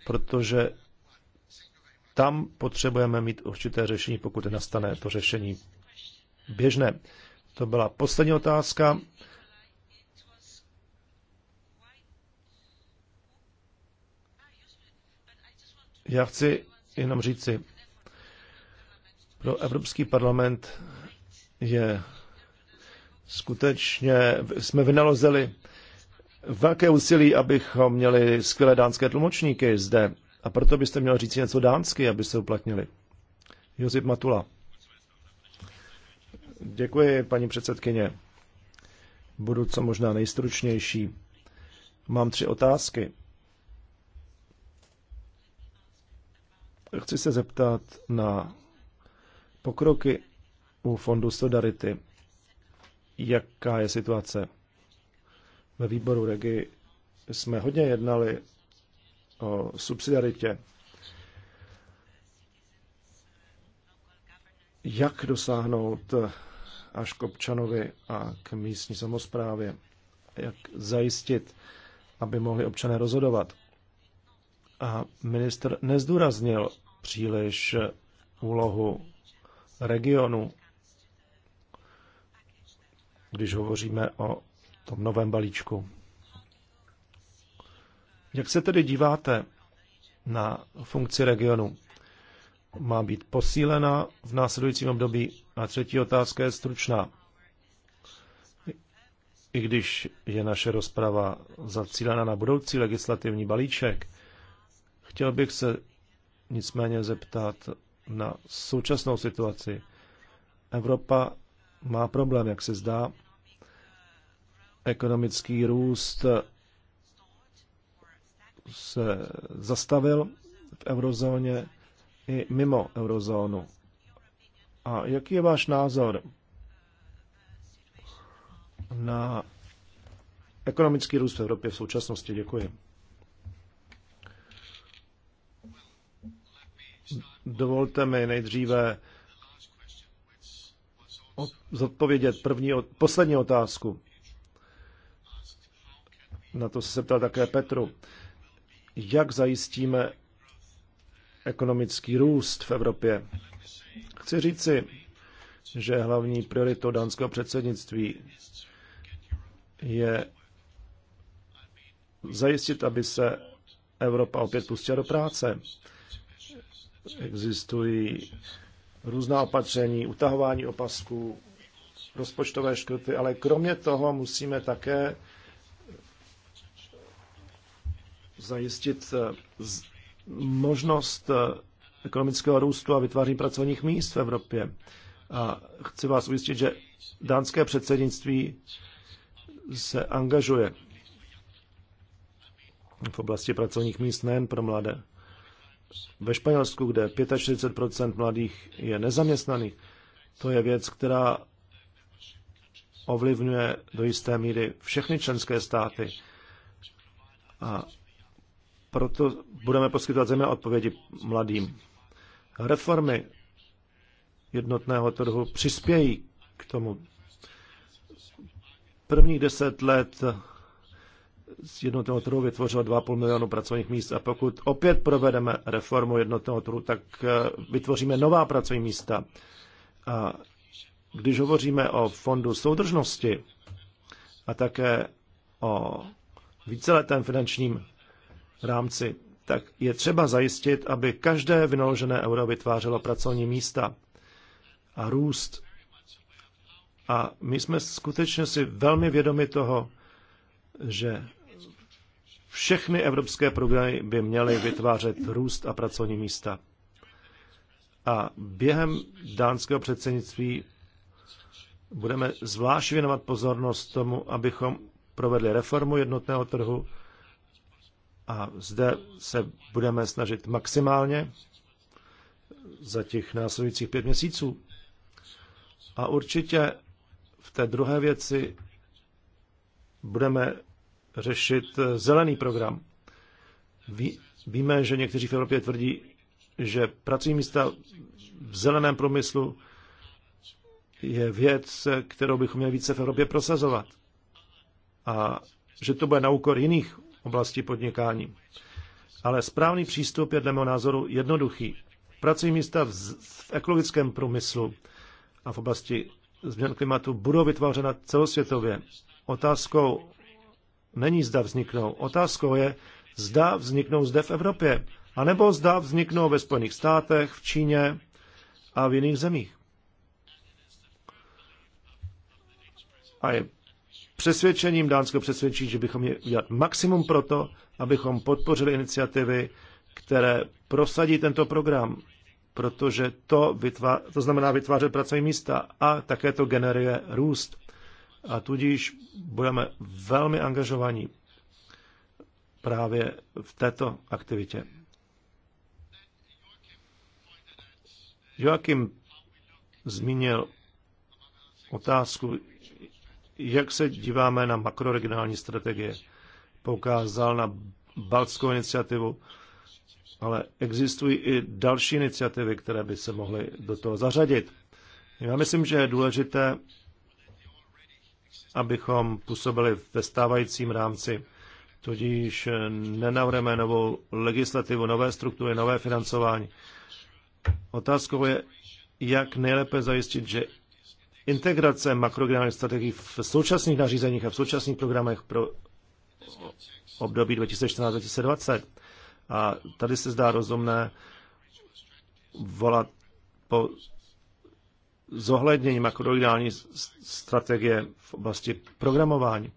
protože tam potřebujeme mít určité řešení, pokud nastane to řešení běžné. To byla poslední otázka. Já chci jenom říci, pro Evropský parlament je skutečně, jsme vynalozili velké úsilí, abychom měli skvělé dánské tlumočníky zde. A proto byste měl říct něco dánsky, aby se uplatnili. Josip Matula. Děkuji, paní předsedkyně. Budu co možná nejstručnější. Mám tři otázky. Chci se zeptat na pokroky u Fondu Solidarity. Jaká je situace? Ve výboru Regi jsme hodně jednali o subsidiaritě. Jak dosáhnout až k občanovi a k místní samozprávě? Jak zajistit, aby mohli občané rozhodovat? A minister nezdůraznil příliš úlohu regionu, když hovoříme o tom novém balíčku. Jak se tedy díváte na funkci regionu? Má být posílena v následujícím období? A třetí otázka je stručná. I když je naše rozprava zacílena na budoucí legislativní balíček, chtěl bych se nicméně zeptat na současnou situaci. Evropa má problém, jak se zdá. Ekonomický růst se zastavil v eurozóně i mimo eurozónu. A jaký je váš názor na ekonomický růst v Evropě v současnosti? Děkuji. Dovolte mi nejdříve zodpovědět první, poslední otázku. Na to se ptal také Petru. Jak zajistíme ekonomický růst v Evropě? Chci říci, že hlavní prioritou dánského předsednictví je zajistit, aby se Evropa opět pustila do práce existují různá opatření, utahování opasků, rozpočtové škrty, ale kromě toho musíme také zajistit eh, možnost eh, ekonomického růstu a vytváření pracovních míst v Evropě. A chci vás ujistit, že dánské předsednictví se angažuje v oblasti pracovních míst nejen pro mladé ve Španělsku, kde 45% mladých je nezaměstnaných, to je věc, která ovlivňuje do jisté míry všechny členské státy. A proto budeme poskytovat země odpovědi mladým. Reformy jednotného trhu přispějí k tomu. Prvních deset let z jednotného trhu vytvořilo 2,5 milionu pracovních míst a pokud opět provedeme reformu jednotného trhu, tak eh, vytvoříme nová pracovní místa. A když hovoříme o fondu soudržnosti a také o víceletém finančním rámci, tak je třeba zajistit, aby každé vynaložené euro vytvářelo pracovní místa a růst. A my jsme skutečně si velmi vědomi toho, že všechny evropské programy by měly vytvářet růst a pracovní místa. A během dánského předsednictví budeme zvlášť věnovat pozornost tomu, abychom provedli reformu jednotného trhu a zde se budeme snažit maximálně za těch následujících pět měsíců. A určitě v té druhé věci budeme řešit eh, zelený program. Ví, víme, že někteří v Evropě tvrdí, že pracovní místa v zeleném průmyslu je věc, kterou bychom měli více v Evropě prosazovat. A že to bude na úkor jiných oblastí podnikání. Ale správný přístup je dle mého názoru jednoduchý. Pracovní místa v, v ekologickém průmyslu a v oblasti změn klimatu budou vytvořena celosvětově. Otázkou není zda vzniknou. Otázkou je, zda vzniknou zde v Evropě, anebo zda vzniknou ve Spojených státech, v Číně a v jiných zemích. A je přesvědčením Dánsko přesvědčí, že bychom měli udělat maximum pro to, abychom podpořili iniciativy, které prosadí tento program, protože to, vytvá, to znamená vytvářet pracovní místa a také to generuje růst a tudíž budeme velmi angažovaní právě v této aktivitě. Joachim zmínil otázku, jak se díváme na makroregionální strategie. Poukázal na baltskou iniciativu, ale existují i další iniciativy, které by se mohly do toho zařadit. Já myslím, že je důležité abychom působili ve stávajícím rámci. Tudíž nenavrhujeme novou legislativu, nové struktury, nové financování. Otázkou je, jak nejlépe zajistit, že integrace makroregionálních strategií v současných nařízeních a v současných programech pro období 2014-2020. A tady se zdá rozumné volat po zohlednění makroidální strategie v oblasti programování.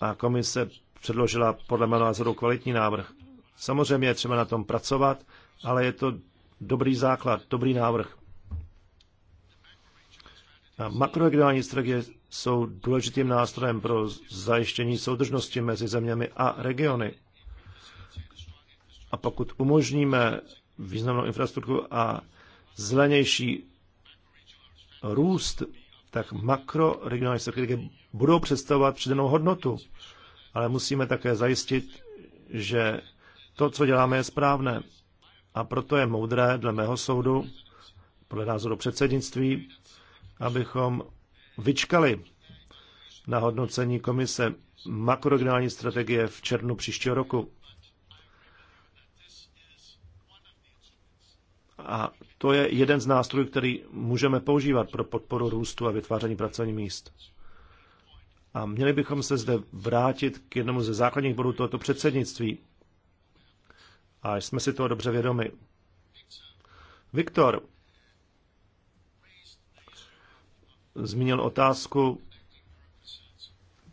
A komise předložila podle mého názoru kvalitní návrh. Samozřejmě je třeba na tom pracovat, ale je to dobrý základ, dobrý návrh. makroregionální strategie jsou důležitým nástrojem pro zajištění soudržnosti mezi zeměmi a regiony. A pokud umožníme významnou infrastrukturu a zelenější růst, tak makroregionální strategie budou představovat přidanou hodnotu. Ale musíme také zajistit, že to, co děláme, je správné. A proto je moudré, dle mého soudu, podle názoru předsednictví, abychom vyčkali na hodnocení komise makroregionální strategie v červnu příštího roku. A to je jeden z nástrojů, který můžeme používat pro podporu růstu a vytváření pracovních míst. A měli bychom se zde vrátit k jednomu ze základních bodů tohoto předsednictví. A jsme si toho dobře vědomi. Viktor zmínil otázku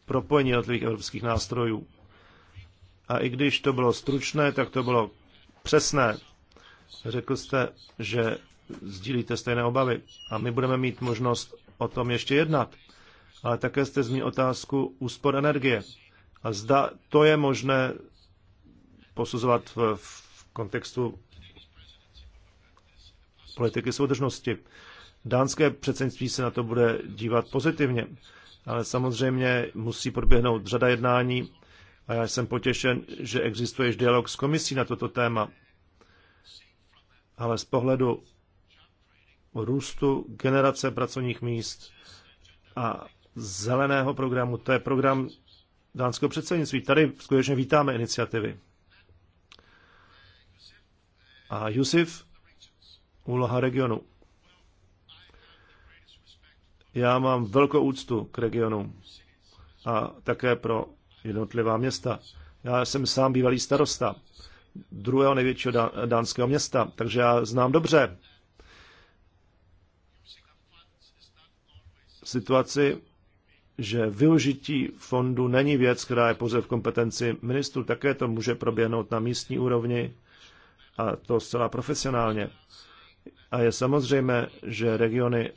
propojení jednotlivých evropských nástrojů. A i když to bylo stručné, tak to bylo přesné. Řekl jste, že sdílíte stejné obavy a my budeme mít možnost o tom ještě jednat. Ale také jste zmínil otázku úspor energie. A zda to je možné posuzovat v, v kontextu politiky soudržnosti. Dánské předsednictví se na to bude dívat pozitivně, ale samozřejmě musí proběhnout řada jednání a já jsem potěšen, že existuje již dialog s komisí na toto téma ale z pohledu růstu generace pracovních míst a zeleného programu, to je program dánského předsednictví. Tady skutečně vítáme iniciativy. A Jusif, úloha regionu. Já mám velkou úctu k regionu a také pro jednotlivá města. Já jsem sám bývalý starosta druhého největšího dánského města, takže já znám dobře situaci, že využití fondu není věc, která je pouze v kompetenci ministru, také to může proběhnout na místní úrovni a to zcela profesionálně. A je samozřejmé, že regiony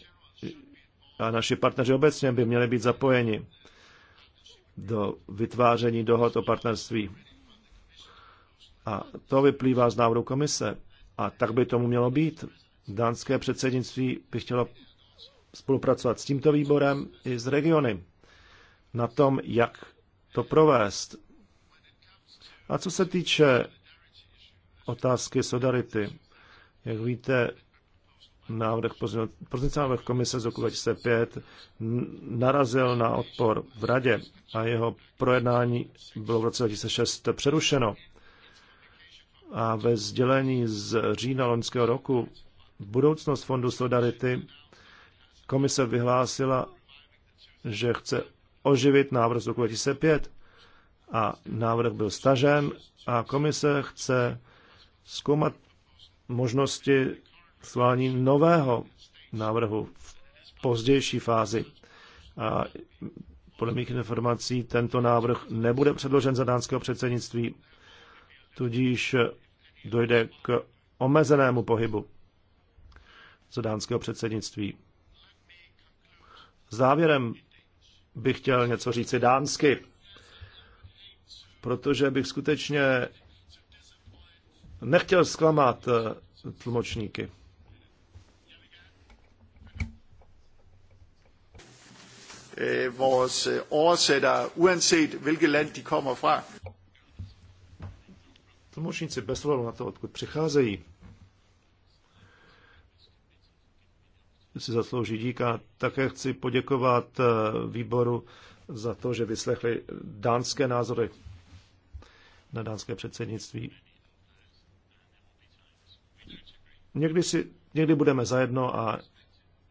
a naši partneři obecně by měli být zapojeni do vytváření dohod o partnerství a to vyplývá z návrhu komise. A tak by tomu mělo být. Dánské předsednictví by chtělo spolupracovat s tímto výborem i s regiony na tom, jak to provést. A co se týče otázky solidarity, jak víte, návrh, pozice návrh komise z roku 2005 narazil na odpor v radě a jeho projednání bylo v roce 2006 přerušeno a ve sdělení z října loňského roku budoucnost Fondu Solidarity komise vyhlásila, že chce oživit návrh z roku 2005 a návrh byl stažen a komise chce zkoumat možnosti schválení nového návrhu v pozdější fázi. A podle mých informací tento návrh nebude předložen za dánského předsednictví tudíž dojde k omezenému pohybu dánského předsednictví. Závěrem bych chtěl něco říci dánsky, protože bych skutečně nechtěl zklamat eh, tlumočníky. Eh, vores eh, oversætter, uanset hvilket land de kommer fra. Tlumočníci bez ohledu na to, odkud přicházejí, si zaslouží díka. Také chci poděkovat eh, výboru za to, že vyslechli dánské názory na dánské předsednictví. Někdy, si, někdy budeme zajedno a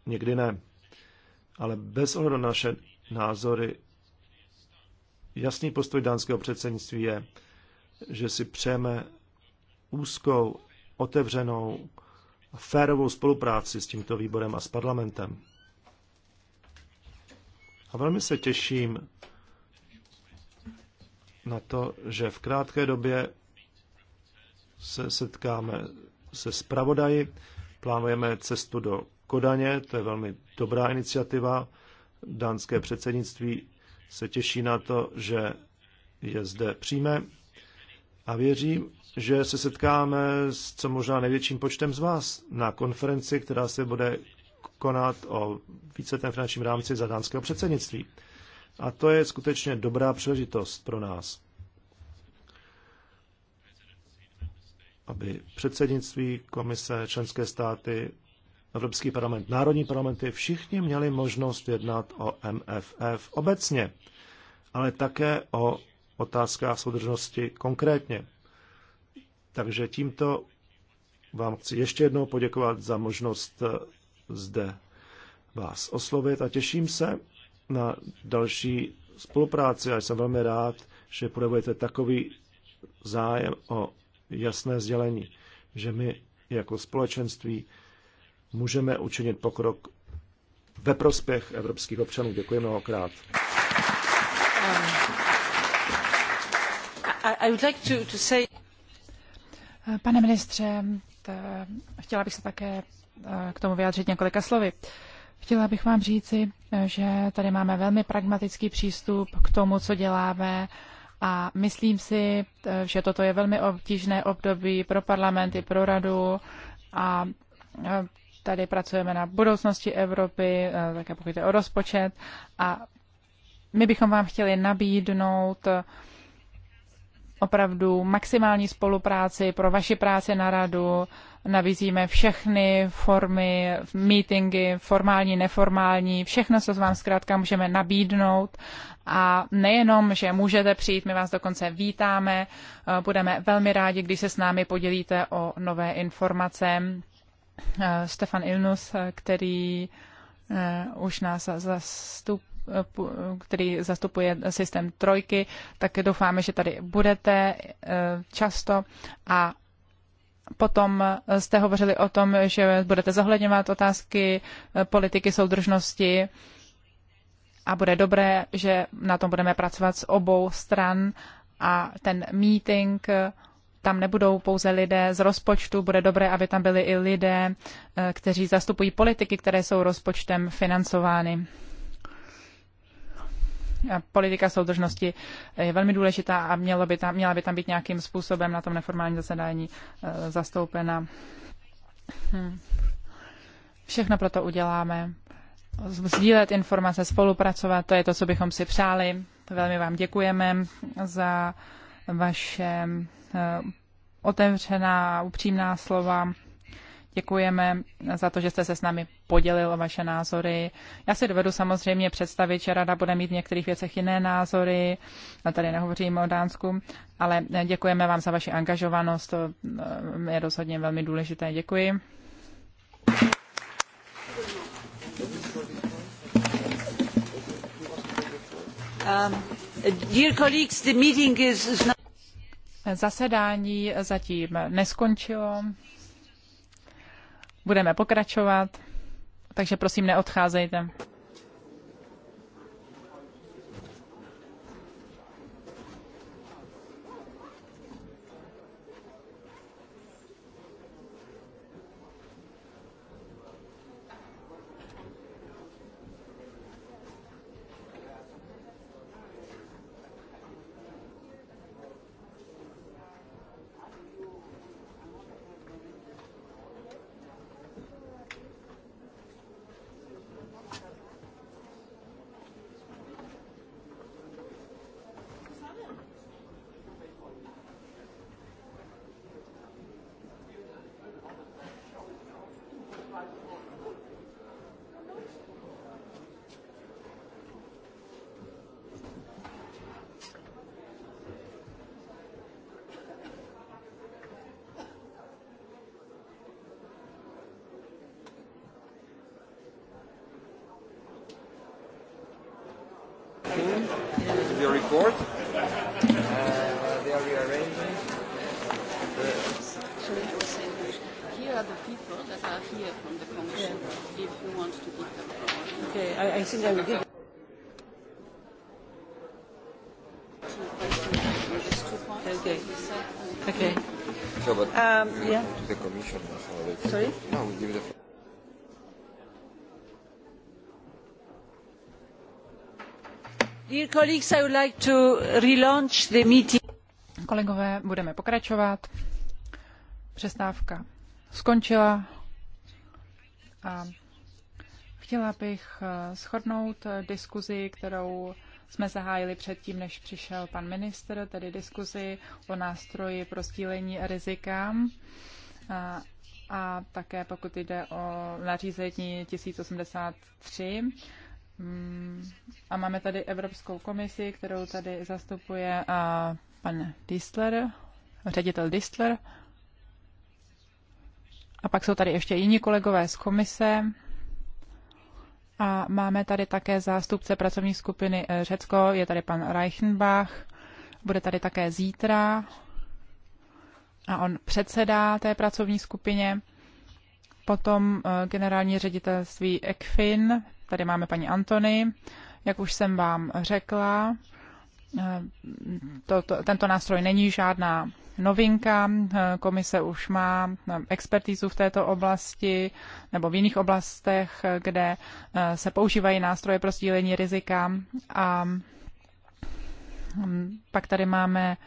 někdy ne. Ale bez ohledu na naše názory, jasný postoj dánského předsednictví je, že si přejeme úzkou, otevřenou, férovou spolupráci s tímto výborem a s parlamentem. A velmi se těším na to, že v krátké době se setkáme se zpravodaji, plánujeme cestu do Kodaně, to je velmi dobrá iniciativa. Dánské předsednictví se těší na to, že je zde přijme a věřím, že se setkáme s co možná největším počtem z vás na konferenci, která se bude konat o víceletém finančním rámci za dánského předsednictví. A to je skutečně dobrá příležitost pro nás, aby předsednictví, komise, členské státy, Evropský parlament, národní parlamenty, všichni měli možnost jednat o MFF obecně, ale také o otázkách soudržnosti konkrétně. Takže tímto vám chci ještě jednou poděkovat za možnost eh, zde vás oslovit a těším se na další spolupráci a jsem velmi rád, že projevujete takový zájem o jasné sdělení, že my jako společenství můžeme učinit pokrok ve prospěch evropských občanů. Děkuji mnohokrát.
Um.
Pane ministře, chtěla bych se také e, k tomu vyjádřit několika slovy. Chtěla bych vám říci, že tady máme velmi pragmatický přístup k tomu, co děláme a myslím si, že toto je velmi obtížné období pro parlament i pro radu a e, tady pracujeme na budoucnosti Evropy, e, také pokud jde o rozpočet a my bychom vám chtěli nabídnout opravdu maximální spolupráci pro vaši práci na radu. Navízíme všechny formy, meetingy, formální, neformální, všechno, co vám zkrátka můžeme nabídnout. A nejenom, že můžete přijít, my vás dokonce vítáme, eh, budeme velmi rádi, když se s námi podělíte o nové informace. Eh, Stefan Ilnus, eh, který už nás zastupuje, který zastupuje systém trojky, tak doufáme, že tady budete eh, často a Potom jste hovořili o tom, že budete zohledňovat otázky eh, politiky soudržnosti a bude dobré, že na tom budeme pracovat s obou stran a ten meeting, eh, tam nebudou pouze lidé z rozpočtu, bude dobré, aby tam byli i lidé, kteří zastupují politiky, které jsou rozpočtem financovány politika soudržnosti je velmi důležitá a měla by tam, měla by tam být nějakým způsobem na tom neformálním zasedání eh, zastoupena. Hm. Všechno proto uděláme. Sdílet informace, spolupracovat, to je to, co bychom si přáli. Velmi vám děkujeme za vaše eh, otevřená, upřímná slova Děkujeme za to, že jste se s námi podělil o vaše názory. Já si dovedu samozřejmě představit, že rada bude mít v některých věcech jiné názory. A tady nehovoříme o Dánsku, ale děkujeme vám za vaši angažovanost. To eh, je rozhodně velmi důležité. Děkuji. Um, dear colleagues, the meeting is... Zasedání zatím neskončilo budeme pokračovat, takže prosím neodcházejte. Kolegové, budeme pokračovat. Přestávka skončila a chtěla bych eh, shodnout eh, diskuzi, kterou jsme zahájili předtím, než přišel pan minister, tedy diskuzi o nástroji pro sdílení rizika a, a také pokud jde o nařízení 1083 Hmm. A máme tady Evropskou komisi, kterou tady zastupuje a pan Distler, ředitel Distler. A pak jsou tady ještě jiní kolegové z komise. A máme tady také zástupce pracovní skupiny eh, Řecko, je tady pan Reichenbach, bude tady také zítra a on předsedá té pracovní skupině. Potom eh, generální ředitelství ECFIN, Tady máme paní Antony. Jak už jsem vám řekla, eh, to, to, tento nástroj není žádná novinka. Eh, komise už má eh, expertízu v této oblasti nebo v jiných oblastech, kde se používají nástroje pro sdílení rizika. A hm, pak tady máme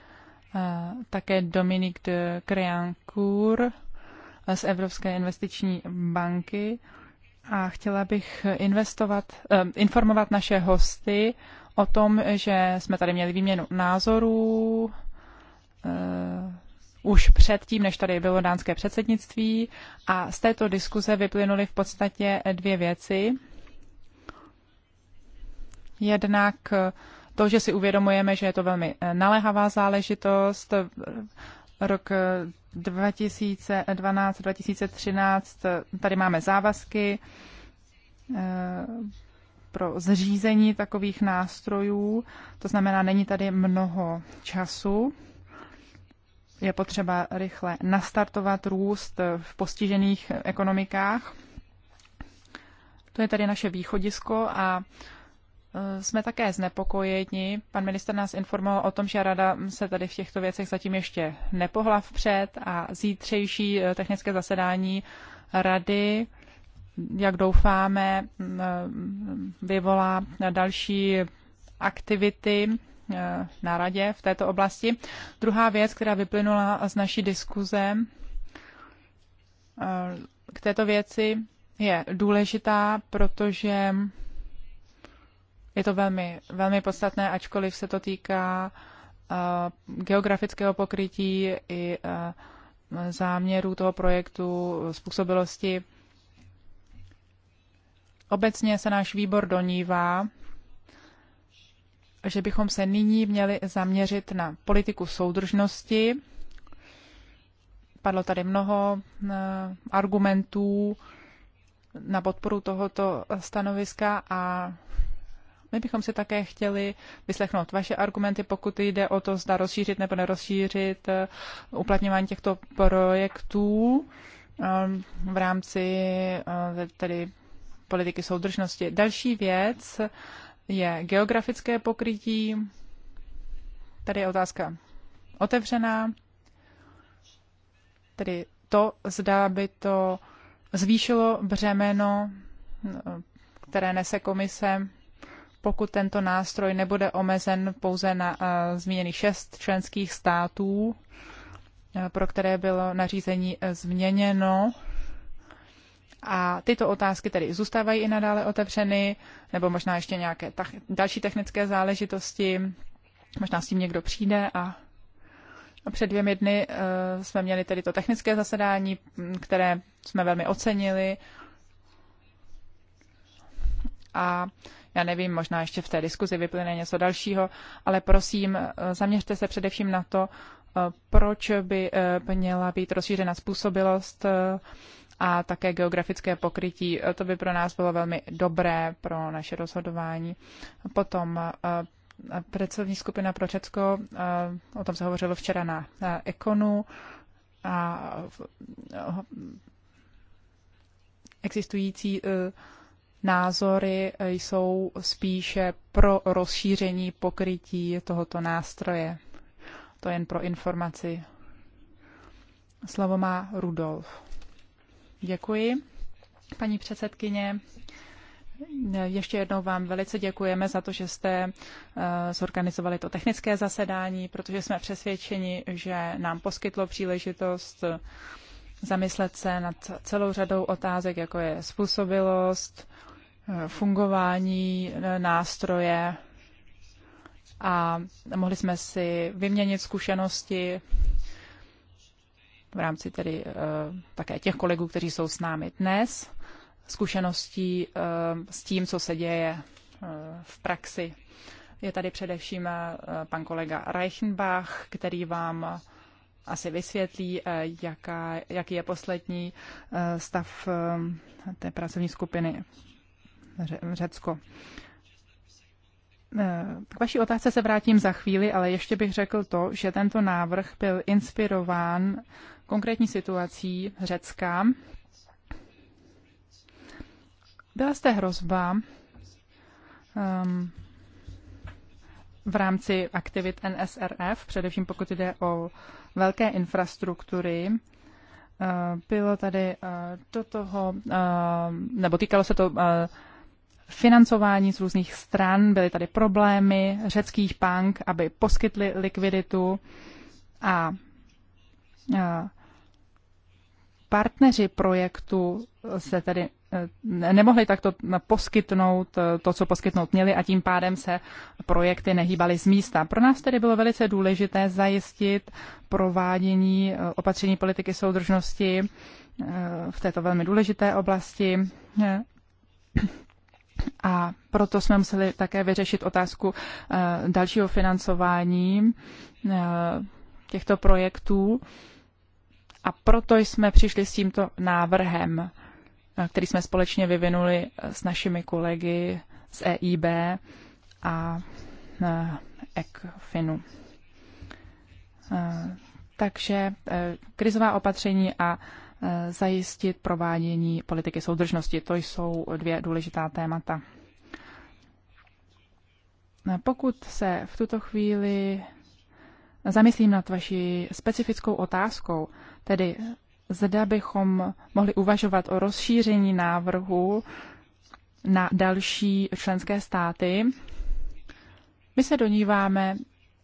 také Dominik de Creancourt z Evropské investiční banky a chtěla bych investovat, eh, informovat naše hosty o tom, že jsme tady měli výměnu názorů eh, už předtím, než tady bylo dánské předsednictví a z této diskuze vyplynuly v podstatě dvě věci. Jednak to, že si uvědomujeme, že je to velmi naléhavá záležitost, rok 2012-2013 eh, eh, tady máme závazky eh, pro zřízení takových nástrojů, to znamená, není tady mnoho času. Je potřeba rychle nastartovat růst v postižených ekonomikách. To je tady naše východisko a Eh, jsme také znepokojeni. Pan minister nás informoval o tom, že rada se tady v těchto věcech zatím ještě nepohla vpřed a zítřejší eh, technické zasedání rady, jak doufáme, eh, vyvolá další aktivity na radě v této oblasti. Druhá věc, která vyplynula z naší diskuze k této věci, je důležitá, protože je to velmi, velmi podstatné, ačkoliv se to týká eh, geografického pokrytí i eh, záměru toho projektu, způsobilosti. Obecně se náš výbor donívá, že bychom se nyní měli zaměřit na politiku soudržnosti. Padlo tady mnoho eh, argumentů na podporu tohoto stanoviska a my bychom si také chtěli vyslechnout vaše argumenty, pokud jde o to, zda rozšířit nebo nerozšířit eh, uplatňování těchto projektů ehm, v rámci eh, tedy politiky soudržnosti. Další věc je geografické pokrytí. Tady je otázka otevřená. Tedy to, zda by to zvýšilo břemeno, eh, které nese komise pokud tento nástroj nebude omezen pouze na eh, změny šest členských států, eh, pro které bylo nařízení eh, změněno. A tyto otázky tedy zůstávají i nadále otevřeny, nebo možná ještě nějaké další technické záležitosti. Možná s tím někdo přijde a před dvěmi dny jsme měli tedy to technické zasedání, které jsme velmi ocenili. A já nevím, možná ještě v té diskuzi vyplyne něco dalšího, ale prosím, eh, zaměřte se především na to, eh, proč by eh, měla být rozšířena způsobilost a také geografické pokrytí. To by pro nás bylo velmi dobré pro naše rozhodování. Potom pracovní skupina pro Řecko, o tom se hovořilo včera na Ekonu, a existující názory eh, jsou spíše pro rozšíření pokrytí tohoto nástroje. To jen pro informaci. Slovo má Rudolf. Děkuji, paní předsedkyně. Eh, ještě jednou vám velice děkujeme za to, že jste eh, zorganizovali to technické zasedání, protože jsme přesvědčeni, že nám poskytlo příležitost zamyslet se nad celou řadou otázek, jako je způsobilost, fungování eh, nástroje a mohli jsme si vyměnit zkušenosti v rámci tedy eh, také těch kolegů, kteří jsou s námi dnes, zkušeností eh, s tím, co se děje v praxi. Je tady především pan kolega Reichenbach, který vám asi vysvětlí, jaká, jaký je poslední stav té pracovní skupiny Řecko. Eh, k vaší otázce se vrátím za chvíli, ale ještě bych řekl to, že tento návrh byl inspirován konkrétní situací Řecka. Byla jste hrozba um, v rámci aktivit NSRF, především pokud jde o velké infrastruktury, eh, bylo tady eh, do toho, nebo týkalo se to financování z různých stran, byly tady problémy řeckých bank, aby poskytli likviditu a partneři projektu se tedy e, nemohli takto poskytnout e, to, co poskytnout měli a tím pádem se projekty nehýbaly z místa. Pro nás tedy bylo velice důležité zajistit provádění e, opatření politiky soudržnosti v této velmi důležité oblasti a proto jsme museli také vyřešit otázku eh, dalšího financování eh, těchto projektů. A proto jsme přišli s tímto návrhem, eh, který jsme společně vyvinuli s našimi kolegy z EIB a ECFINu. Takže krizová opatření a Eh, zajistit provádění politiky soudržnosti. To jsou dvě důležitá témata. Eh, pokud se v tuto chvíli zamyslím nad vaší specifickou otázkou, tedy zda bychom mohli uvažovat o rozšíření návrhu na další členské státy, my se doníváme,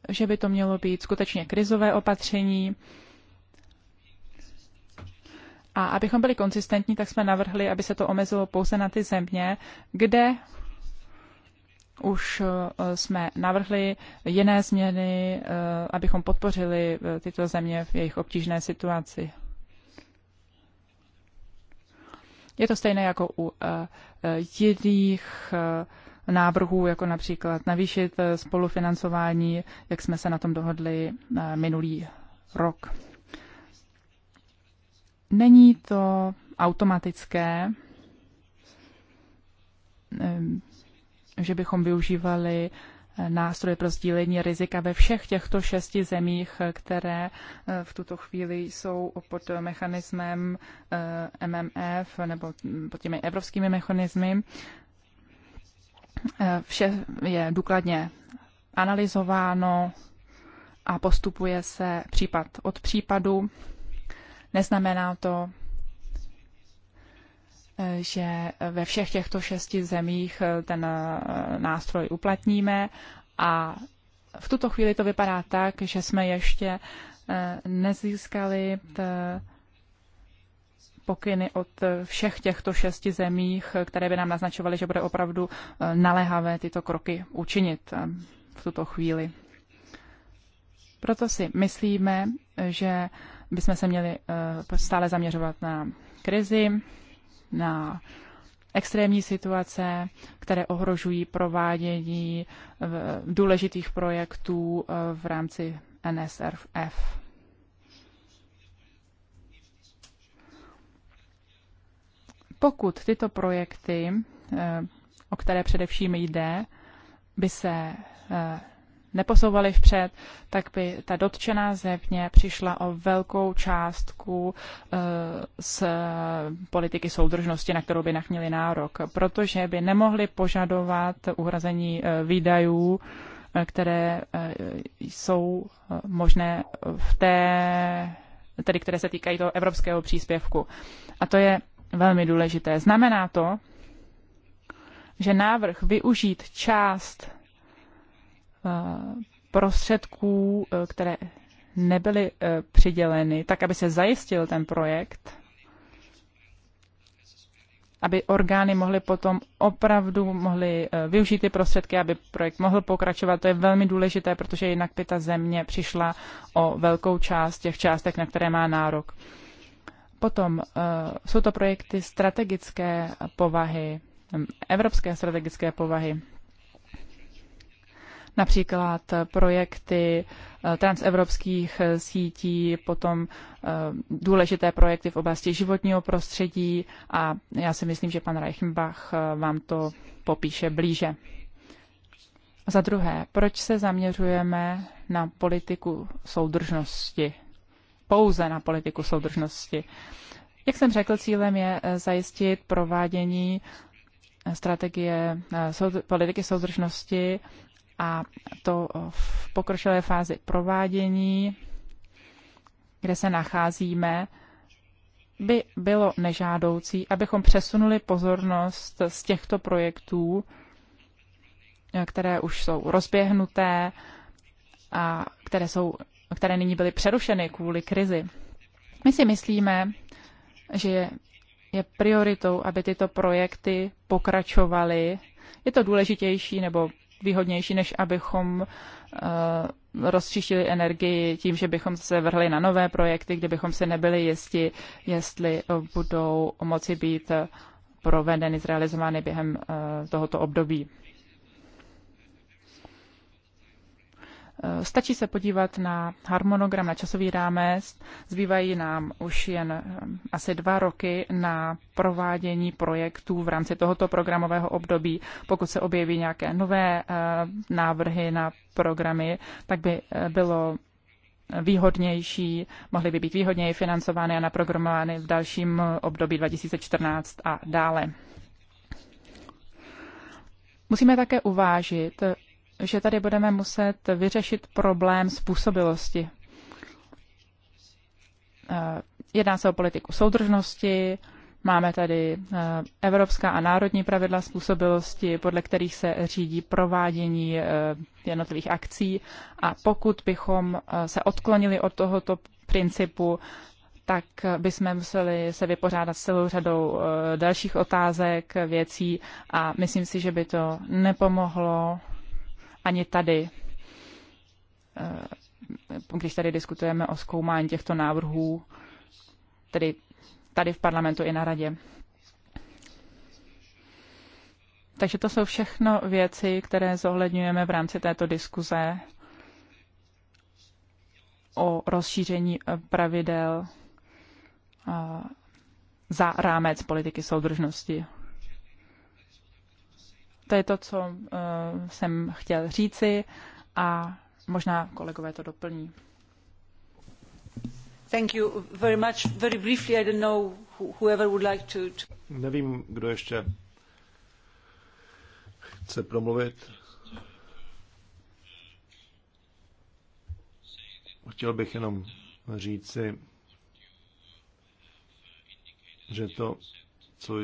že by to mělo být skutečně krizové opatření, a abychom byli konsistentní, tak jsme navrhli, aby se to omezilo pouze na ty země, kde už eh, jsme navrhli jiné změny, eh, abychom podpořili eh, tyto země v jejich obtížné situaci. Je to stejné jako u jiných návrhů, jako například navýšit spolufinancování, jak jsme se na tom dohodli minulý rok. Není to automatické, že bychom využívali eh, nástroje pro sdílení rizika ve všech těchto šesti zemích, které eh, v tuto chvíli jsou pod mechanismem eh, MMF nebo hm, pod těmi evropskými mechanismy. Vše je důkladně analyzováno a postupuje se případ od případu Neznamená to, že ve všech těchto šesti zemích ten eh, nástroj uplatníme a v tuto chvíli to vypadá tak, že jsme ještě eh, nezískali eh, pokyny od všech těchto šesti zemích, které by nám naznačovaly, že bude opravdu naléhavé tyto kroky učinit v tuto chvíli. Proto si myslíme, že bychom se měli eh, stále zaměřovat na krizi, na extrémní situace, které ohrožují provádění eh, důležitých projektů eh, v rámci NSRF. Pokud tyto projekty, o které především jde, by se neposouvali vpřed, tak by ta dotčená země přišla o velkou částku eh, z politiky soudržnosti, na kterou by nachměli nárok, protože by nemohli požadovat uhrazení eh, výdajů, eh, které jsou možné v té, tedy které se týkají toho evropského příspěvku. A to je velmi důležité. Znamená to, že návrh využít část Eh, prostředků, eh, které nebyly eh, přiděleny, tak aby se zajistil ten projekt, aby orgány mohly potom opravdu mohly využít ty prostředky, aby projekt mohl pokračovat. To je velmi důležité, protože jinak by ta země přišla o velkou část těch částek, na které má nárok. Potom jsou to projekty strategické povahy, mm, evropské strategické povahy například projekty eh, transevropských eh, sítí, potom eh, důležité projekty v oblasti životního prostředí a já si myslím, že pan Reichenbach vám to popíše blíže. Za druhé, proč se zaměřujeme na politiku soudržnosti? Pouze na politiku soudržnosti. Jak jsem řekl, cílem je zajistit provádění strategie politiky soudržnosti a to eh, v pokročilé fázi provádění, kde se nacházíme, by bylo nežádoucí, abychom přesunuli pozornost z těchto projektů, eh, které už jsou rozběhnuté a které, jsou, které nyní byly přerušeny kvůli krizi. My si myslíme, že je, je prioritou, aby tyto projekty pokračovaly. Je to důležitější nebo výhodnější, než abychom eh, rozčištili energii tím, že bychom se vrhli na nové projekty, kde bychom se nebyli jisti, jestli budou moci být eh, provedeny, zrealizovány během eh, tohoto období. Eh, stačí se podívat na harmonogram, na časový rámec. Zbývají nám už jen eh, asi dva roky na provádění projektů v rámci tohoto programového období. Pokud se objeví nějaké nové eh, návrhy na programy, tak by bylo výhodnější, mohly by být výhodněji financovány a naprogramovány v dalším období 2014 a dále. Musíme také uvážit, že tady budeme muset vyřešit problém způsobilosti. Eh, jedná se o politiku soudržnosti, máme tady eh, evropská a národní pravidla způsobilosti, podle kterých se řídí provádění eh, jednotlivých akcí a pokud bychom se odklonili od tohoto principu, tak bychom museli se vypořádat s celou řadou dalších otázek, věcí a myslím si, že by to nepomohlo ani tady, eh, když tady diskutujeme o zkoumání těchto návrhů, tedy tady v parlamentu i na radě. Takže to jsou všechno věci, které zohledňujeme v rámci této diskuze o rozšíření pravidel eh, za rámec politiky soudržnosti. To je to, co eh, jsem chtěl říci a možná kolegové to doplní. Thank you very much. Very briefly, I don't know whoever would like to...
Nevím, kdo ještě chce promluvit. Chtěl bych jenom říci, že to, co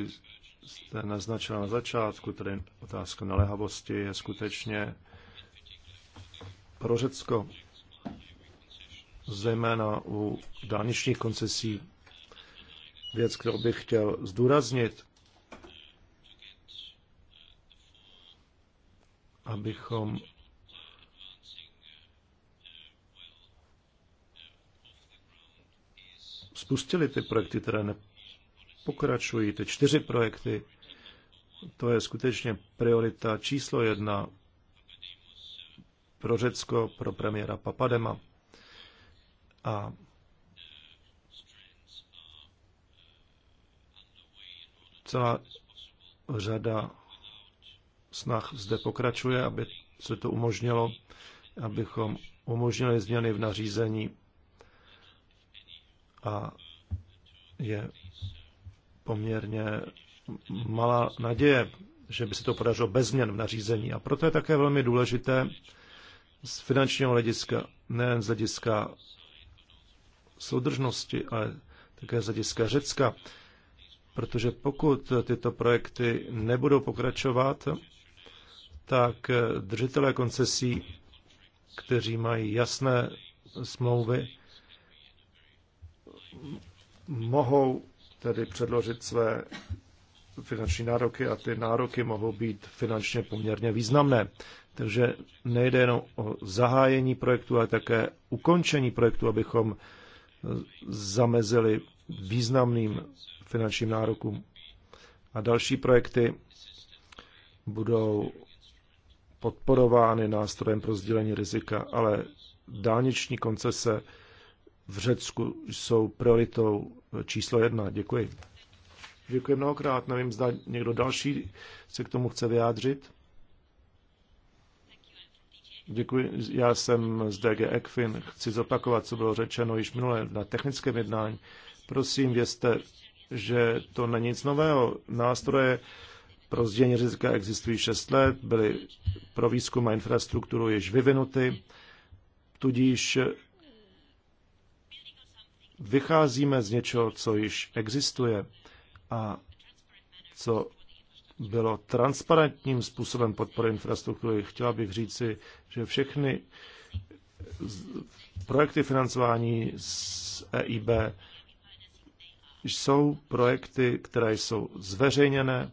jste naznačila na začátku, tedy otázka naléhavosti, je skutečně pro Řecko, zejména u dálničních koncesí, věc, kterou bych chtěl zdůraznit, abychom spustili ty projekty, které ne, pokračují ty čtyři projekty. To je skutečně priorita číslo jedna pro Řecko, pro premiéra Papadema. A celá řada snah zde pokračuje, aby se to umožnilo, abychom umožnili změny v nařízení a je poměrně malá naděje, že by se to podařilo bez změn v nařízení. A proto je také velmi důležité z finančního hlediska, nejen z hlediska soudržnosti, ale také z hlediska Řecka, protože pokud tyto projekty nebudou pokračovat, tak držitelé koncesí, kteří mají jasné smlouvy, mohou tedy předložit své finanční nároky a ty nároky mohou být finančně poměrně významné. Takže nejde jenom o zahájení projektu, ale také ukončení projektu, abychom zamezili významným finančním nárokům. A další projekty budou podporovány nástrojem pro sdílení rizika, ale dálniční koncese v Řecku jsou prioritou číslo jedna. Děkuji. Děkuji mnohokrát. Nevím, zda někdo další se k tomu chce vyjádřit. Děkuji. Já jsem z DG ECFIN. Chci zopakovat, co bylo řečeno již minule na technickém jednání. Prosím, vězte, že to není nic nového. Nástroje pro sdělení rizika existují 6 let, byly pro výzkum a infrastrukturu již vyvinuty, tudíž vycházíme z něčeho, co již existuje a co bylo transparentním způsobem podpory infrastruktury. Chtěla bych říci, že všechny projekty financování z EIB jsou projekty, které jsou zveřejněné.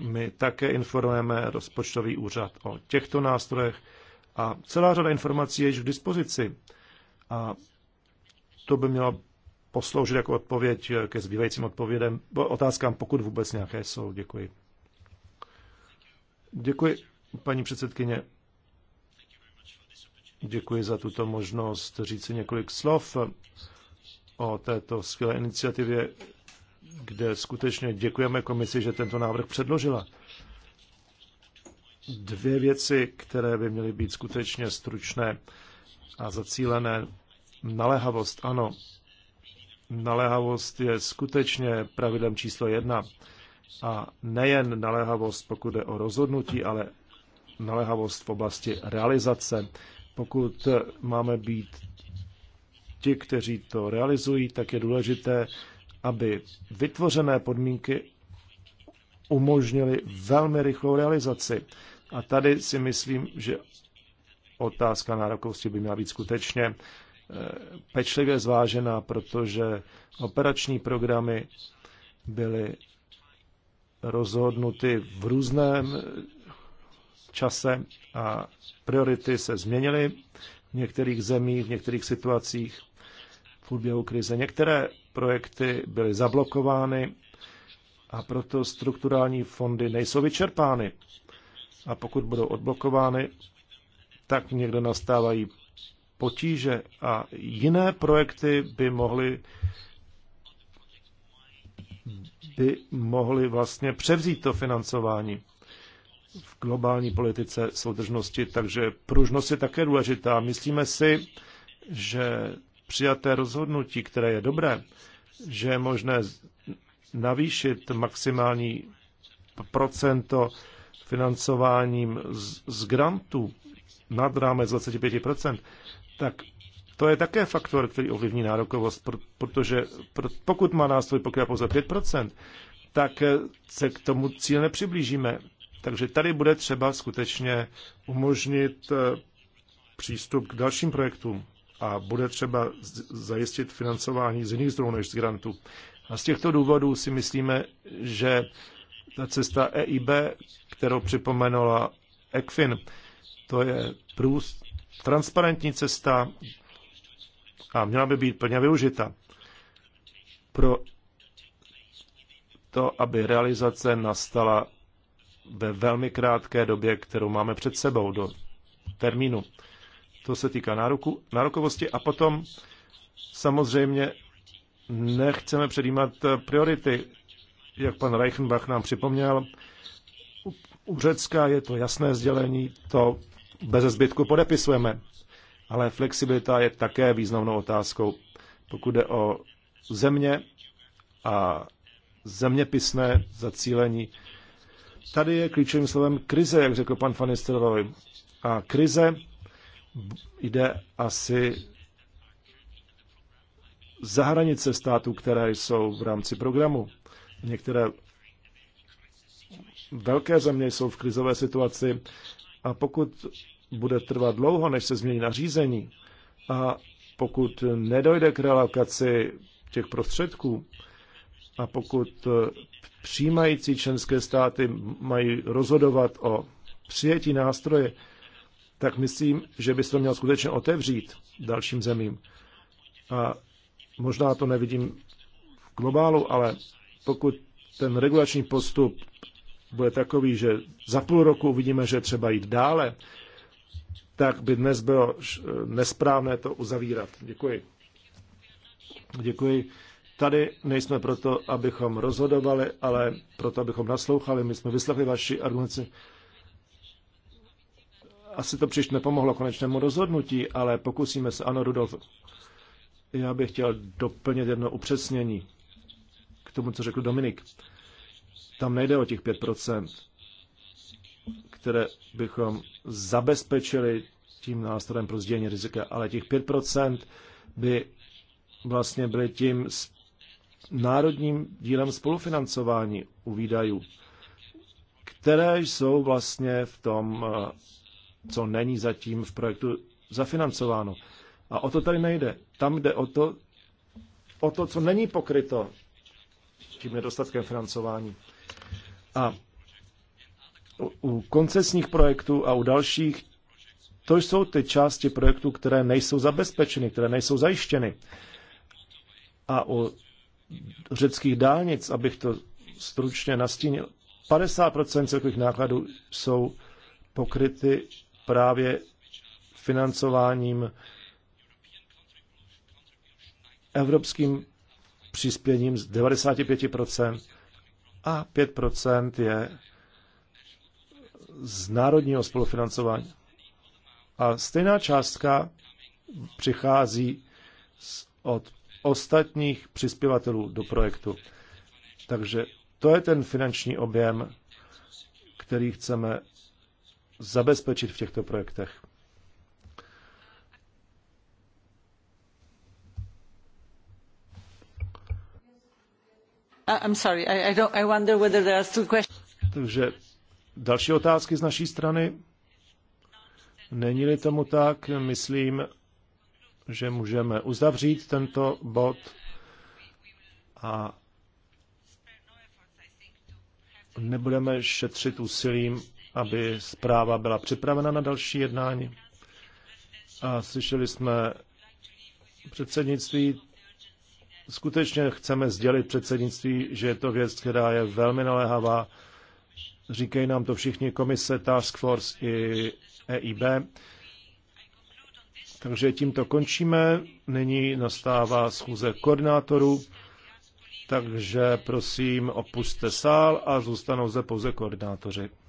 My také informujeme rozpočtový úřad o těchto nástrojech a celá řada informací je již k dispozici. A to by mělo posloužit jako odpověď ke zbývajícím odpovědem, otázkám, pokud vůbec nějaké jsou. Děkuji. Děkuji, paní předsedkyně. Děkuji za tuto možnost říci několik slov o této skvělé iniciativě, kde skutečně děkujeme komisi, že tento návrh předložila. Dvě věci, které by měly být skutečně stručné a zacílené Naléhavost, ano. Naléhavost je skutečně pravidlem číslo jedna. A nejen naléhavost, pokud jde o rozhodnutí, ale naléhavost v oblasti realizace. Pokud máme být ti, kteří to realizují, tak je důležité, aby vytvořené podmínky umožnily velmi rychlou realizaci. A tady si myslím, že otázka nárokovosti by měla být skutečně Eh, pečlivě zvážena, protože operační programy byly rozhodnuty v různém čase a priority se změnily v některých zemích, v některých situacích v průběhu krize. Některé projekty byly zablokovány a proto strukturální fondy nejsou vyčerpány. A pokud budou odblokovány, tak někde nastávají potíže a jiné projekty by mohly by mohly vlastně převzít to financování v globální politice soudržnosti, takže pružnost je také důležitá. Myslíme si, že přijaté rozhodnutí, které je dobré, že je možné navýšit maximální procento financováním z, z grantů nad rámec 25 tak to je také faktor, který ovlivní nárokovost, protože pokud má nástroj pokrývá pouze 5%, tak eh, se k tomu cíl nepřiblížíme. Takže tady bude třeba skutečně umožnit eh, přístup k dalším projektům a bude třeba zajistit financování z jiných zdrojů než z grantů. A z těchto důvodů si myslíme, že ta cesta EIB, kterou připomenula ECFIN, to je průst, transparentní cesta a měla by být plně využita pro to, aby realizace nastala ve velmi krátké době, kterou máme před sebou do termínu. To se týká nároku, nárokovosti a potom samozřejmě nechceme předjímat priority. Jak pan Reichenbach nám připomněl, u Řecka je to jasné sdělení, to bez zbytku podepisujeme. Ale flexibilita je také významnou otázkou. Pokud jde o země a zeměpisné zacílení, tady je klíčovým slovem krize, jak řekl pan Fanistelerovi. A krize jde asi za hranice států, které jsou v rámci programu. Některé velké země jsou v krizové situaci a pokud bude trvat dlouho, než se změní nařízení, a pokud nedojde k relokaci těch prostředků, a pokud e, přijímající členské státy mají rozhodovat o přijetí nástroje, tak myslím, že by se to měl skutečně otevřít dalším zemím. A možná to nevidím v globálu, ale pokud ten regulační postup bude takový, že za půl roku uvidíme, že třeba jít dále, tak by dnes bylo nesprávné to uzavírat. Děkuji. Děkuji. Tady nejsme proto, abychom rozhodovali, ale proto, abychom naslouchali. My jsme vyslechli vaši argumenty. Asi to příště nepomohlo konečnému rozhodnutí, ale pokusíme se. Ano, Rudolf, já bych chtěl doplnit jedno upřesnění k tomu, co řekl Dominik. Tam nejde o těch 5%, které bychom zabezpečili tím nástrojem pro sdílení rizika, ale těch 5% by vlastně byly tím národním dílem spolufinancování u výdajů, které jsou vlastně v tom, eh, co není zatím v projektu zafinancováno. A o to tady nejde. Tam jde o to, o to co není pokryto tím nedostatkem financování. A u koncesních projektů a u dalších, to jsou ty části projektů, které nejsou zabezpečeny, které nejsou zajištěny. A u řeckých dálnic, abych to stručně nastínil, 50% celkových nákladů jsou pokryty právě financováním evropským přispěním z 95% a 5 je z národního spolufinancování. A stejná částka přichází od ostatních přispěvatelů do projektu. Takže to je ten finanční objem, který chceme zabezpečit v těchto projektech. Takže další otázky z naší strany? Není-li tomu tak, myslím, že můžeme uzavřít tento bod a nebudeme šetřit úsilím, aby zpráva byla připravena na další jednání. A slyšeli jsme předsednictví, skutečně chceme sdělit předsednictví, že je to věc, která je velmi naléhavá. Říkají nám to všichni komise, Task Force i EIB. Takže tímto končíme. Nyní nastává schůze koordinátorů, takže prosím opuste sál a zůstanou zde pouze koordinátoři.